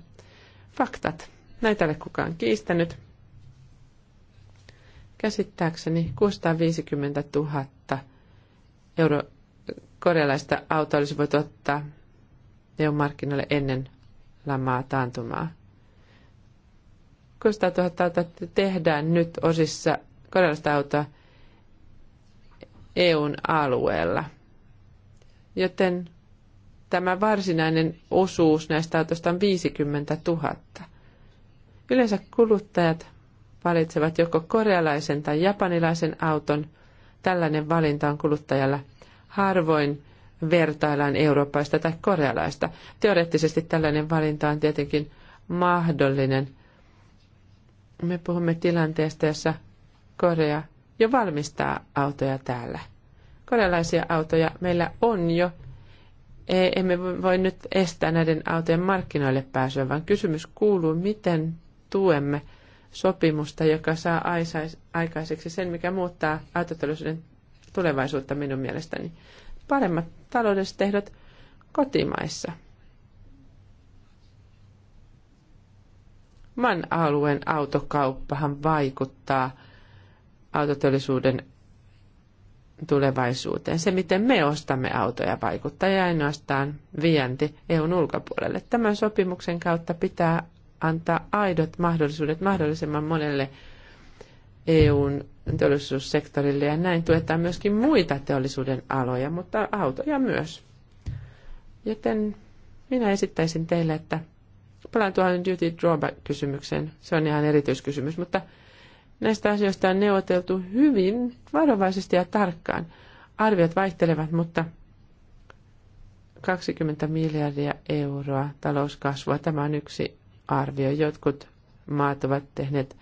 Faktat. Näitä ei ole kukaan kiistänyt. Käsittääkseni 650 000 euro korealaista autoa olisi voitu ottaa EU markkinoille ennen lamaa taantumaa. 600 000 autoa tehdään nyt osissa korealaista autoa EUn alueella. Joten tämä varsinainen osuus näistä autoista on 50 000. Yleensä kuluttajat valitsevat joko korealaisen tai japanilaisen auton. Tällainen valinta on kuluttajalla harvoin vertaillaan eurooppaista tai korealaista. Teoreettisesti tällainen valinta on tietenkin mahdollinen. Me puhumme tilanteesta, jossa Korea jo valmistaa autoja täällä. Korealaisia autoja meillä on jo. E, emme voi nyt estää näiden autojen markkinoille pääsyä, vaan kysymys kuuluu, miten tuemme – sopimusta, joka saa aikaiseksi sen, mikä muuttaa autoteollisuuden tulevaisuutta minun mielestäni. Paremmat taloudelliset ehdot kotimaissa. Man alueen autokauppahan vaikuttaa autoteollisuuden tulevaisuuteen. Se, miten me ostamme autoja, vaikuttaa ja ainoastaan vienti EUn ulkopuolelle. Tämän sopimuksen kautta pitää antaa aidot mahdollisuudet mahdollisimman monelle EUn teollisuussektorille ja näin tuetaan myöskin muita teollisuuden aloja, mutta autoja myös. Joten minä esittäisin teille, että palaan tuohon duty drawback-kysymykseen. Se on ihan erityiskysymys, mutta näistä asioista on neuvoteltu hyvin varovaisesti ja tarkkaan. Arviot vaihtelevat, mutta 20 miljardia euroa talouskasvua. Tämä on yksi arvio. Jotkut maat ovat tehneet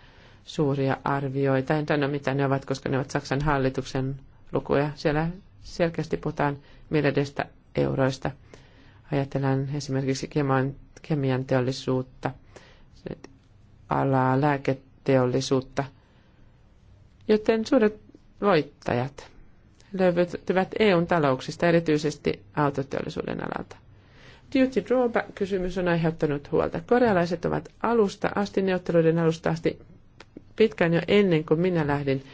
suuria arvioita. En tiedä, mitä ne ovat, koska ne ovat Saksan hallituksen lukuja. Siellä selkeästi puhutaan miljardista euroista. Ajatellaan esimerkiksi kemian teollisuutta, alaa, lääketeollisuutta. Joten suuret voittajat löytyvät EUn talouksista, erityisesti autoteollisuuden alalta. Duty drawback-kysymys on aiheuttanut huolta. Korealaiset ovat alusta asti, neuvotteluiden alusta asti, pitkään jo ennen kuin minä lähdin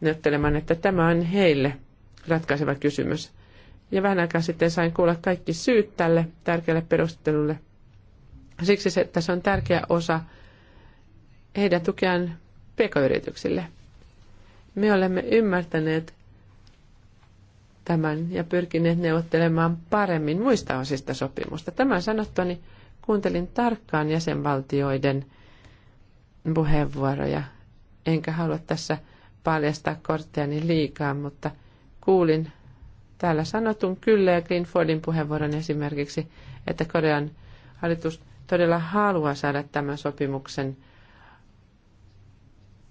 neuvottelemaan, että tämä on heille ratkaiseva kysymys. Ja vähän aikaa sitten sain kuulla kaikki syyt tälle tärkeälle perustelulle. Siksi se, että se on tärkeä osa heidän tukeaan pk-yrityksille. Me olemme ymmärtäneet, tämän ja pyrkineet neuvottelemaan paremmin muista osista sopimusta. Tämän sanottuani kuuntelin tarkkaan jäsenvaltioiden puheenvuoroja, enkä halua tässä paljastaa korttiani liikaa, mutta kuulin täällä sanotun kyllä ja Greenfordin puheenvuoron esimerkiksi, että Korean hallitus todella haluaa saada tämän sopimuksen –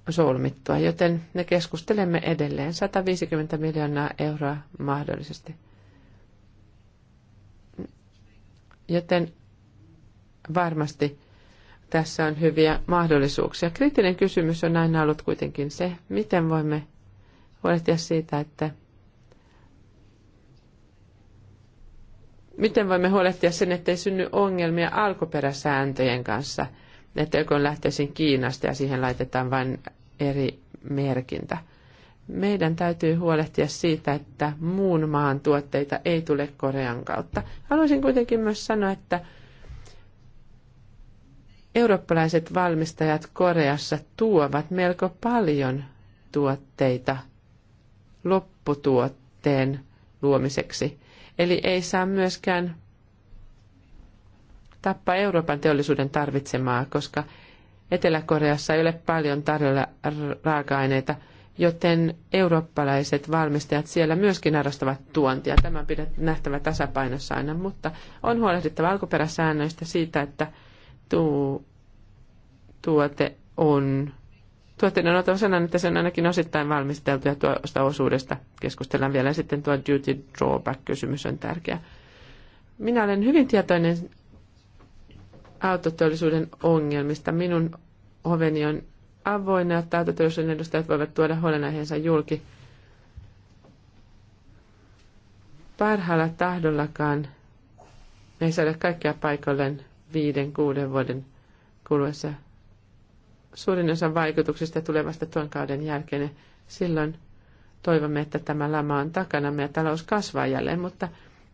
solmittua, joten me keskustelemme edelleen 150 miljoonaa euroa mahdollisesti. Joten varmasti tässä on hyviä mahdollisuuksia. Kriittinen kysymys on aina ollut kuitenkin se, miten voimme huolehtia siitä, että miten voimme huolehtia sen, ettei synny ongelmia alkuperäsääntöjen kanssa – että joku on lähtöisin Kiinasta ja siihen laitetaan vain eri merkintä. Meidän täytyy huolehtia siitä, että muun maan tuotteita ei tule Korean kautta. Haluaisin kuitenkin myös sanoa, että eurooppalaiset valmistajat Koreassa tuovat melko paljon tuotteita lopputuotteen luomiseksi. Eli ei saa myöskään tappaa Euroopan teollisuuden tarvitsemaa, koska Etelä-Koreassa ei ole paljon tarjolla raaka-aineita, joten eurooppalaiset valmistajat siellä myöskin harrastavat tuontia. Tämä on nähtävä tasapainossa aina, mutta on huolehdittava alkuperäsäännöistä siitä, että tuu, tuote on Tuotteen on oltava sanan, että se on ainakin osittain valmisteltu ja tuosta osuudesta keskustellaan vielä. Sitten tuo duty drawback-kysymys on tärkeä. Minä olen hyvin tietoinen autoteollisuuden ongelmista. Minun oveni on avoinna, että autoteollisuuden edustajat voivat tuoda huolenaiheensa julki. Parhaalla tahdollakaan me ei saada kaikkia paikalleen viiden, kuuden vuoden kuluessa. Suurin osa vaikutuksista tulevasta tuon kauden jälkeen ja silloin toivomme, että tämä lama on takana ja talous kasvaa jälleen, mutta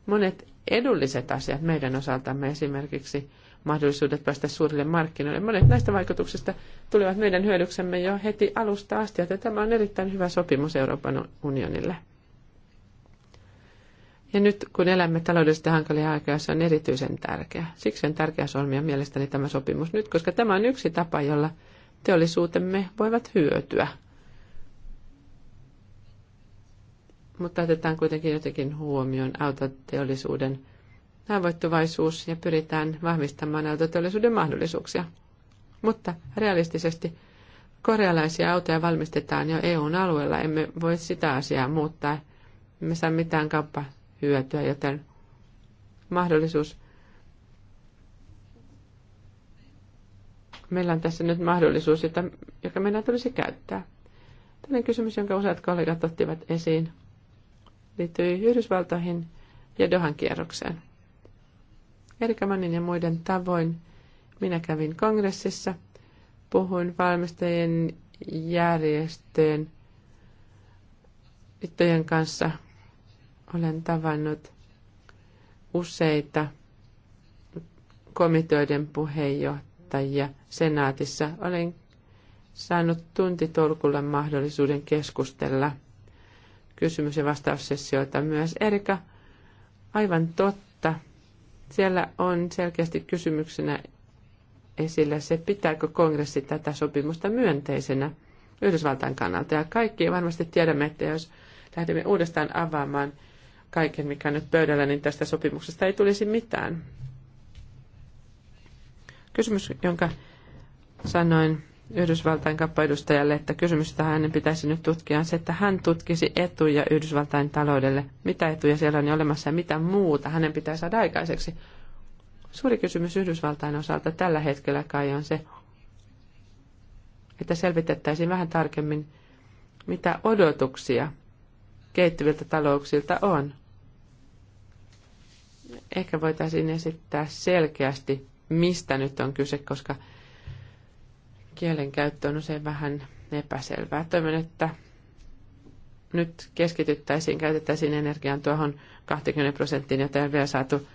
monet edulliset asiat meidän osaltamme esimerkiksi – mahdollisuudet päästä suurille markkinoille. Monet näistä vaikutuksista tulevat meidän hyödyksemme jo heti alusta asti, että tämä on erittäin hyvä sopimus Euroopan unionille. Ja nyt kun elämme taloudellisesti hankalia aikoja, se on erityisen tärkeää. Siksi on tärkeää solmia mielestäni tämä sopimus nyt, koska tämä on yksi tapa, jolla teollisuutemme voivat hyötyä. Mutta otetaan kuitenkin jotenkin huomioon autoteollisuuden haavoittuvaisuus ja pyritään vahvistamaan autoteollisuuden mahdollisuuksia. Mutta realistisesti korealaisia autoja valmistetaan jo EUn alueella, emme voi sitä asiaa muuttaa. Emme saa mitään kauppahyötyä, joten mahdollisuus. Meillä on tässä nyt mahdollisuus, jota, joka meidän tulisi käyttää. Tällainen kysymys, jonka useat kollegat ottivat esiin, liittyy Yhdysvaltoihin ja Dohan kierrokseen. Erika ja muiden tavoin minä kävin kongressissa, puhuin valmistajien järjestöjen yhtiöjen kanssa. Olen tavannut useita komiteoiden puheenjohtajia senaatissa. Olen saanut tuntitolkulla mahdollisuuden keskustella kysymys- ja vastaussessioita myös. Erika, aivan totta, siellä on selkeästi kysymyksenä esillä se, pitääkö kongressi tätä sopimusta myönteisenä Yhdysvaltain kannalta. Ja kaikki varmasti tiedämme, että jos lähdemme uudestaan avaamaan kaiken, mikä on nyt pöydällä, niin tästä sopimuksesta ei tulisi mitään. Kysymys, jonka sanoin Yhdysvaltain kappaedustajalle, että kysymys, tähän hänen pitäisi nyt tutkia, on se, että hän tutkisi etuja Yhdysvaltain taloudelle. Mitä etuja siellä on olemassa ja mitä muuta hänen pitää saada aikaiseksi. Suuri kysymys Yhdysvaltain osalta tällä hetkellä kai on se, että selvitettäisiin vähän tarkemmin, mitä odotuksia kehittyviltä talouksilta on. Ehkä voitaisiin esittää selkeästi, mistä nyt on kyse, koska – kielenkäyttö on usein vähän epäselvää. Toivon, että nyt keskityttäisiin, käytettäisiin energiaan tuohon 20 prosenttiin, jota ei vielä saatu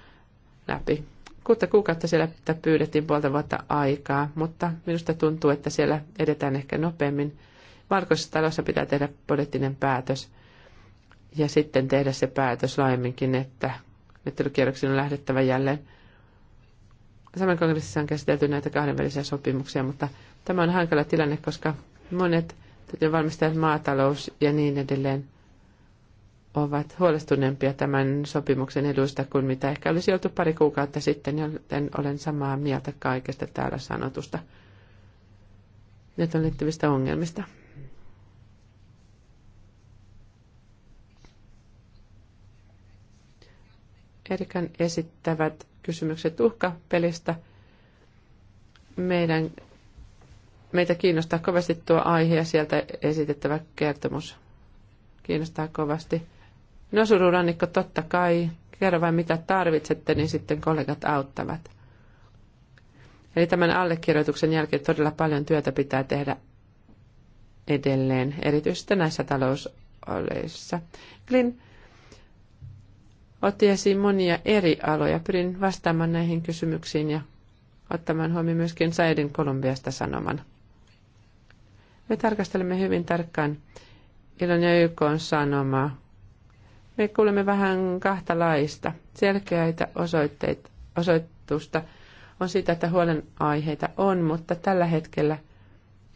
läpi. Kuutta kuukautta siellä pyydettiin puolta vuotta aikaa, mutta minusta tuntuu, että siellä edetään ehkä nopeammin. Valkoisessa talossa pitää tehdä poliittinen päätös ja sitten tehdä se päätös laajemminkin, että neuvottelukierroksen on lähdettävä jälleen. Saman kongressissa on käsitelty näitä kahdenvälisiä sopimuksia, mutta Tämä on hankala tilanne, koska monet valmistajat, maatalous ja niin edelleen ovat huolestuneempia tämän sopimuksen eduista kuin mitä ehkä olisi oltu pari kuukautta sitten, joten olen samaa mieltä kaikesta täällä sanotusta nyt on liittyvistä ongelmista. Erikan esittävät kysymykset uhkapelistä. Meidän Meitä kiinnostaa kovasti tuo aihe ja sieltä esitettävä kertomus kiinnostaa kovasti. No sururannikko totta kai, kerro vain mitä tarvitsette, niin sitten kollegat auttavat. Eli tämän allekirjoituksen jälkeen todella paljon työtä pitää tehdä edelleen, erityisesti näissä talousoleissa. Klin otti esiin monia eri aloja. Pyrin vastaamaan näihin kysymyksiin ja ottamaan huomioon myöskin Saidin Kolumbiasta sanoman. Me tarkastelemme hyvin tarkkaan Ilon ja YK on sanomaa. Me kuulemme vähän kahta laista. Selkeäitä osoitteita, osoitusta on sitä, että huolenaiheita on, mutta tällä hetkellä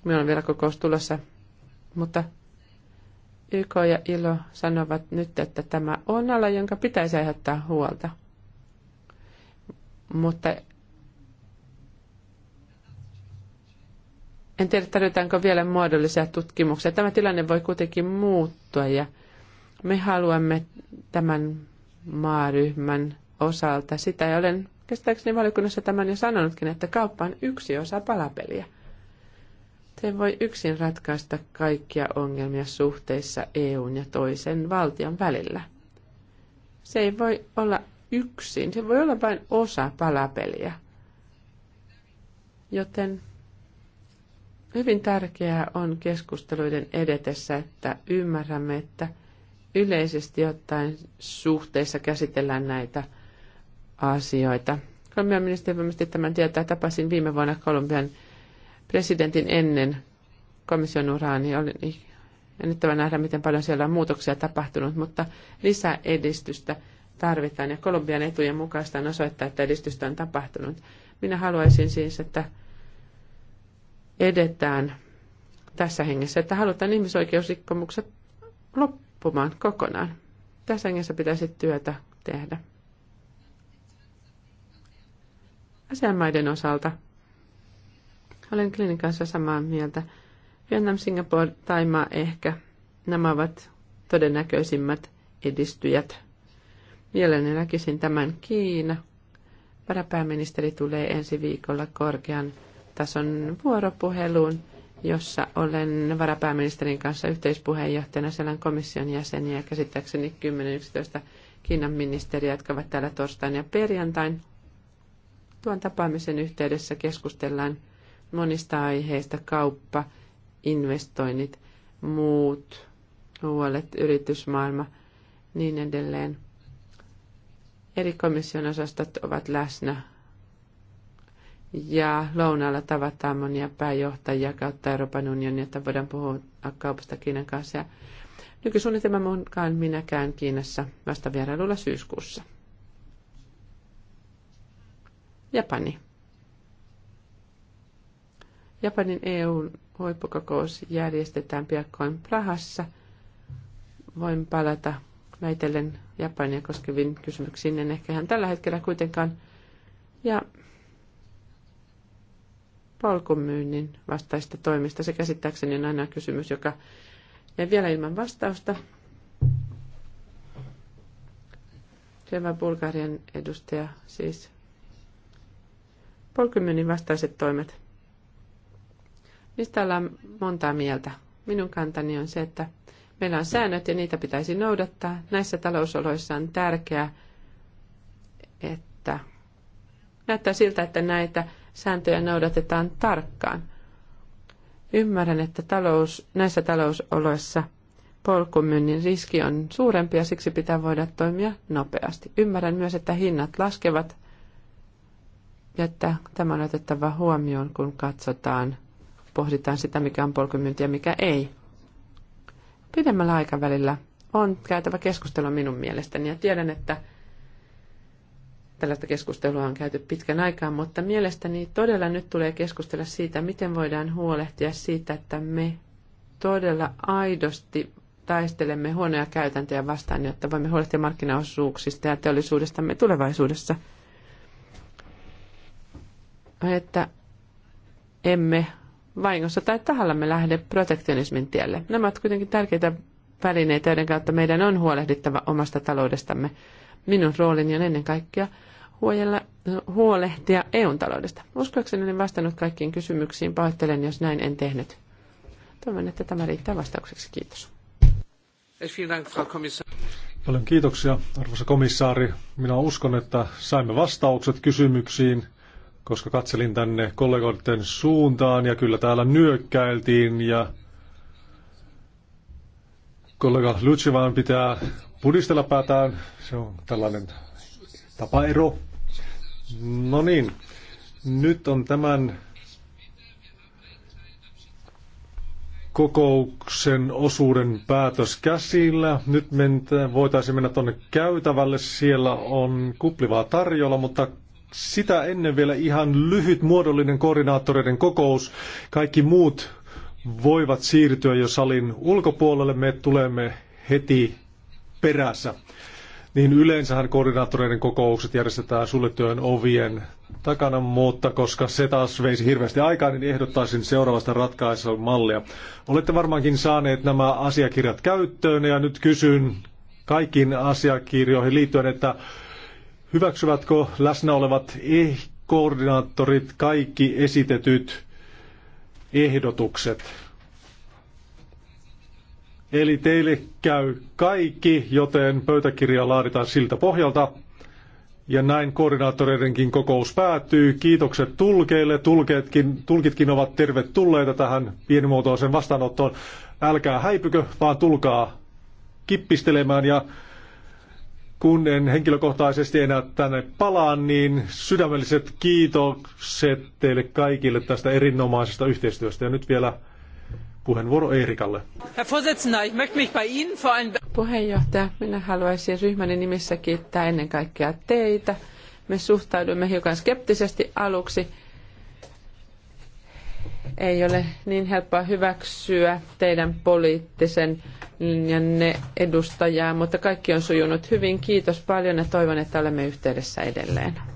meillä on vielä kokous tulossa, mutta YK ja ILO sanovat nyt, että tämä on ala, jonka pitäisi aiheuttaa huolta. Mutta En tiedä, tarvitaanko vielä muodollisia tutkimuksia. Tämä tilanne voi kuitenkin muuttua ja me haluamme tämän maaryhmän osalta sitä. Ja olen käsittääkseni valiokunnassa tämän jo sanonutkin, että kauppa on yksi osa palapeliä. Se voi yksin ratkaista kaikkia ongelmia suhteissa EUn ja toisen valtion välillä. Se ei voi olla yksin, se voi olla vain osa palapeliä. Joten Hyvin tärkeää on keskusteluiden edetessä, että ymmärrämme, että yleisesti ottaen suhteissa käsitellään näitä asioita. Kolumbian ministeri varmasti tämän tietää. Tapasin viime vuonna Kolumbian presidentin ennen komission niin Oli jännittävä nähdä, miten paljon siellä on muutoksia tapahtunut, mutta lisää edistystä tarvitaan ja Kolumbian etujen mukaista on osoittaa, että edistystä on tapahtunut. Minä haluaisin siis, että edetään tässä hengessä, että halutaan ihmisoikeusrikkomukset loppumaan kokonaan. Tässä hengessä pitäisi työtä tehdä. Asianmaiden osalta olen klinikassa kanssa samaa mieltä. Vietnam, Singapore, Taimaa ehkä. Nämä ovat todennäköisimmät edistyjät. Mielelläni näkisin tämän Kiina. Varapääministeri tulee ensi viikolla korkean tason vuoropuheluun, jossa olen varapääministerin kanssa yhteispuheenjohtajana. Selän komission jäseniä ja käsittääkseni 10-11 Kiinan ministeriä, jotka ovat täällä torstain ja perjantain. Tuon tapaamisen yhteydessä keskustellaan monista aiheista, kauppa, investoinnit, muut huolet, yritysmaailma, niin edelleen. Eri komission osastot ovat läsnä ja lounaalla tavataan monia pääjohtajia kautta Euroopan unionin, että voidaan puhua kaupasta Kiinan kanssa. Ja nykysuunnitelman mukaan käyn Kiinassa vasta vierailulla syyskuussa. Japani. Japanin EUn huippukokous järjestetään piakkoin Prahassa. Voin palata väitellen Japania koskeviin kysymyksiin, en ehkä hän tällä hetkellä kuitenkaan. Ja polkumyynnin vastaista toimista. Se käsittääkseni on aina kysymys, joka jäi vielä ilman vastausta. Selvä Bulgarian edustaja siis. Polkumyynnin vastaiset toimet. Niistä ollaan montaa mieltä. Minun kantani on se, että meillä on säännöt ja niitä pitäisi noudattaa. Näissä talousoloissa on tärkeää, että näyttää siltä, että näitä sääntöjä noudatetaan tarkkaan. Ymmärrän, että talous, näissä talousoloissa polkumyynnin riski on suurempi ja siksi pitää voida toimia nopeasti. Ymmärrän myös, että hinnat laskevat ja että tämä on otettava huomioon, kun katsotaan, pohditaan sitä, mikä on polkumyynti ja mikä ei. Pidemmällä aikavälillä on käytävä keskustelu minun mielestäni ja tiedän, että Tällaista keskustelua on käyty pitkän aikaa, mutta mielestäni todella nyt tulee keskustella siitä, miten voidaan huolehtia siitä, että me todella aidosti taistelemme huonoja käytäntöjä vastaan, jotta voimme huolehtia markkinaosuuksista ja teollisuudestamme tulevaisuudessa. Että emme vahingossa tai tahallamme lähde protektionismin tielle. Nämä ovat kuitenkin tärkeitä välineitä, joiden kautta meidän on huolehdittava omasta taloudestamme. Minun roolini on ennen kaikkea huojella, huolehtia EUn taloudesta? Uskoakseni olen vastannut kaikkiin kysymyksiin. Pahoittelen, jos näin en tehnyt. Toivon, että tämä riittää vastaukseksi. Kiitos. Paljon kiitoksia, arvoisa komissaari. Minä uskon, että saimme vastaukset kysymyksiin, koska katselin tänne kollegoiden suuntaan ja kyllä täällä nyökkäiltiin ja kollega vaan pitää pudistella päätään. Se on tällainen tapaero. No niin, nyt on tämän kokouksen osuuden päätös käsillä. Nyt mentä, voitaisiin mennä tuonne käytävälle. Siellä on kuplivaa tarjolla, mutta sitä ennen vielä ihan lyhyt muodollinen koordinaattoreiden kokous. Kaikki muut voivat siirtyä jo salin ulkopuolelle. Me tulemme heti perässä niin yleensähän koordinaattoreiden kokoukset järjestetään suljettujen ovien takana, mutta koska se taas veisi hirveästi aikaa, niin ehdottaisin seuraavasta ratkaisumallia. Olette varmaankin saaneet nämä asiakirjat käyttöön ja nyt kysyn kaikkiin asiakirjoihin liittyen, että hyväksyvätkö läsnä olevat koordinaattorit kaikki esitetyt ehdotukset? Eli teille käy kaikki, joten pöytäkirja laaditaan siltä pohjalta. Ja näin koordinaattoreidenkin kokous päättyy. Kiitokset tulkeille. Tulkeetkin, tulkitkin ovat tervetulleita tähän pienimuotoisen vastaanottoon. Älkää häipykö, vaan tulkaa kippistelemään. Ja kun en henkilökohtaisesti enää tänne palaan, niin sydämelliset kiitokset teille kaikille tästä erinomaisesta yhteistyöstä. Ja nyt vielä Puheenvuoro Eerikalle. Puheenjohtaja, minä haluaisin ryhmäni nimissä kiittää ennen kaikkea teitä. Me suhtaudumme hiukan skeptisesti aluksi. Ei ole niin helppoa hyväksyä teidän poliittisen linjanne edustajaa, mutta kaikki on sujunut hyvin. Kiitos paljon ja toivon, että olemme yhteydessä edelleen.